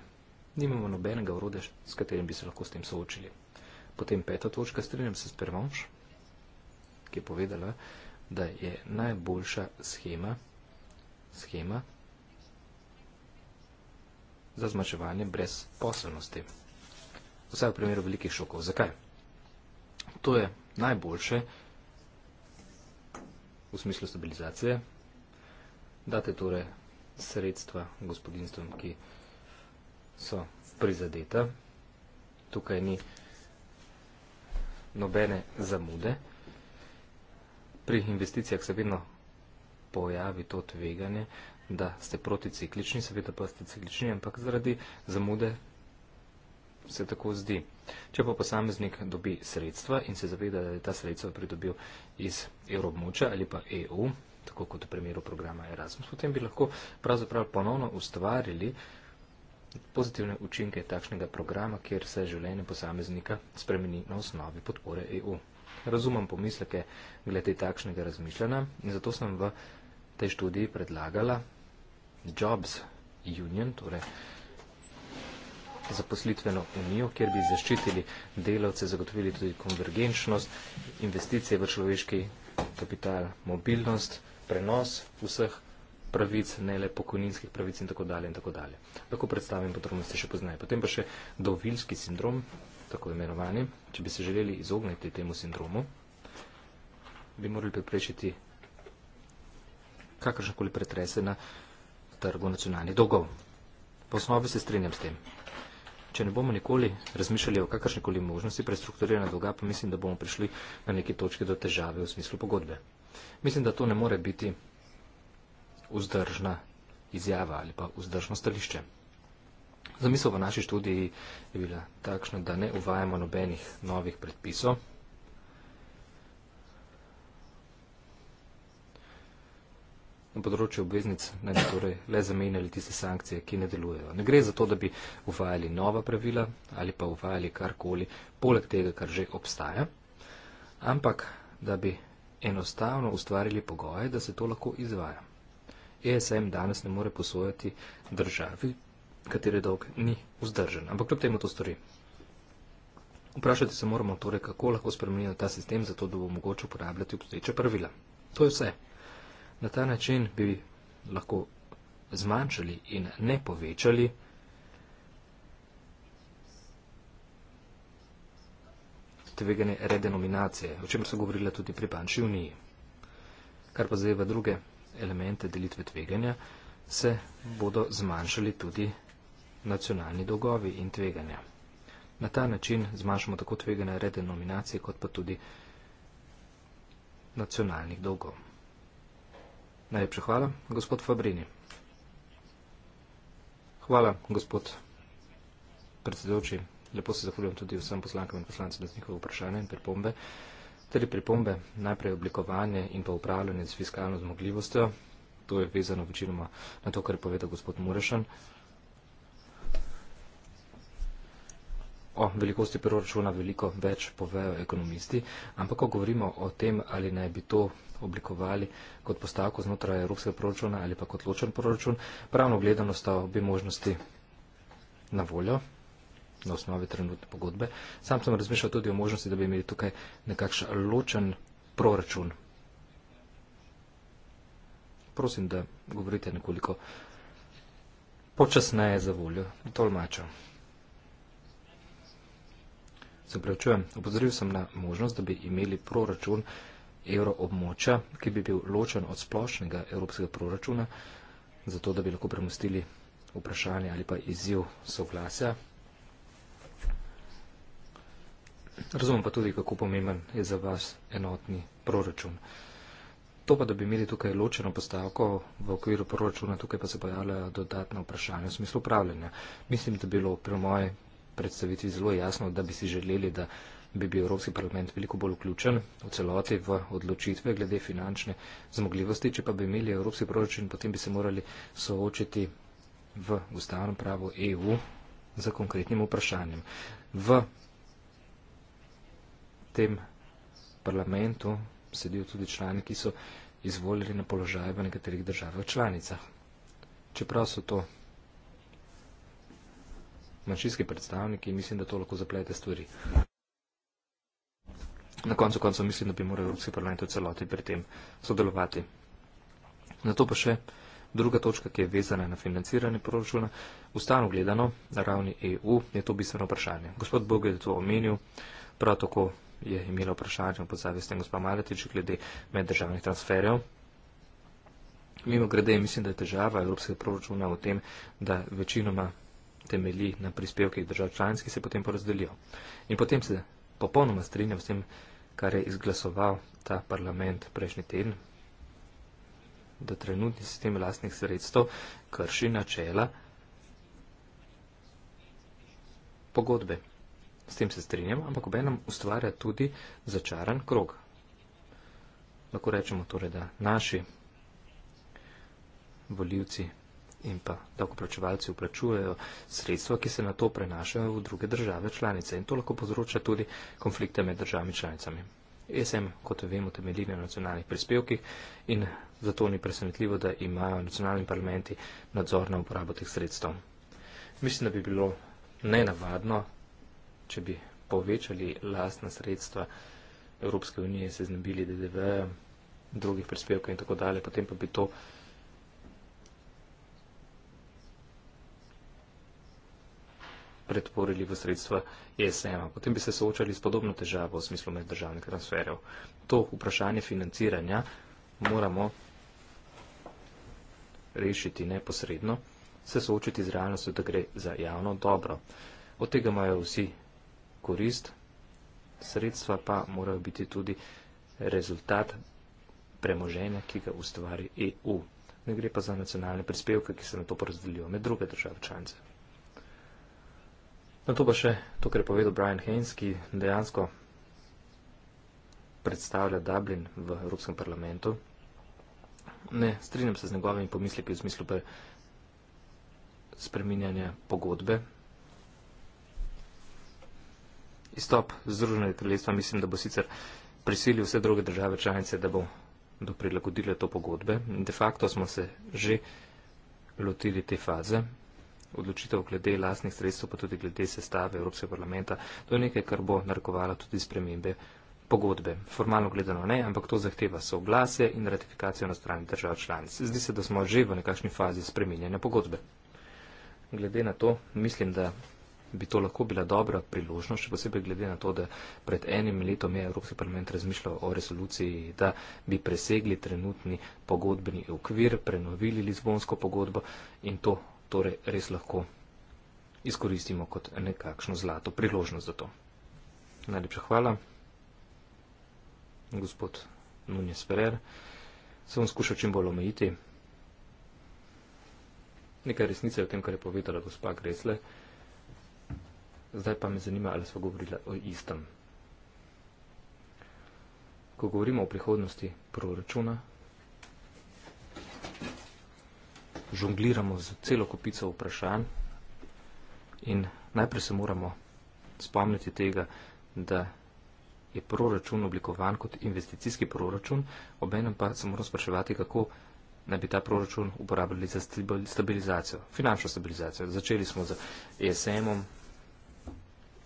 Nimamo nobenega orode, s katerim bi se lahko s tem soočili. Potem peta točka, strinjam se s Permonš, ki je povedala, da je najboljša schema, schema za zmačevanje brez poselnosti. Vse v primeru velikih šokov. Zakaj? To je najboljše v smislu stabilizacije. Date torej sredstva gospodinstvom, ki so prizadeta. Tukaj ni nobene zamude. Pri investicijah se vedno pojavi to tveganje, da ste proticiklični, seveda pa ste ciklični, ampak zaradi zamude se tako zdi. Če pa posameznik dobi sredstva in se zaveda, da je ta sredstva pridobil iz evrobmoča ali pa EU, tako kot v primeru programa Erasmus, potem bi lahko pravzaprav ponovno ustvarili pozitivne učinke takšnega programa, kjer se življenje posameznika spremeni na osnovi podpore EU. Razumem pomisleke glede takšnega razmišljanja in zato sem v tej študiji predlagala Jobs Union, torej zaposlitveno unijo, kjer bi zaščitili delavce, zagotovili tudi konvergenčnost, investicije v človeški kapital, mobilnost, prenos vseh pravic, ne le pokojninskih pravic in tako dalje in tako dalje. Lahko predstavim podrobnosti še poznaje. Potem pa še dovilski sindrom, tako imenovani, če bi se želeli izogniti temu sindromu, bi morali preprečiti kakršnakoli pretrese na trgu nacionalnih dolgov. Po osnovi se strinjam s tem če ne bomo nikoli razmišljali o kakršnekoli možnosti prestrukturiranja dolga, pa mislim, da bomo prišli na neki točki do težave v smislu pogodbe. Mislim, da to ne more biti vzdržna izjava ali pa vzdržno stališče. Zamisel v naši študiji je bila takšna, da ne uvajamo nobenih novih predpisov, na področju obveznic naj bi torej le zamenjali tiste sankcije, ki ne delujejo. Ne gre za to, da bi uvajali nova pravila ali pa uvajali karkoli poleg tega, kar že obstaja, ampak da bi enostavno ustvarili pogoje, da se to lahko izvaja. ESM danes ne more posojati državi, katere dolg ni vzdržen, ampak kljub temu to stori. Vprašati se moramo torej, kako lahko spremenijo ta sistem, zato da bo mogoče uporabljati obstoječa pravila. To je vse. Na ta način bi lahko zmanjšali in ne povečali tvegane redenominacije, o čem so govorila tudi pri Banči uniji. Kar pa zdaj v druge elemente delitve tveganja, se bodo zmanjšali tudi nacionalni dolgovi in tveganja. Na ta način zmanjšamo tako tvegane redenominacije, kot pa tudi nacionalnih dolgov. Najlepša hvala, gospod Fabrini. Hvala, gospod predsedoči. Lepo se zahvaljujem tudi vsem poslankam in poslancem za njihove vprašanja in pripombe. Tri pripombe, najprej oblikovanje in pa upravljanje z fiskalno zmogljivostjo. To je vezano večinoma na to, kar je povedal gospod Murešan. o velikosti proračuna veliko več povejo ekonomisti, ampak ko govorimo o tem, ali naj bi to oblikovali kot postavko znotraj evropskega proračuna ali pa kot ločen proračun, pravno gledano sta obi možnosti na voljo na osnovi trenutne pogodbe. Sam sem razmišljal tudi o možnosti, da bi imeli tukaj nekakšen ločen proračun. Prosim, da govorite nekoliko počasneje za voljo tolmača. Se prevečujem, opozoril sem na možnost, da bi imeli proračun evroobmoča, ki bi bil ločen od splošnega evropskega proračuna, zato da bi lahko premustili vprašanje ali pa izziv soglasja. Razumem pa tudi, kako pomemben je za vas enotni proračun. To pa, da bi imeli tukaj ločeno postavko v okviru proračuna, tukaj pa se pojavljajo dodatna vprašanja v smislu upravljanja. Mislim, da bi bilo pri moji predstavitvi zelo jasno, da bi si želeli, da bi bil Evropski parlament veliko bolj vključen v celoti v odločitve glede finančne zmogljivosti. Če pa bi imeli Evropski proračun, potem bi se morali soočiti v ustavno pravo EU za konkretnim vprašanjem. V tem parlamentu sedijo tudi člani, ki so izvolili na položaje v nekaterih državah članicah. Čeprav so to manjšinski predstavniki, mislim, da to lahko zaplete stvari. Na koncu koncev mislim, da bi morali Evropski parlament v celoti pri tem sodelovati. Na to pa še druga točka, ki je vezana na financiranje proračuna. Ustavno gledano, na ravni EU, je to bistveno vprašanje. Gospod Bog je to omenil, prav tako je imela vprašanje pod zavestem gospod Maletič glede meddržavnih transferjev. Mimo grede, mislim, da je težava Evropskega proračuna v tem, da večinoma temelji na prispevkih držav članic, ki se potem porazdelijo. In potem se popolnoma strinjam s tem, kar je izglasoval ta parlament prejšnji teden, da trenutni sistem lastnih sredstev krši načela pogodbe. S tem se strinjam, ampak obe nam ustvarja tudi začaran krog. Lahko rečemo torej, da naši voljivci in pa davkoplačevalci uplačujejo sredstva, ki se na to prenašajo v druge države članice. In to lahko povzroča tudi konflikte med državami članicami. ESM, kot vemo, temelji na nacionalnih prispevkih in zato ni presenetljivo, da imajo nacionalni parlamenti nadzor na uporabo teh sredstev. Mislim, da bi bilo nenavadno, če bi povečali lastna sredstva Evropske unije, se znebili DDV, drugih prispevkov in tako dalje, potem pa bi to pretvorili v sredstva ESM-a. Potem bi se soočali s podobno težavo v smislu meddržavnih transferjev. To vprašanje financiranja moramo rešiti neposredno, se soočiti z realnostjo, da gre za javno dobro. Od tega imajo vsi korist, sredstva pa morajo biti tudi rezultat premoženja, ki ga ustvari EU. Ne gre pa za nacionalne prispevke, ki se na to porazdelijo med druge države članice. Na to pa še to, kar je povedal Brian Haynes, ki dejansko predstavlja Dublin v Evropskem parlamentu. Ne strinjam se z njegovimi pomisleki v smislu spreminjanja pogodbe. Izstop Združenega kraljestva mislim, da bo sicer prisilil vse druge države članice, da bo do prilagodile to pogodbe. De facto smo se že lotili te faze odločitev glede lastnih sredstev, pa tudi glede sestave Evropskega parlamenta. To je nekaj, kar bo narkovalo tudi spremembe pogodbe. Formalno gledano ne, ampak to zahteva soglasje in ratifikacijo na strani držav članic. Zdi se, da smo že v nekakšni fazi spreminjanja pogodbe. Glede na to, mislim, da bi to lahko bila dobra priložnost, še posebej glede na to, da pred enim letom je Evropski parlament razmišljal o resoluciji, da bi presegli trenutni pogodbeni okvir, prenovili Lizbonsko pogodbo in to torej res lahko izkoristimo kot nekakšno zlato priložnost za to. Najlepša hvala, gospod Nunes Ferrer. Se bom skušal čim bolj omejiti. Nekaj resnice je v tem, kar je povedala gospa Gresle. Zdaj pa me zanima, ali smo govorili o istem. Ko govorimo o prihodnosti proračuna, žongliramo z celo kopico vprašanj in najprej se moramo spomniti tega, da je proračun oblikovan kot investicijski proračun, obenem pa se moramo spraševati, kako naj bi ta proračun uporabljali za stabilizacijo, finančno stabilizacijo. Začeli smo z ESM-om,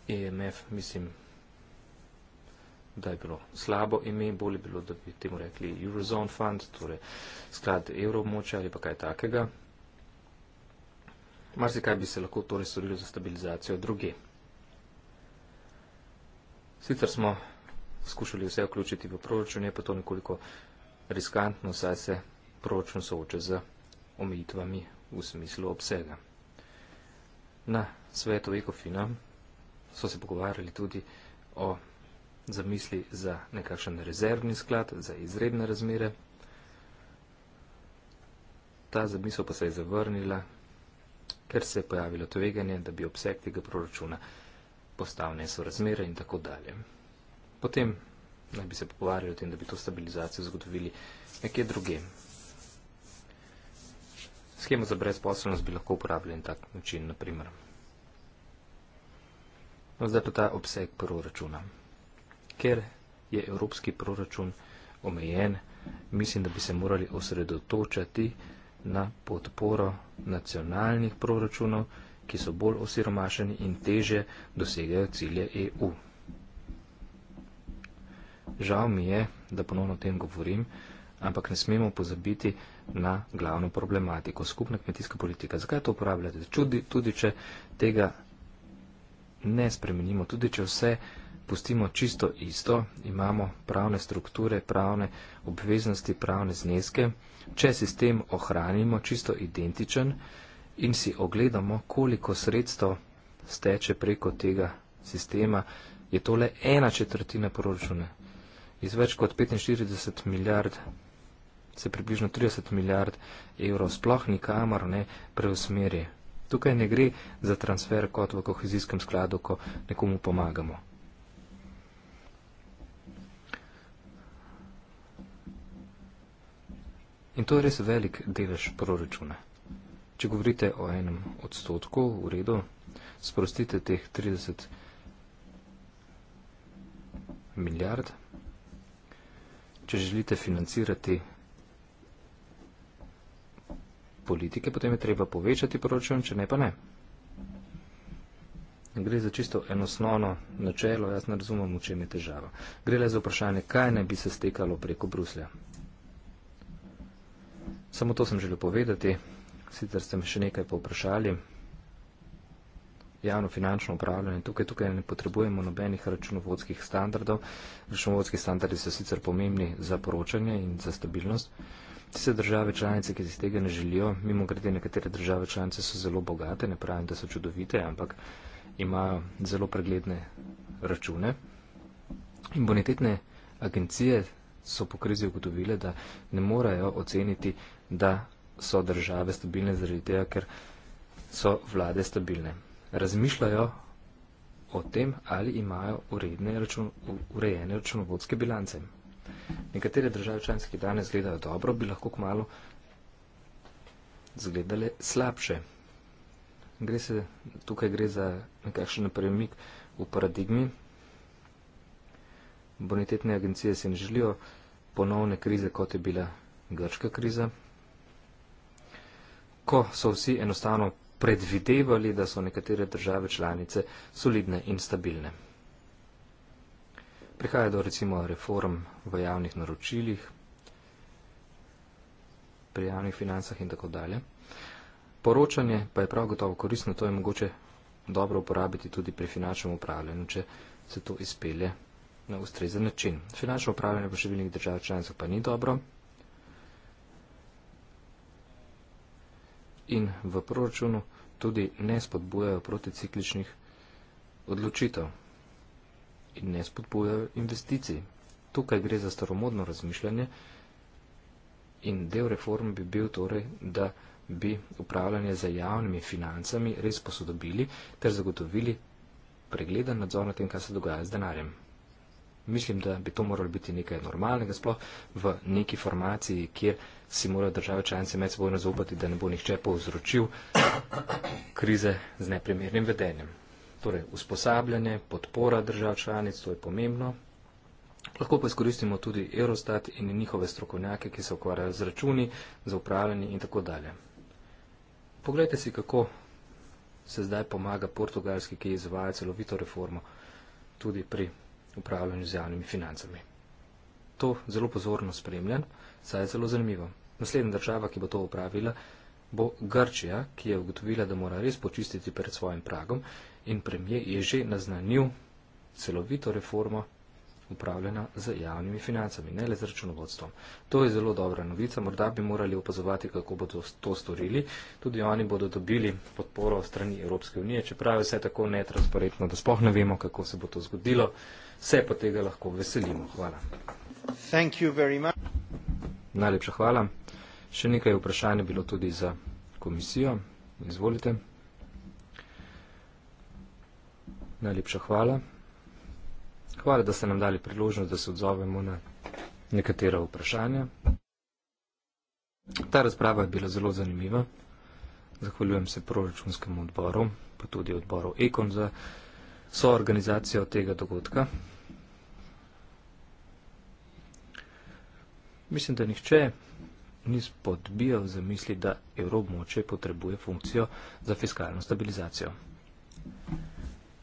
EMF, mislim, da je bilo slabo ime, bolje bilo, da bi temu rekli Eurozone fund, torej sklad evromoča ali pa kaj takega. Marsikaj bi se lahko torej storilo za stabilizacijo druge. Sicer smo skušali vse vključiti v proračun, je pa to nekoliko riskantno, saj se proračun sooča z omejitvami v smislu obsega. Na svetu Ekofina so se pogovarjali tudi o zamisli za nekakšen rezervni sklad, za izredne razmere. Ta zamisel pa se je zavrnila, ker se je pojavilo tveganje, da bi obseg tega proračuna postal nesorazmeren in tako dalje. Potem naj bi se pogovarjali o tem, da bi to stabilizacijo zagotovili nekje druge. Schemo za brezposobnost bi lahko uporabljali na tak način, naprimer. No, zdaj pa ta obseg proračuna ker je evropski proračun omejen, mislim, da bi se morali osredotočati na podporo nacionalnih proračunov, ki so bolj osiromašeni in teže dosegajo cilje EU. Žal mi je, da ponovno o tem govorim, ampak ne smemo pozabiti na glavno problematiko, skupna kmetijska politika. Zakaj to uporabljate? Čudi, tudi, če tega ne spremenimo, tudi, če vse pustimo čisto isto, imamo pravne strukture, pravne obveznosti, pravne zneske, če sistem ohranimo čisto identičen in si ogledamo, koliko sredstev steče preko tega sistema, je to le ena četrtina proračuna. Iz več kot 45 milijard se približno 30 milijard evrov sploh nikamor ne preusmeri. Tukaj ne gre za transfer kot v kohezijskem skladu, ko nekomu pomagamo. In to je res velik delež proračuna. Če govorite o enem odstotku, v redu, sprostite teh 30 milijard. Če želite financirati politike, potem je treba povečati proračun, če ne pa ne. Gre za čisto enosnovno načelo, jaz ne razumem, v čem je težava. Gre le za vprašanje, kaj ne bi se stekalo preko Bruslja. Samo to sem želel povedati, sicer ste me še nekaj povprašali. Javno finančno upravljanje tukaj, tukaj ne potrebujemo nobenih računovodskih standardov. Računovodski standardi so sicer pomembni za poročanje in za stabilnost. Tiste države članice, ki si tega ne želijo, mimo grede nekatere države članice so zelo bogate, ne pravim, da so čudovite, ampak imajo zelo pregledne račune. In bonitetne agencije so po krizi ugotovile, da ne morejo oceniti da so države stabilne zaradi tega, ker so vlade stabilne. Razmišljajo o tem, ali imajo račun, urejene računovodske bilance. Nekatere države članice, ki danes gledajo dobro, bi lahko kmalo zgledale slabše. Gre se, tukaj gre za nekakšen premik v paradigmi. Bonitetne agencije se ne želijo ponovne krize, kot je bila grška kriza ko so vsi enostavno predvidevali, da so nekatere države članice solidne in stabilne. Prihaja do recimo reform v javnih naročilih, pri javnih financah in tako dalje. Poročanje pa je prav gotovo koristno, to je mogoče dobro uporabiti tudi pri finančnem upravljanju, če se to izpelje na ustrezen način. Finančno upravljanje v številnih državah članicah pa ni dobro, in v proračunu tudi ne spodbujajo proticikličnih odločitev in ne spodbujajo investicij. Tukaj gre za staromodno razmišljanje in del reform bi bil torej, da bi upravljanje za javnimi financami res posodobili ter zagotovili pregleden nadzor na tem, kaj se dogaja z denarjem mislim, da bi to moralo biti nekaj normalnega, sploh v neki formaciji, kjer si morajo države članice med sebojno zaupati, da ne bo nihče povzročil krize z neprimernim vedenjem. Torej, usposabljanje, podpora držav članic, to je pomembno. Lahko pa izkoristimo tudi Eurostat in njihove strokovnjake, ki se ukvarjajo z računi, z upravljanjem in tako dalje. Poglejte si, kako se zdaj pomaga portugalski, ki izvaja celovito reformo tudi pri upravljanju z javnimi financami. To zelo pozorno spremljam, saj je zelo zanimivo. Naslednja država, ki bo to upravila, bo Grčija, ki je ugotovila, da mora res počistiti pred svojim pragom in premije je že naznanil celovito reformo upravljena z javnimi financami, ne le z računovodstvom. To je zelo dobra novica, morda bi morali opazovati, kako bodo to storili. Tudi oni bodo dobili podporo strani Evropske unije, čeprav je vse tako netransparentno, da spoh ne vemo, kako se bo to zgodilo se pa tega lahko veselimo. Hvala. Najlepša hvala. Še nekaj vprašanj je bilo tudi za komisijo. Izvolite. Najlepša hvala. Hvala, da ste nam dali priložnost, da se odzovemo na nekatera vprašanja. Ta razprava je bila zelo zanimiva. Zahvaljujem se proračunskemu odboru, pa tudi odboru Ekon za so organizacijo tega dogodka. Mislim, da nihče ni spodbijal za misli, da evroobmoče potrebuje funkcijo za fiskalno stabilizacijo.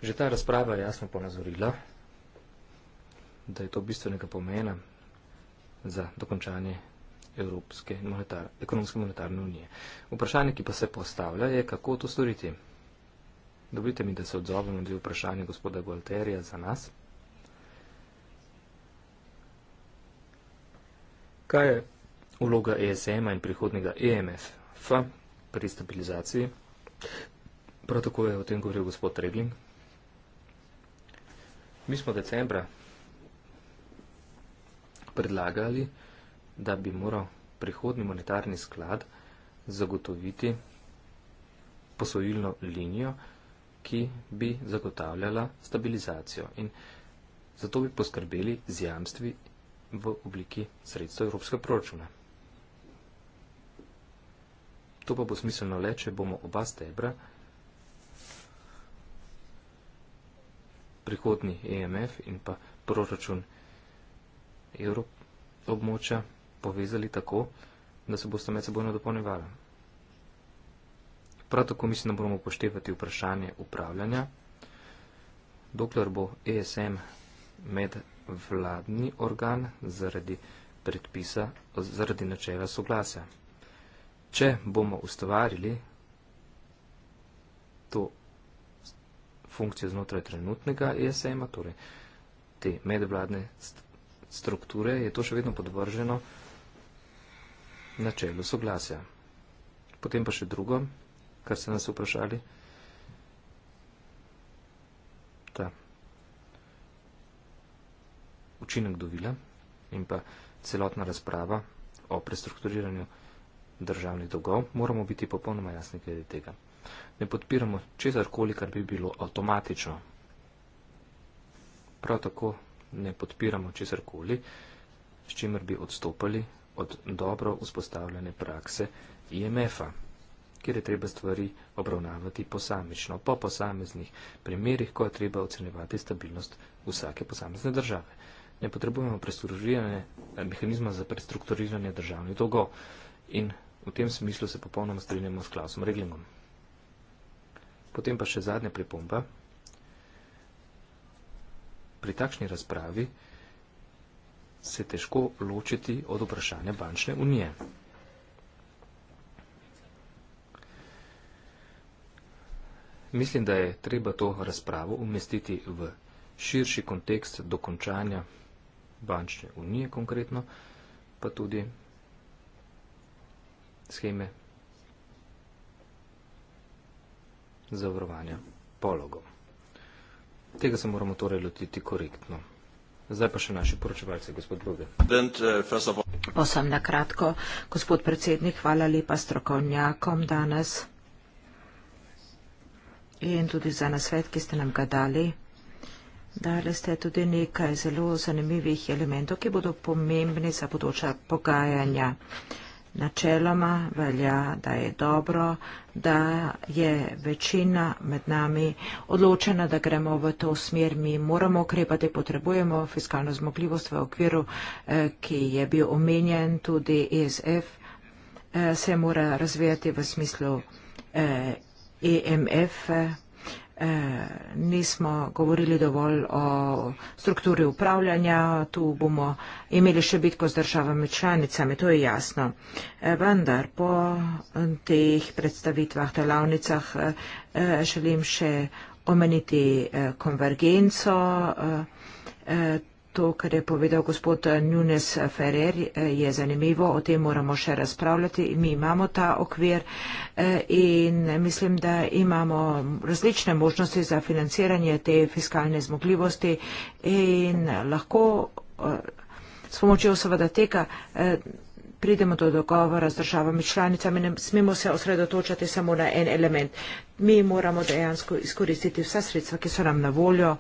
Že ta razprava je jasno ponazorila, da je to bistvenega pomena za dokončanje Evropske monetar ekonomske monetarne unije. Vprašanje, ki pa se postavlja, je, kako to storiti. Dobrite mi, da se odzovem na dve vprašanje gospoda Gualterija za nas. Kaj je vloga ESM in prihodnega EMF pri stabilizaciji? Prav tako je o tem govoril gospod Regling. Mi smo decembra predlagali, da bi moral prihodni monetarni sklad zagotoviti posojilno linijo, ki bi zagotavljala stabilizacijo in zato bi poskrbeli z jamstvi v obliki sredstva Evropske proračuna. To pa bo smiselno le, če bomo oba stebra, prihodni EMF in pa proračun Evrop območja, povezali tako, da se boste med seboj nadopolnevali. Prav tako mislim, da moramo poštevati vprašanje upravljanja. Dokler bo ESM medvladni organ zaradi predpisa, zaradi načela soglasja. Če bomo ustvarili to funkcijo znotraj trenutnega ESM-a, torej te medvladne strukture, je to še vedno podvrženo načelu soglasja. Potem pa še drugo kar ste nas vprašali. Ta učinek dovila in pa celotna razprava o prestrukturiranju državnih dolgov, moramo biti popolnoma jasni glede tega. Ne podpiramo česarkoli, kar bi bilo avtomatično. Prav tako ne podpiramo česarkoli, s čimer bi odstopali od dobro vzpostavljene prakse IMF-a kjer je treba stvari obravnavati posamično, po posameznih primerjih, ko je treba ocenjevati stabilnost vsake posamezne države. Ne potrebujemo eh, mehanizma za prestrukturiranje državnih dolgov in v tem smislu se popolnoma strinjamo s Klausom Reglingom. Potem pa še zadnja pripomba. Pri takšni razpravi se težko ločiti od vprašanja bančne unije. Mislim, da je treba to razpravo umestiti v širši kontekst dokončanja bančne unije konkretno, pa tudi scheme zavarovanja pologov. Tega se moramo torej lotiti korektno. Zdaj pa še naši poročevalci, gospod Bruge. Eh, Osem na kratko, gospod predsednik, hvala lepa strokovnjakom danes in tudi za nasvet, ki ste nam ga dali. Dali ste tudi nekaj zelo zanimivih elementov, ki bodo pomembni za bodoča pogajanja. Načeloma velja, da je dobro, da je večina med nami odločena, da gremo v to smer. Mi moramo ukrepati, potrebujemo fiskalno zmogljivost v okviru, eh, ki je bil omenjen tudi ESF, eh, se mora razvijati v smislu eh, EMF. E, eh, nismo govorili dovolj o strukturi upravljanja, tu bomo imeli še bitko z državami članicami, to je jasno. E, vendar po teh predstavitvah, delavnicah e, želim še omeniti e, konvergenco. E, to, kar je povedal gospod Nunes Ferrer, je zanimivo, o tem moramo še razpravljati. Mi imamo ta okvir eh, in mislim, da imamo različne možnosti za financiranje te fiskalne zmogljivosti in lahko eh, s pomočjo seveda tega eh, pridemo do dogovora z državami članicami, ne smemo se osredotočati samo na en element. Mi moramo dejansko izkoristiti vsa sredstva, ki so nam na voljo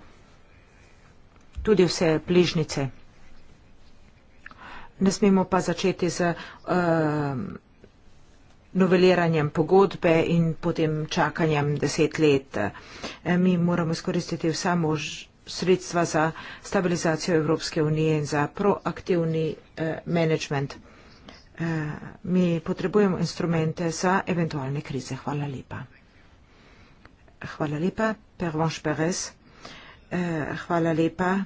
tudi vse bližnice. Ne smemo pa začeti z uh, noveliranjem pogodbe in potem čakanjem deset let. E, mi moramo izkoristiti vsa mož sredstva za stabilizacijo Evropske unije in za proaktivni uh, management. Uh, mi potrebujemo instrumente za eventualne krize. Hvala lepa. Hvala lepa, Pervanš Perez. Uh, hvala lepa.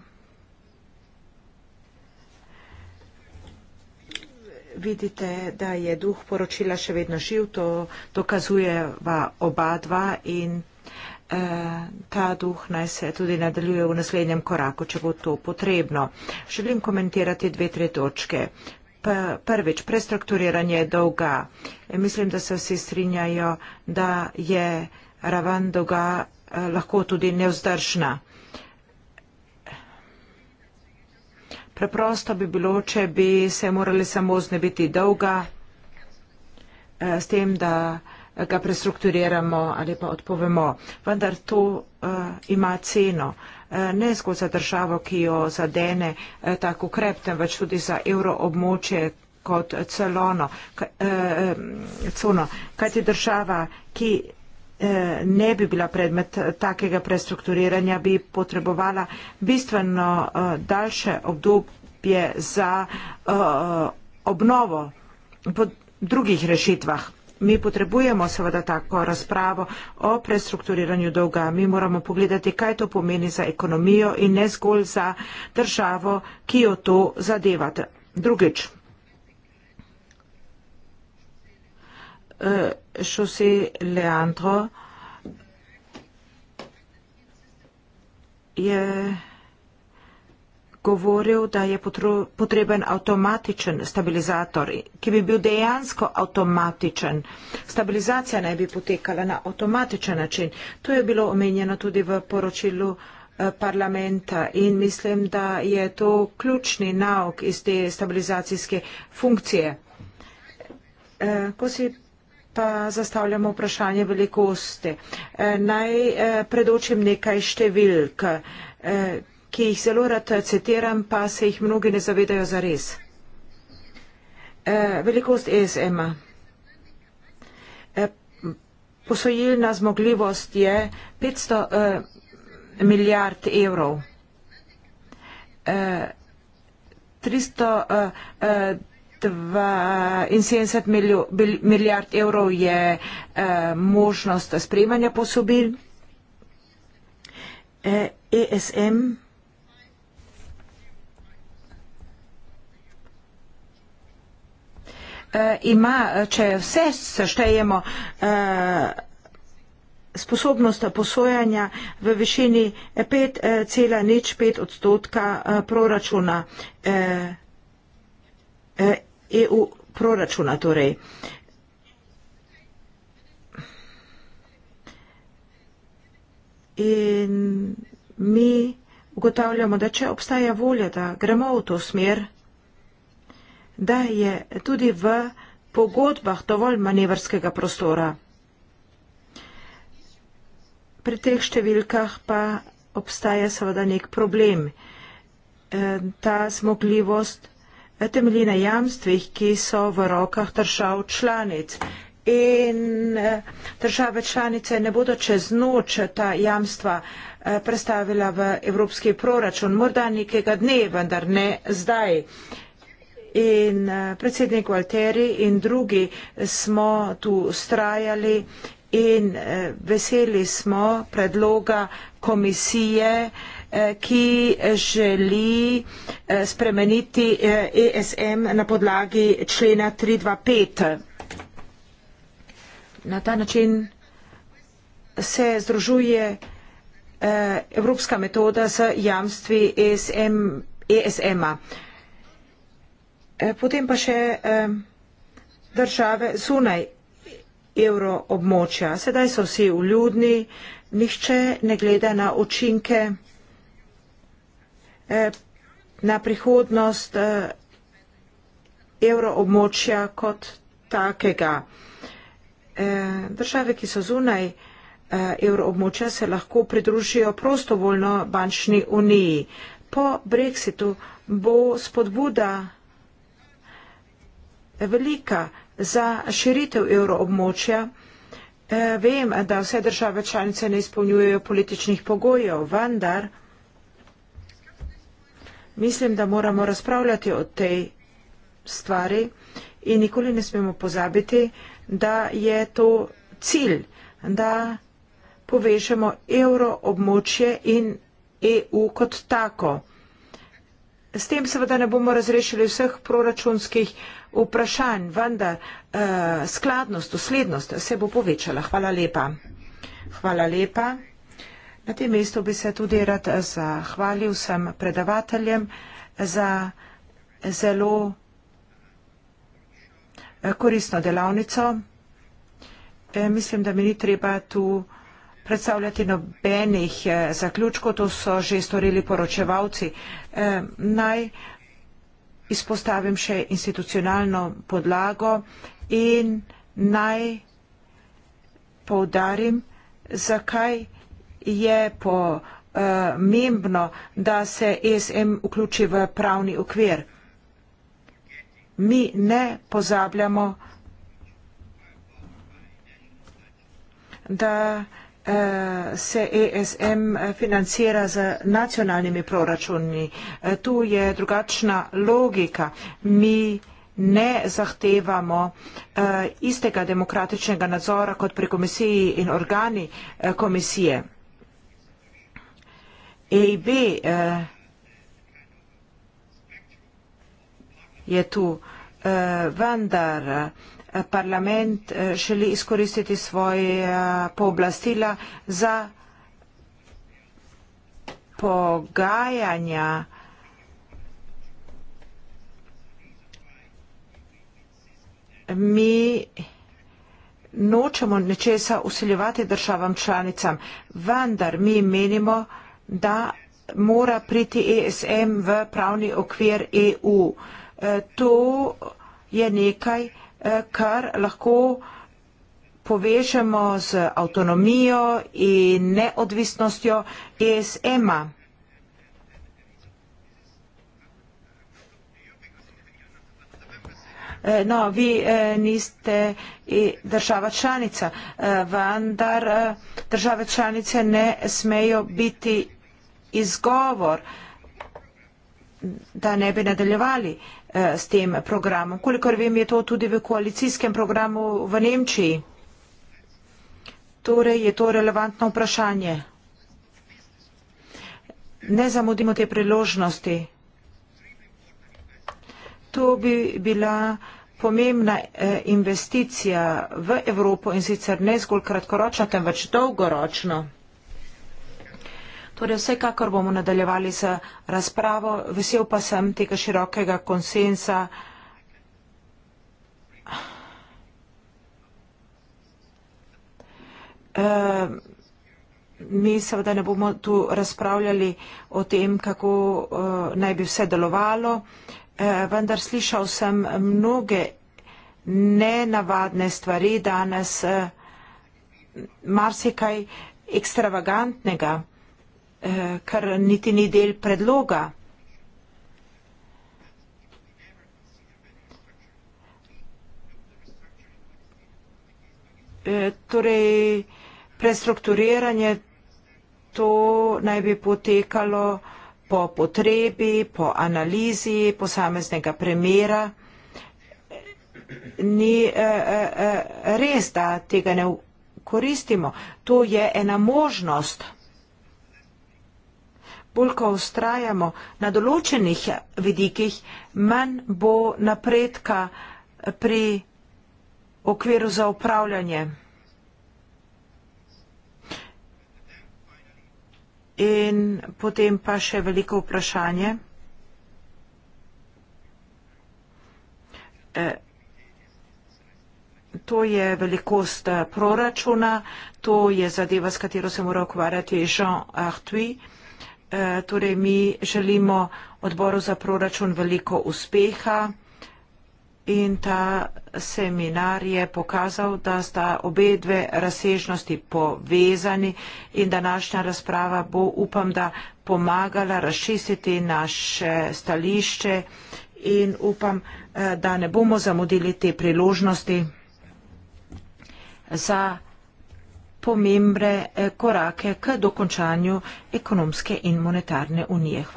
Vidite, da je duh poročila še vedno živ, to dokazujeva oba dva in uh, ta duh naj se tudi nadaljuje v naslednjem koraku, če bo to potrebno. Želim komentirati dve, tri točke. P prvič, prestrukturiranje dolga. E, mislim, da se vsi strinjajo, da je raven dolga eh, lahko tudi nevzdržna. Preprosto bi bilo, če bi se morali samo znebiti dolga eh, s tem, da ga prestrukturiramo ali pa odpovemo. Vendar to uh, ima ceno. Eh, ne zgolj za državo, ki jo zadene tak ukrep, temveč tudi za euroobmočje kot celono, kajti eh, država, ki ne bi bila predmet takega prestrukturiranja, bi potrebovala bistveno eh, daljše obdobje za eh, obnovo po drugih rešitvah. Mi potrebujemo seveda tako razpravo o prestrukturiranju dolga. Mi moramo pogledati, kaj to pomeni za ekonomijo in ne zgolj za državo, ki jo to zadeva. Drugič, euh, José Leandro. je govoril, da je potreben avtomatičen stabilizator, ki bi bil dejansko avtomatičen. Stabilizacija naj bi potekala na avtomatičen način. To je bilo omenjeno tudi v poročilu eh, parlamenta in mislim, da je to ključni nauk iz te stabilizacijske funkcije. Eh, ko si pa zastavljamo vprašanje velikosti. E, naj e, predočim nekaj številk, e, ki jih zelo rad citiram, pa se jih mnogi ne zavedajo za res. Velikost ESM-a. Posojilna zmogljivost je 500 eh, milijard evrov. Eh, 300, eh, eh, v, in 70 milijo, bil, milijard evrov je e, možnost sprejemanja posobil. Eh, e, ESM. Eh, ima, če vse seštejemo, sposobnost posojanja v višini 5,05 odstotka proračuna EU proračuna, torej. In mi ugotavljamo, da če obstaja volja, da gremo v to smer, da je tudi v pogodbah dovolj manevrskega prostora. Pri teh številkah pa obstaja seveda nek problem. E, ta zmogljivost temelji na jamstvih, ki so v rokah držav članic. In eh, države članice ne bodo čez noč ta jamstva eh, predstavila v evropski proračun, morda nekega dne, vendar ne zdaj. In eh, predsednik Valteri in drugi smo tu strajali in veseli smo predloga komisije, ki želi eh, spremeniti ESM eh, e na podlagi člena 325. Na ta način se združuje eh, evropska metoda s jamstvi ESM-a. E ESM Potem pa še države zunaj evroobmočja. Sedaj so vsi uljudni, nihče ne gleda na učinke Eh, na prihodnost eh, evroobmočja kot takega. Eh, države, ki so zunaj evroobmočja, se lahko pridružijo prostovoljno bančni uniji. Po brexitu bo spodbuda velika za širitev evroobmočja. Vem, da vse države članice ne izpolnjujejo političnih pogojev, vendar Mislim, da moramo razpravljati o tej stvari in nikoli ne smemo pozabiti, da je to cilj, da povežemo evro območje in EU kot tako. S tem seveda ne bomo razrešili vseh proračunskih vprašanj, vendar eh, skladnost, uslednost se bo povečala. Hvala lepa. Hvala lepa. Na tem mestu bi se tudi rad zahvalil vsem predavateljem za zelo koristno delavnico. E, mislim, da mi ni treba tu predstavljati nobenih e, zaključkov, to so že storili poročevalci. E, naj izpostavim še institucionalno podlago in naj poudarim, zakaj je pomembno, da se ESM vključi v pravni okvir. Mi ne pozabljamo, da eh, se ESM financira z nacionalnimi proračuni. Eh, tu je drugačna logika. Mi ne zahtevamo eh, istega demokratičnega nadzora kot pri komisiji in organi komisije. AB eh, je tu, eh, vendar eh, parlament želi izkoristiti svoje pooblastila za pogajanja Mi nočemo nečesa usiljevati državam članicam, vendar mi menimo, da da mora priti ESM v pravni okvir EU. E, to je nekaj, e, kar lahko povežemo z avtonomijo in neodvisnostjo ESM-a. Eh, no, vi eh, niste i država članica, eh, vendar države članice ne smeju biti izgovor da ne bi nadaljevali s tem programom. Kolikor vem, je to tudi v koalicijskem programu v Nemčiji. Torej je to relevantno vprašanje. Ne zamudimo te priložnosti to bi bila pomembna eh, investicija v Evropo in sicer ne zgolj kratkoročno, temveč dolgoročno. Torej vsekakor bomo nadaljevali z razpravo. Vesel pa sem tega širokega konsensa. E, eh, mi seveda ne bomo tu razpravljali o tem, kako e, naj bi vse delovalo. E, Eh, vendar slišal sem mnoge nenavadne stvari danes, eh, marsikaj ekstravagantnega, eh, kar niti ni del predloga. Torej, prestrukturiranje, to naj bi potekalo po potrebi, po analizi posameznega premjera. Ni eh, eh, res, da tega ne koristimo. To je ena možnost. Bolj, ko ustrajamo na določenih vidikih, manj bo napredka pri okviru za upravljanje. In potem pa še veliko vprašanje. Eh, to je velikost eh, proračuna, to je zadeva, s katero se mora ukvarjati Jean Artui. Eh, torej, mi želimo odboru za proračun veliko uspeha in ta seminar je pokazal, da sta obe dve razsežnosti povezani in današnja razprava bo, upam, da pomagala razčistiti naše stališče in upam, eh, da ne bomo zamudili te priložnosti za pomembne eh, korake k dokončanju ekonomske in monetarne unije. Hvala.